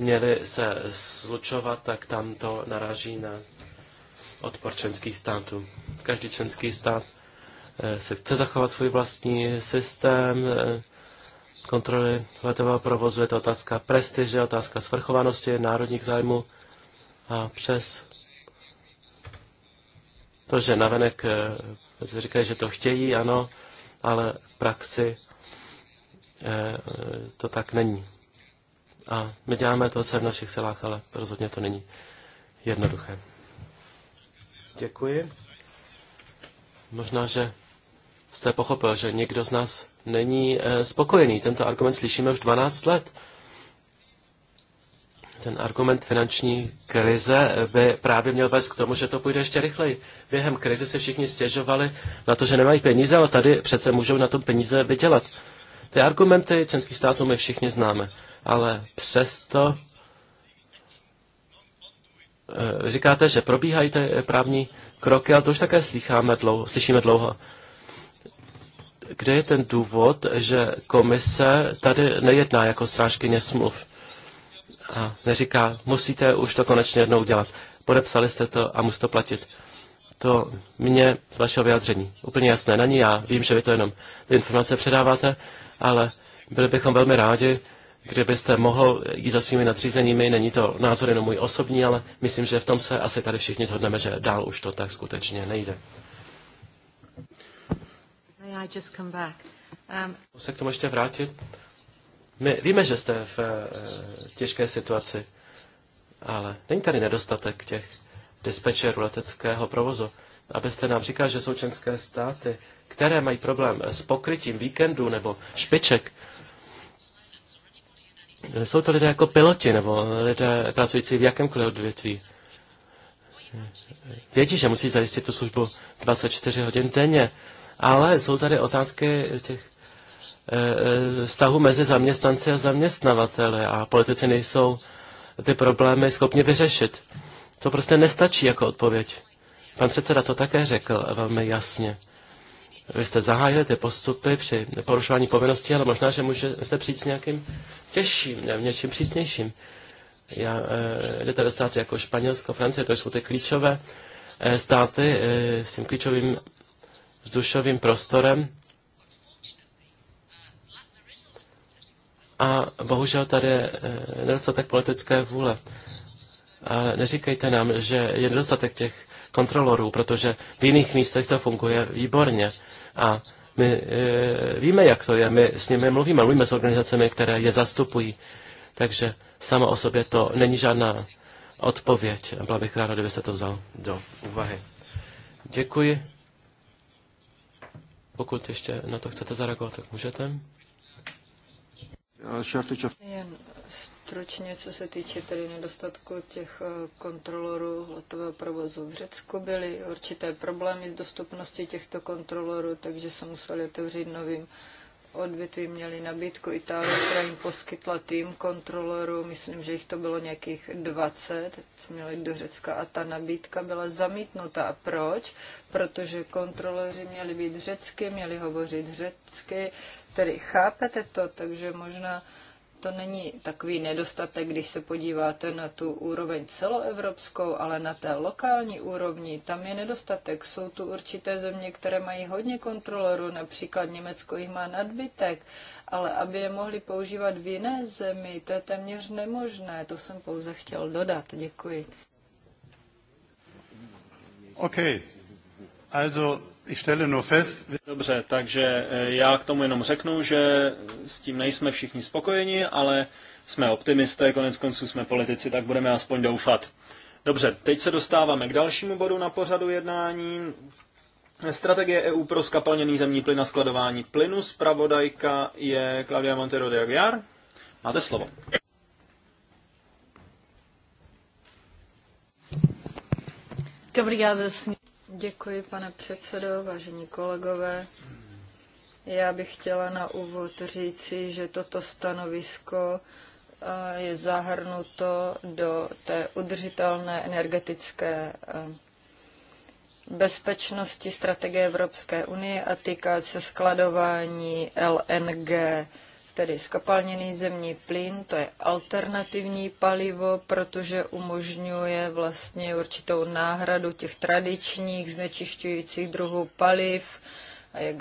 měli se slučovat, tak tam to naráží na odpor členských států. Každý členský stát eh, se chce zachovat svůj vlastní systém eh, kontroly letového provozu. Je to otázka prestiže, otázka svrchovanosti, národních zájmů a přes to, že navenek eh, říkají, že to chtějí, ano, ale v praxi to tak není. A my děláme to, co je v našich silách, ale rozhodně to není jednoduché. Děkuji. Možná, že jste pochopil, že někdo z nás není eh, spokojený. Tento argument slyšíme už 12 let. Ten argument finanční krize eh, by právě měl vést k tomu, že to půjde ještě rychleji. Během krize se všichni stěžovali na to, že nemají peníze, ale tady přece můžou na tom peníze vydělat. Ty argumenty členských států my všichni známe ale přesto eh, říkáte, že probíhají ty právní kroky, ale to už také slycháme dlouho, slyšíme dlouho. Kde je ten důvod, že komise tady nejedná jako strážkyně smluv a neříká, musíte už to konečně jednou dělat. Podepsali jste to a musíte platit. To mě z vašeho vyjádření úplně jasné není. Já vím, že vy to jenom ty informace předáváte, ale byli bychom velmi rádi, kde byste mohl jít za svými nadřízenými. Není to názor jenom můj osobní, ale myslím, že v tom se asi tady všichni shodneme, že dál už to tak skutečně nejde. No um... Se k tomu ještě vrátit. My víme, že jste v eh, těžké situaci, ale není tady nedostatek těch dispečerů leteckého provozu. Abyste nám říkal, že jsou členské státy, které mají problém s pokrytím víkendů nebo špiček, jsou to lidé jako piloti nebo lidé pracující v jakémkoliv odvětví. Vědí, že musí zajistit tu službu 24 hodin denně, ale jsou tady otázky těch eh, eh, vztahu mezi zaměstnanci a zaměstnavateli a politici nejsou ty problémy schopni vyřešit. To prostě nestačí jako odpověď. Pan předseda to také řekl velmi jasně. Vy jste zahájili ty postupy při porušování povinností, ale možná, že můžete přijít s nějakým těžším, nevím, něčím přísnějším. Já, e, jdete ve státy jako Španělsko, Francie, to jsou ty klíčové e, státy e, s tím klíčovým vzdušovým prostorem. A bohužel tady je nedostatek politické vůle. A neříkejte nám, že je nedostatek těch kontrolorů, protože v jiných místech to funguje výborně. A my e, víme, jak to je, my s nimi mluvíme, mluvíme s organizacemi, které je zastupují. Takže sama o sobě to není žádná odpověď. Byla bych ráda, se to vzal do úvahy. Děkuji. Pokud ještě na to chcete zareagovat, tak můžete. Jen stručně, co se týče tedy nedostatku těch eh, kontrolorů letového provozu. V Řecku byly určité problémy s dostupností těchto kontrolorů, takže se museli otevřít novým odvětví měli nabídku Itálie, která jim poskytla tým kontrolorů, myslím, že jich to bylo nějakých 20, co měli do Řecka a ta nabídka byla zamítnuta. A proč? Protože kontroloři měli být řecky, měli hovořit řecky, tedy chápete to, takže možná to není takový nedostatek, když se podíváte na tu úroveň celoevropskou, ale na té lokální úrovni, tam je nedostatek. Jsou tu určité země, které mají hodně kontrolorů, například Německo jich má nadbytek, ale aby je mohli používat v jiné zemi, to je téměř nemožné. To jsem pouze chtěl dodat. Děkuji. Okay. Also Dobře, takže eh, já k tomu jenom řeknu, že s tím nejsme všichni spokojeni, ale jsme optimisté, konec konců jsme politici, tak budeme aspoň doufat. Dobře, teď se dostáváme k dalšímu bodu na pořadu jednání. Strategie EU pro skapalněný zemní plyn a skladování plynu. Spravodajka je Claudia Montero de Aguiar. Máte slovo. Obrigada, senhor. Děkuji, pane předsedo, vážení kolegové. Já bych chtěla na úvod říci, že toto stanovisko eh, je zahrnuto do té udržitelné energetické eh, bezpečnosti strategie Evropské unie a týká se skladování LNG tedy skapalněný zemní plyn, to je alternativní palivo, protože umožňuje vlastně určitou náhradu těch tradičních znečišťujících druhů paliv, a jak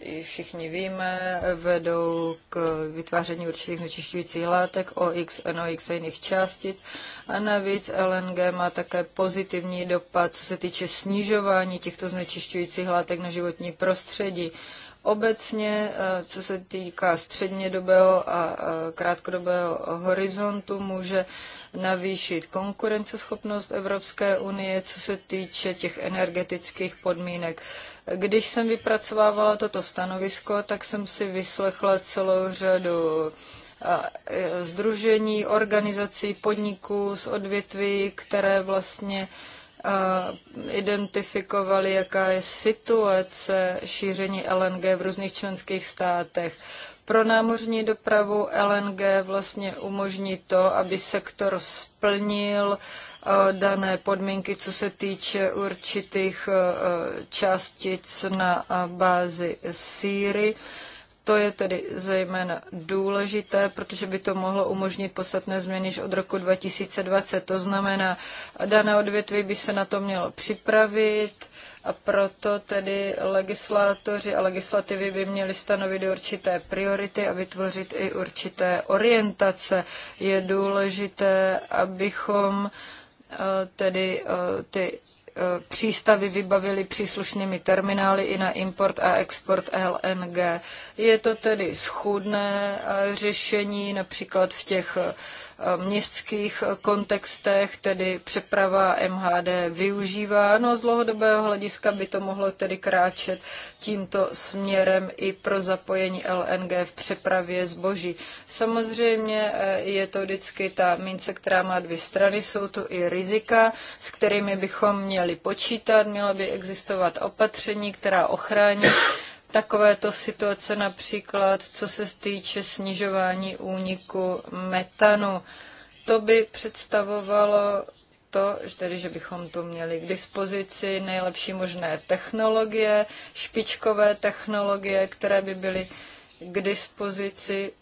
i všichni víme, vedou k vytváření určitých znečišťujících látek OX, NOX a jiných částic. A navíc LNG má také pozitivní dopad, co se týče snižování těchto znečišťujících látek na životní prostředí. Obecně, eh, co se týká střednědobého a eh, krátkodobého horizontu, může navýšit konkurenceschopnost Evropské unie, co se týče těch energetických podmínek. Když jsem vypracovávala toto stanovisko, tak jsem si vyslechla celou řadu združení, eh, organizací, podniků z odvětví, které vlastně uh, identifikovali, jaká je situace šíření LNG v různých členských státech. Pro námořní dopravu LNG vlastně umožní to, aby sektor splnil dané podmínky, co se týče určitých částic na bázi síry to je tedy zejména důležité, protože by to mohlo umožnit podstatné změny již od roku 2020. To znamená, dané odvětví by se na to mělo připravit a proto tedy legislátoři a legislativy by měli stanovit určité priority a vytvořit i určité orientace. Je důležité, abychom eh, tedy eh, ty Eh, přístavy vybavili příslušnými terminály i na import a export LNG. Je to tedy schudné eh, řešení, například v těch eh, městských kontextech, tedy přeprava MHD využívá. No a z dlouhodobého hlediska by to mohlo tedy kráčet tímto směrem i pro zapojení LNG v přepravě zboží. Samozřejmě eh, je to vždycky ta mince, která má dvě strany, jsou tu i rizika, s kterými bychom měli počítat, měla by existovat opatření, která ochrání takovéto situace například, co se týče snižování úniku metanu. To by představovalo to, že tedy, že bychom tu měli k dispozici nejlepší možné technologie, špičkové technologie, které by byly k dispozici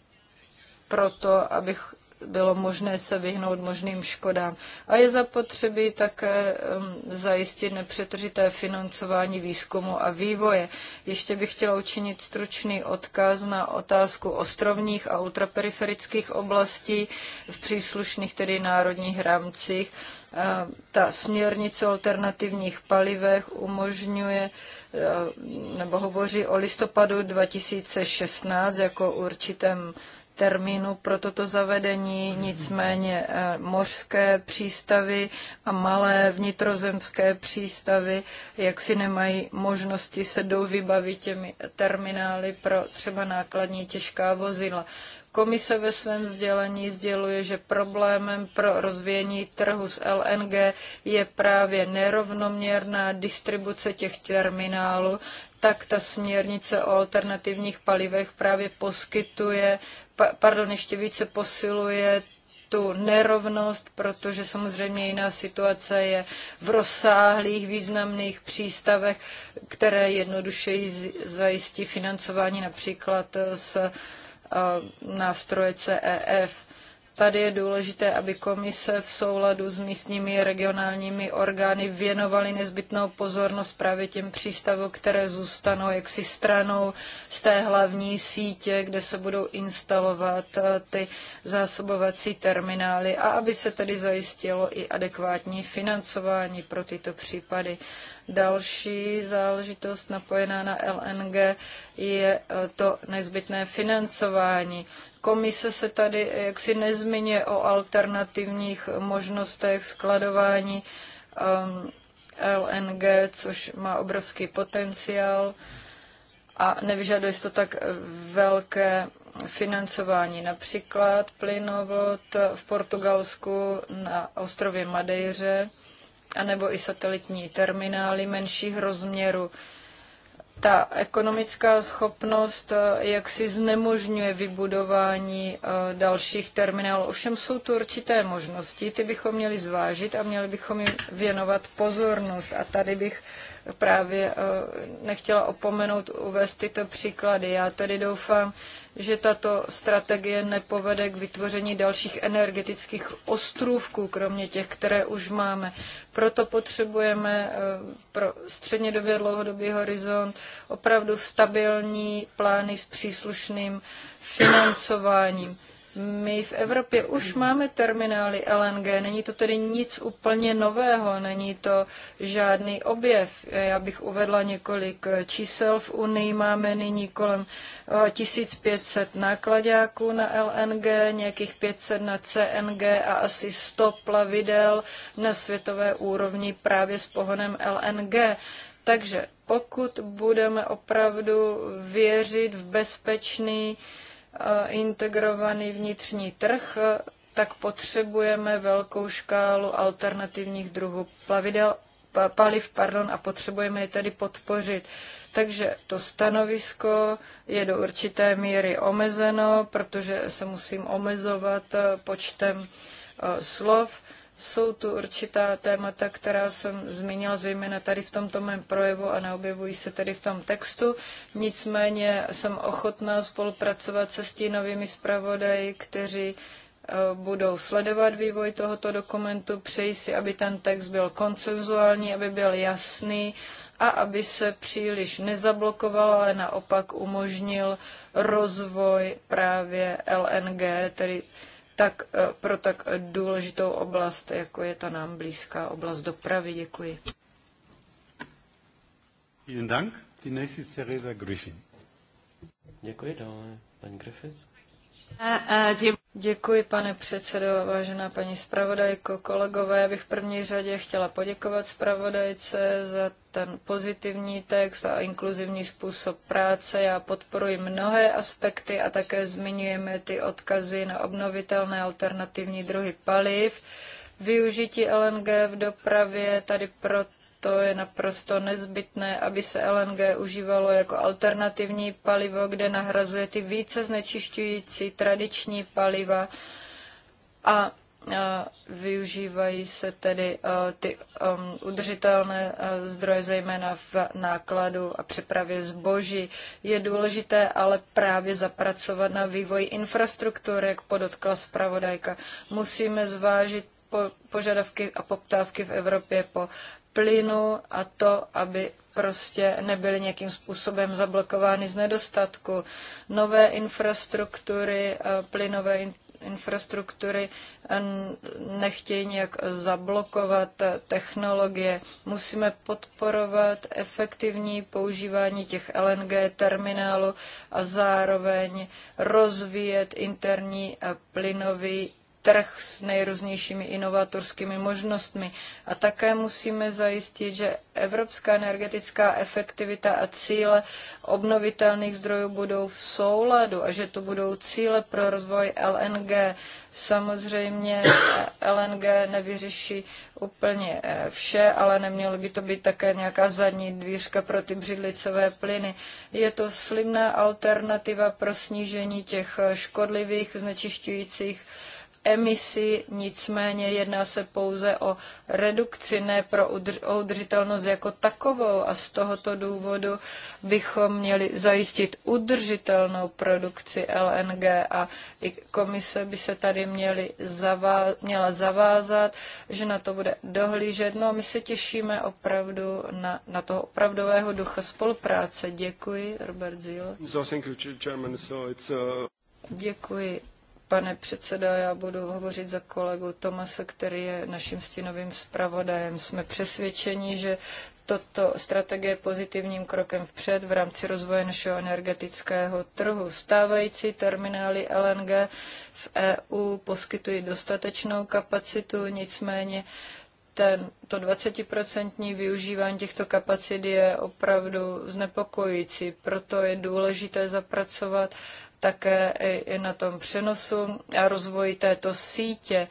proto, abych, bylo možné se vyhnout možným škodám. A je zapotřebí také um, zajistit nepřetržité financování výzkumu a vývoje. Ještě bych chtěla učinit stručný odkaz na otázku ostrovních a ultraperiferických oblastí v příslušných tedy národních rámcích ta směrnice o alternativních palivech umožňuje nebo hovoří o listopadu 2016 jako určitém termínu pro toto zavedení, nicméně eh, mořské přístavy a malé vnitrozemské přístavy jak si nemají možnosti se dovybavit těmi terminály pro třeba nákladní těžká vozidla. Komise ve svém sdělení sděluje, že problémem pro rozvíjení trhu s LNG je právě nerovnoměrná distribuce těch terminálů, tak ta směrnice o alternativních palivech právě poskytuje pardon, ještě více posiluje tu nerovnost, protože samozřejmě jiná situace je v rozsáhlých významných přístavech, které jednodušeji zajistí financování například z eh, nástroje CEF tady je důležité, aby komise v souladu s místními regionálními orgány věnovaly nezbytnou pozornost právě těm přístavům, které zůstanou jaksi stranou z té hlavní sítě, kde se budou instalovat eh, ty zásobovací terminály a aby se tedy zajistilo i adekvátní financování pro tyto případy. Další záležitost napojená na LNG je eh, to nezbytné financování. Komise se tady jaksi nezmiňuje o alternativních možnostech skladování um, LNG, což má obrovský potenciál a nevyžaduje to tak velké financování. Například plynovod v Portugalsku na ostrově Madeiře, anebo i satelitní terminály menších rozměrů ta ekonomická schopnost eh, jak si znemožňuje vybudování eh, dalších terminálů. Ovšem jsou tu určité možnosti, ty bychom měli zvážit a měli bychom jim věnovat pozornost. A tady bych právě eh, nechtěla opomenout uvést tyto příklady. Já tady doufám, že tato strategie nepovede k vytvoření dalších energetických ostrůvků, kromě těch, které už máme. Proto potřebujeme eh, pro střednědobě dlouhodobý horizont opravdu stabilní plány s příslušným financováním. My v Evropě už máme terminály LNG, není to tedy nic úplně nového, není to žádný objev. Já bych uvedla několik čísel. V Unii máme nyní kolem 1500 eh, nákladáků na LNG, nějakých 500 na CNG a asi 100 plavidel na světové úrovni právě s pohonem LNG. Takže pokud budeme opravdu věřit v bezpečný, Eh, integrovaný vnitřní trh, eh, tak potřebujeme velkou škálu alternativních druhů plavidel, paliv pardon, a potřebujeme je tedy podpořit. Takže to stanovisko je do určité míry omezeno, protože se musím omezovat eh, počtem slov. Jsou tu určitá témata, která jsem zmínila zejména tady v tomto mém projevu a neobjevují se tady v tom textu. Nicméně jsem ochotná spolupracovat se stínovými zpravodaji, kteří eh, budou sledovat vývoj tohoto dokumentu. Přeji si, aby ten text byl konsenzuální, aby byl jasný a aby se příliš nezablokoval, ale naopak umožnil rozvoj právě LNG, tedy tak eh, pro tak důležitou oblast, jako je ta nám blízká oblast dopravy. Děkuji. Vielen Dank. Die nächste ist Theresa Griffin. Děkuji dále. Paní Griffiths. Děkuji, pane předsedo, vážená paní zpravodajko, kolegové. Já bych v první řadě chtěla poděkovat zpravodajce za ten pozitivní text a inkluzivní způsob práce. Já podporuji mnohé aspekty a také zmiňujeme ty odkazy na obnovitelné alternativní druhy paliv. Využití LNG v dopravě tady proto to je naprosto nezbytné, aby se LNG užívalo jako alternativní palivo, kde nahrazuje ty více znečišťující tradiční paliva a využívají se tedy ty um, udržitelné zdroje, zejména v nákladu a přepravě zboží. Je důležité ale právě zapracovat na vývoj infrastruktury, jak podotkla zpravodajka. Musíme zvážit po, požadavky a poptávky v Evropě po plynu a to, aby prostě nebyly nějakým způsobem zablokovány z nedostatku. Nové infrastruktury, eh, plynové in, infrastruktury eh, nechtějí nějak zablokovat eh, technologie. Musíme podporovat efektivní používání těch LNG terminálu a zároveň rozvíjet interní plynový trh s nejrůznějšími inovatorskými možnostmi. A také musíme zajistit, že evropská energetická efektivita a cíle obnovitelných zdrojů budou v souladu a že to budou cíle pro rozvoj LNG. Samozřejmě eh, LNG nevyřeší úplně eh, vše, ale nemělo by to být také nějaká zadní dvířka pro ty břidlicové plyny. Je to slimná alternativa pro snížení těch eh, škodlivých, znečišťujících emisí, nicméně jedná se pouze o redukci, ne pro udržitelnost jako takovou a z tohoto důvodu bychom měli zajistit udržitelnou produkci LNG a i komise by se tady zavá- měla zavázat, že na to bude dohlížet. No a my se těšíme opravdu na, na toho opravdového ducha spolupráce. Děkuji, Robert Zil. Uh, Děkuji pane předsedo. Já budu hovořit za kolegu Tomase, který je naším stínovým zpravodajem. Jsme přesvědčeni, že toto strategie pozitivním krokem vpřed v rámci rozvoje našeho energetického trhu. Stávající terminály LNG v EU poskytují dostatečnou kapacitu, nicméně ten, to 20% využívání těchto kapacit je opravdu znepokojící. Proto je důležité zapracovat také i na tom přenosu a rozvoji této sítě.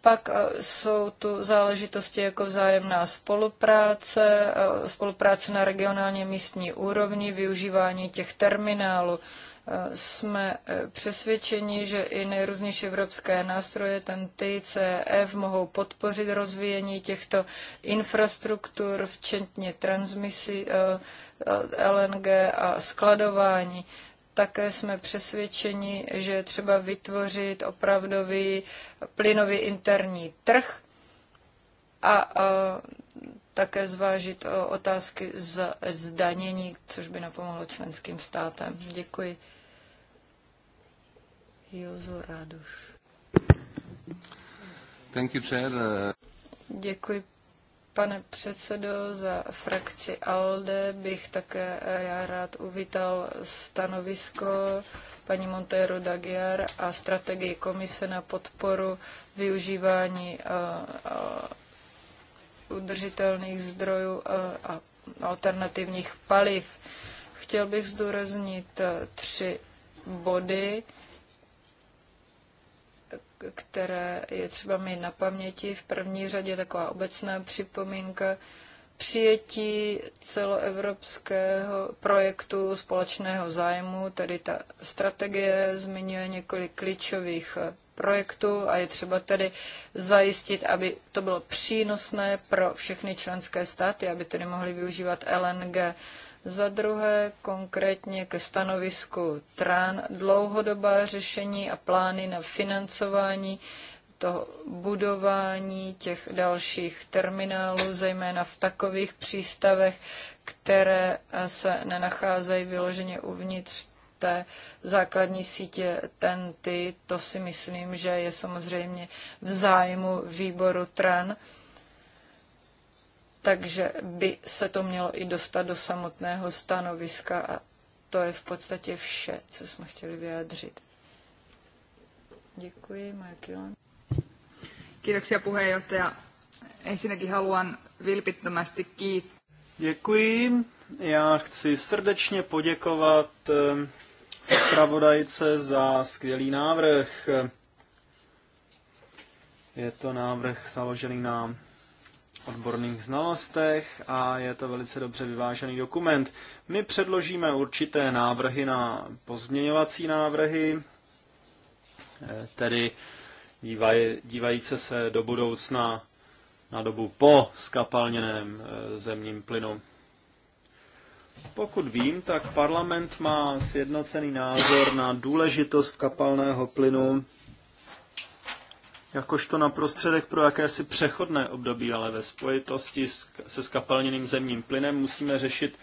Pak e, jsou tu záležitosti jako vzájemná spolupráce, e, spolupráce na regionálně místní úrovni, využívání těch terminálů. E, jsme přesvědčeni, že i nejrůznější evropské nástroje, ten TCF, mohou podpořit rozvíjení těchto infrastruktur, včetně transmisí LNG a skladování. Také jsme přesvědčeni, že je třeba vytvořit opravdový plynový interní trh a, a také zvážit otázky z zdanění, což by napomohlo členským státem. Děkuji. Jozo Ráduš. Thank you, Chair. Děkuji, Pane předsedo, za frakci ALDE bych také eh, já rád uvítal stanovisko paní Montero Dagiar a strategii komise na podporu využívání eh, eh, udržitelných zdrojů a, a alternativních paliv. Chtěl bych zdůraznit tři body které je třeba mít na paměti. V první řadě taková obecná připomínka přijetí celoevropského projektu společného zájmu, tedy ta strategie zmiňuje několik klíčových projektu a je třeba tedy zajistit, aby to bylo přínosné pro všechny členské státy, aby tedy mohly využívat LNG. Za druhé konkrétně ke stanovisku TRAN dlouhodobá řešení a plány na financování toho budování těch dalších terminálů, zejména v takových přístavech, které se nenacházejí vyloženě uvnitř té základní sítě TENTY. To si myslím, že je samozřejmě v zájmu výboru TRAN takže by se to mělo i dostat do samotného stanoviska a to je v podstatě vše, co jsme chtěli vyjádřit. Děkuji, Maja Kilan. Kiitoksia puheenjohtaja. Ensinnäkin haluan vilpittömästi kiittää. Děkuji. Já chci srdečně poděkovat ehm, zpravodajce za skvělý návrh. Je to návrh založený na odborných znalostech a je to velice dobře vyvážený dokument. My předložíme určité návrhy na pozměňovací návrhy, eh, tedy dívaj, dívající se do budoucna na dobu po skapalněném eh, zemním plynu. Pokud vím, tak parlament má sjednocený názor na důležitost kapalného plynu jakožto na prostředek pro jakési přechodné období, ale ve spojitosti se skapalněným zemním plynem musíme řešit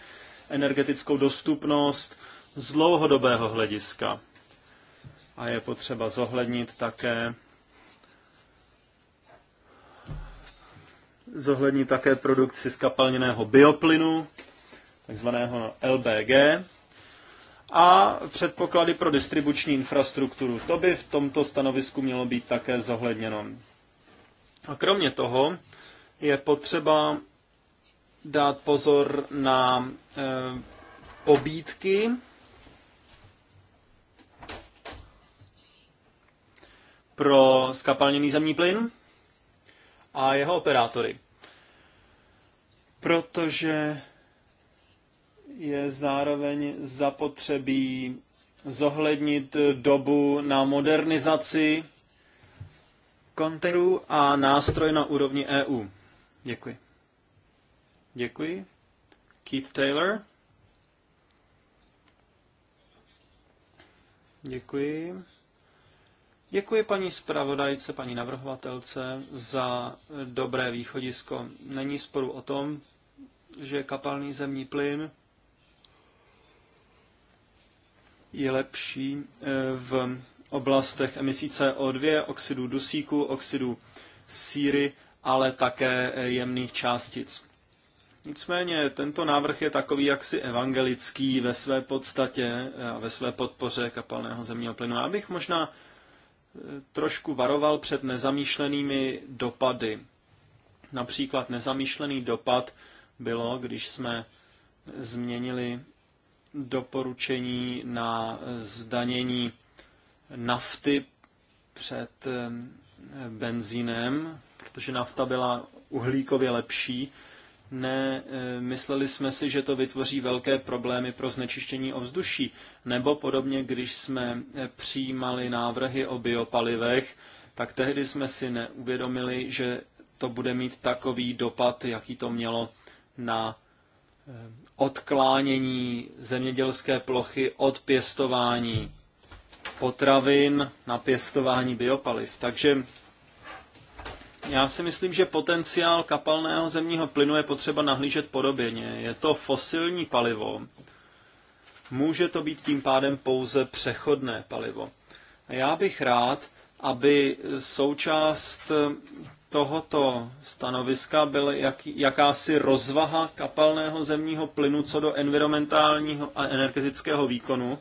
energetickou dostupnost z dlouhodobého hlediska. A je potřeba zohlednit také zohlednit také produkci skapalněného bioplynu, takzvaného LBG, a předpoklady pro distribuční infrastrukturu. To by v tomto stanovisku mělo být také zohledněno. A kromě toho je potřeba dát pozor na e, pobídky, pro skapalněný zemní plyn a jeho operátory. Protože je zároveň zapotřebí zohlednit dobu na modernizaci kontejnerů a nástroj na úrovni EU. Děkuji. Děkuji. Keith Taylor. Děkuji. Děkuji paní zpravodajce, paní navrhovatelce za dobré východisko. Není sporu o tom, že kapalný zemní plyn je lepší eh, v oblastech emisí CO2, oxidu dusíku, oxidu síry, ale také eh, jemných částic. Nicméně tento návrh je takový jaksi evangelický ve své podstatě eh, a ve své podpoře kapalného zemního plynu. Já bych možná trošku varoval před nezamýšlenými dopady. Například nezamýšlený dopad bylo, když jsme změnili doporučení na zdanění nafty před eh, benzínem, protože nafta byla uhlíkově lepší. Ne, eh, mysleli jsme si, že to vytvoří velké problémy pro znečištění ovzduší. Nebo podobně, když jsme eh, přijímali návrhy o biopalivech, tak tehdy jsme si neuvědomili, že to bude mít takový dopad, jaký to mělo na odklánění zemědělské plochy od pěstování potravin na pěstování biopaliv. Takže já si myslím, že potenciál kapalného zemního plynu je potřeba nahlížet podobně. Je to fosilní palivo. Může to být tím pádem pouze přechodné palivo. A já bych rád, aby součást tohoto stanoviska byla jak, jakási rozvaha kapalného zemního plynu co do environmentálního a energetického výkonu.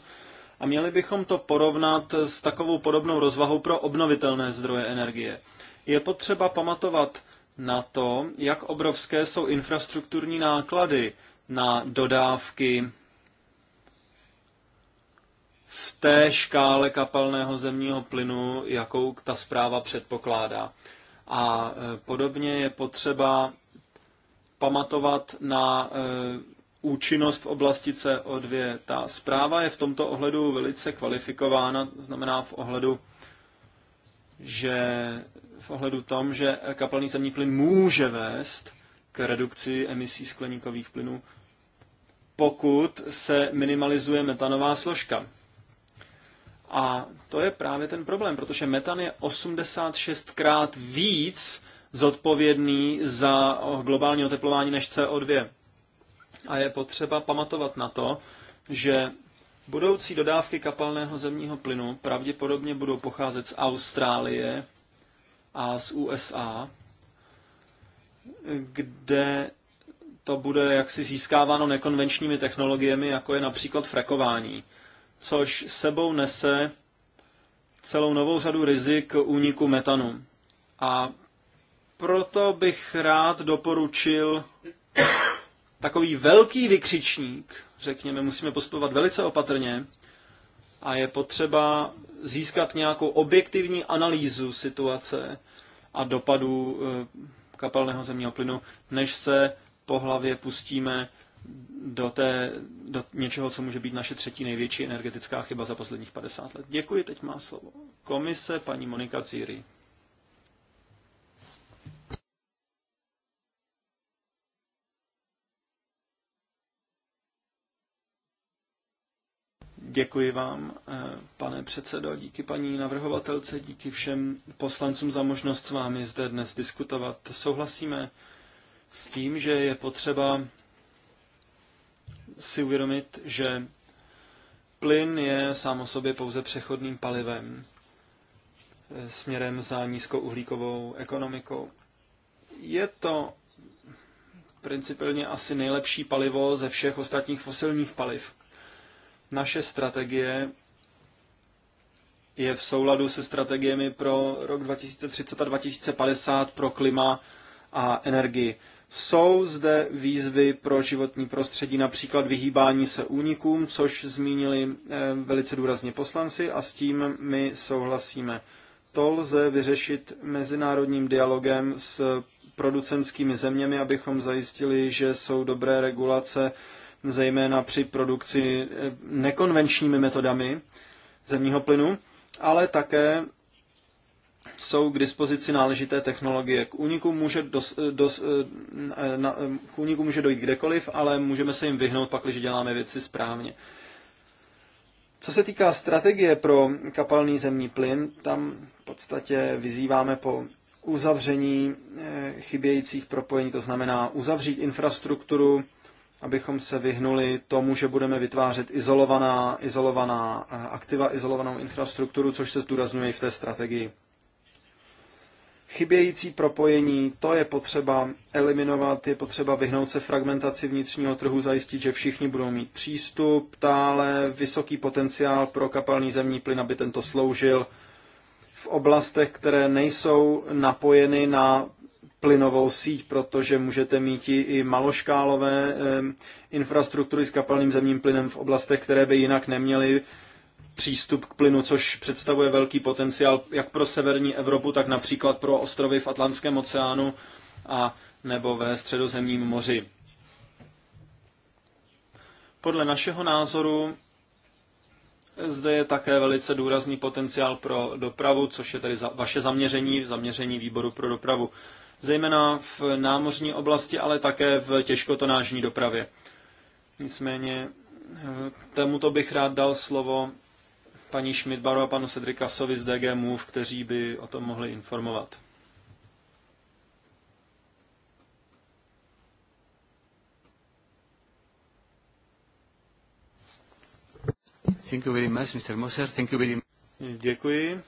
A měli bychom to porovnat s takovou podobnou rozvahou pro obnovitelné zdroje energie. Je potřeba pamatovat na to, jak obrovské jsou infrastrukturní náklady na dodávky v té škále kapalného zemního plynu, jakou ta zpráva předpokládá. A e, podobně je potřeba pamatovat na e, účinnost v oblasti CO2. Ta zpráva je v tomto ohledu velice kvalifikována, znamená v ohledu, že v ohledu tom, že kapalný zemní plyn může vést k redukci emisí skleníkových plynů, pokud se minimalizuje metanová složka. A to je právě ten problém, protože metan je 86krát víc zodpovědný za globální oteplování než CO2. A je potřeba pamatovat na to, že budoucí dodávky kapalného zemního plynu pravděpodobně budou pocházet z Austrálie a z USA, kde to bude jaksi získáváno nekonvenčními technologiemi, jako je například frekování což sebou nese celou novou řadu rizik úniku metanu. A proto bych rád doporučil takový velký vykřičník, řekněme, musíme postupovat velice opatrně a je potřeba získat nějakou objektivní analýzu situace a dopadů eh, kapalného zemního plynu, než se po hlavě pustíme do, té, do něčeho, co může být naše třetí největší energetická chyba za posledních 50 let. Děkuji, teď má slovo komise paní Monika Círy. Děkuji vám, eh, pane předsedo, díky paní navrhovatelce, díky všem poslancům za možnost s vámi zde dnes diskutovat. Souhlasíme s tím, že je potřeba si uvědomit, že plyn je sám o sobě pouze přechodným palivem eh, směrem za nízkouhlíkovou ekonomikou. Je to principálně asi nejlepší palivo ze všech ostatních fosilních paliv. Naše strategie je v souladu se strategiemi pro rok 2030 a 2050 pro klima a energii. Jsou zde výzvy pro životní prostředí, například vyhýbání se únikům, což zmínili eh, velice důrazně poslanci a s tím my souhlasíme. To lze vyřešit mezinárodním dialogem s producenskými zeměmi, abychom zajistili, že jsou dobré regulace, zejména při produkci eh, nekonvenčními metodami zemního plynu, ale také jsou k dispozici náležité technologie. K úniku může, dos, dos, eh, na, eh, k úniku může dojít kdekoliv, ale můžeme se jim vyhnout, pak, když děláme věci správně. Co se týká strategie pro kapalný zemní plyn, tam v podstatě vyzýváme po uzavření eh, chybějících propojení, to znamená uzavřít infrastrukturu, abychom se vyhnuli tomu, že budeme vytvářet izolovaná, izolovaná aktiva, izolovanou infrastrukturu, což se zdůrazňuje i v té strategii. Chybějící propojení, to je potřeba eliminovat, je potřeba vyhnout se fragmentaci vnitřního trhu, zajistit, že všichni budou mít přístup, dále vysoký potenciál pro kapalný zemní plyn, aby tento sloužil v oblastech, které nejsou napojeny na plynovou síť, protože můžete mít i maloškálové eh, infrastruktury s kapalným zemním plynem v oblastech, které by jinak neměly přístup k plynu, což představuje velký potenciál jak pro severní Evropu, tak například pro ostrovy v Atlantském oceánu a nebo ve středozemním moři. Podle našeho názoru zde je také velice důrazný potenciál pro dopravu, což je tedy vaše zaměření, zaměření výboru pro dopravu, zejména v námořní oblasti, ale také v těžkotonážní dopravě. Nicméně eh, k tomuto bych rád dal slovo paní Schmidbaru a panu Sedrikasovi z DG Move, kteří by o tom mohli informovat. Thank you very much, Mr. Moser. Thank you very much. Děkuji.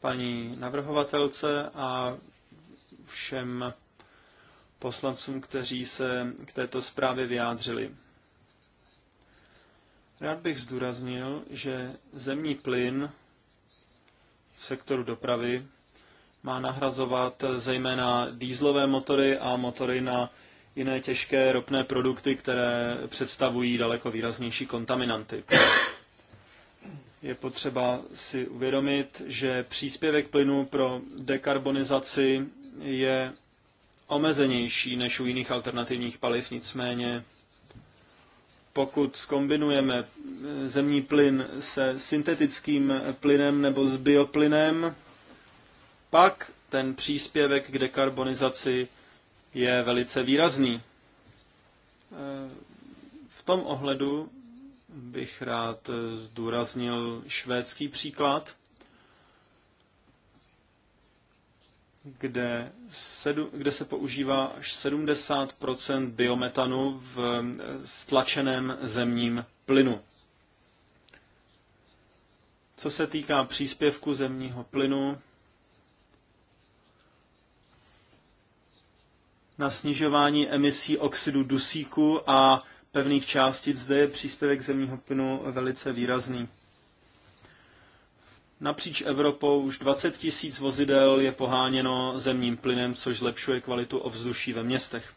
Paní navrhovatelce a všem poslancům, kteří se k této zprávě vyjádřili. Rád bych zdůraznil, že zemní plyn v sektoru dopravy má nahrazovat zejména dýzlové motory a motory na jiné těžké ropné produkty, které představují daleko výraznější kontaminanty. Je potřeba si uvědomit, že příspěvek plynu pro dekarbonizaci je omezenější než u jiných alternativních paliv, nicméně pokud skombinujeme eh, zemní plyn se syntetickým plynem nebo s bioplynem, pak ten příspěvek k dekarbonizaci je velice výrazný. Eh, v tom ohledu bych rád eh, zdůraznil švédský příklad, kde, sedu, kde se používá až 70 biometanu v eh, stlačeném zemním plynu. Co se týká příspěvku zemního plynu na snižování emisí oxidu dusíku a pevných částic, zde je příspěvek zemního plynu velice výrazný. Napříč Evropou už 20 tisíc vozidel je poháněno zemním plynem, což zlepšuje kvalitu ovzduší ve městech.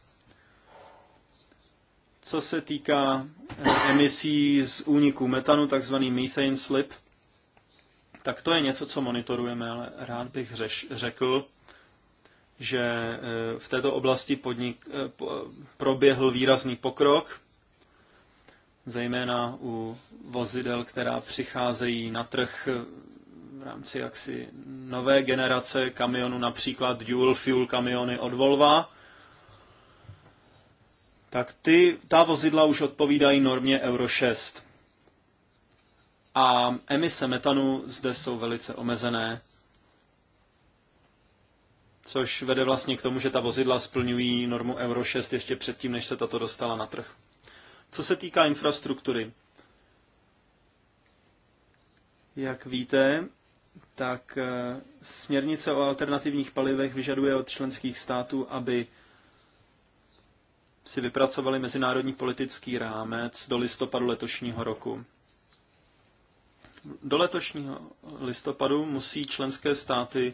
Co se týká eh, emisí z úniku metanu, takzvaný methane slip, tak to je něco, co monitorujeme, ale rád bych řeš, řekl, že eh, v této oblasti podnik, eh, proběhl výrazný pokrok, zejména u vozidel, která přicházejí na trh v rámci jaksi nové generace kamionů, například dual fuel kamiony od Volvo, tak ty, ta vozidla už odpovídají normě Euro 6. A emise metanu zde jsou velice omezené, což vede vlastně k tomu, že ta vozidla splňují normu Euro 6 ještě předtím, než se tato dostala na trh. Co se týká infrastruktury, jak víte, tak eh, směrnice o alternativních palivech vyžaduje od členských států, aby si vypracovali mezinárodní politický rámec do listopadu letošního roku. Do letošního listopadu musí členské státy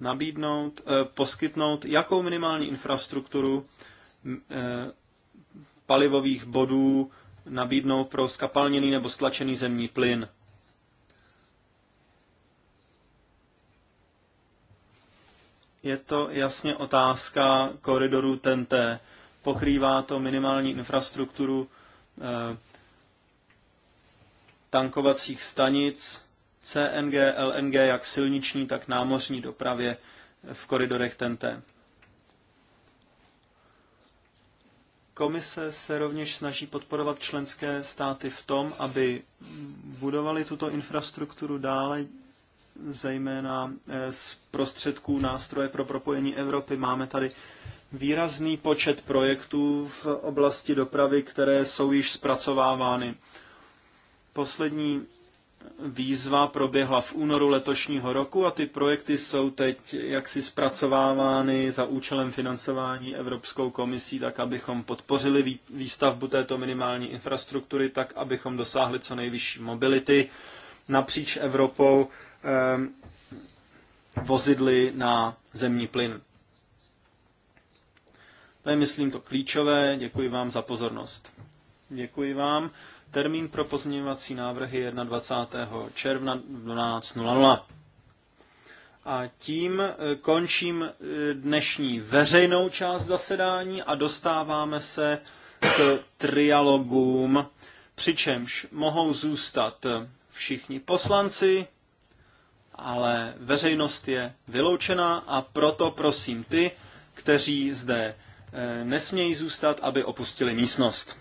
nabídnout, eh, poskytnout, jakou minimální infrastrukturu eh, palivových bodů nabídnout pro skapalněný nebo stlačený zemní plyn. je to jasně otázka koridoru TNT. Pokrývá to minimální infrastrukturu eh, tankovacích stanic CNG, LNG, jak v silniční, tak námořní dopravě v koridorech TNT. Komise se rovněž snaží podporovat členské státy v tom, aby budovali tuto infrastrukturu dále zejména eh, z prostředků nástroje pro propojení Evropy. Máme tady výrazný počet projektů v oblasti dopravy, které jsou již zpracovávány. Poslední výzva proběhla v únoru letošního roku a ty projekty jsou teď jaksi zpracovávány za účelem financování Evropskou komisí, tak abychom podpořili výstavbu této minimální infrastruktury, tak abychom dosáhli co nejvyšší mobility napříč Evropou Ehm, vozidly na zemní plyn. To je, myslím, to klíčové. Děkuji vám za pozornost. Děkuji vám. Termín pro pozměňovací návrhy je 21. června 12.00. A tím eh, končím eh, dnešní veřejnou část zasedání a dostáváme se k trialogům, přičemž mohou zůstat eh, všichni poslanci, ale veřejnost je vyloučena a proto prosím ty, kteří zde eh, nesmějí zůstat, aby opustili místnost.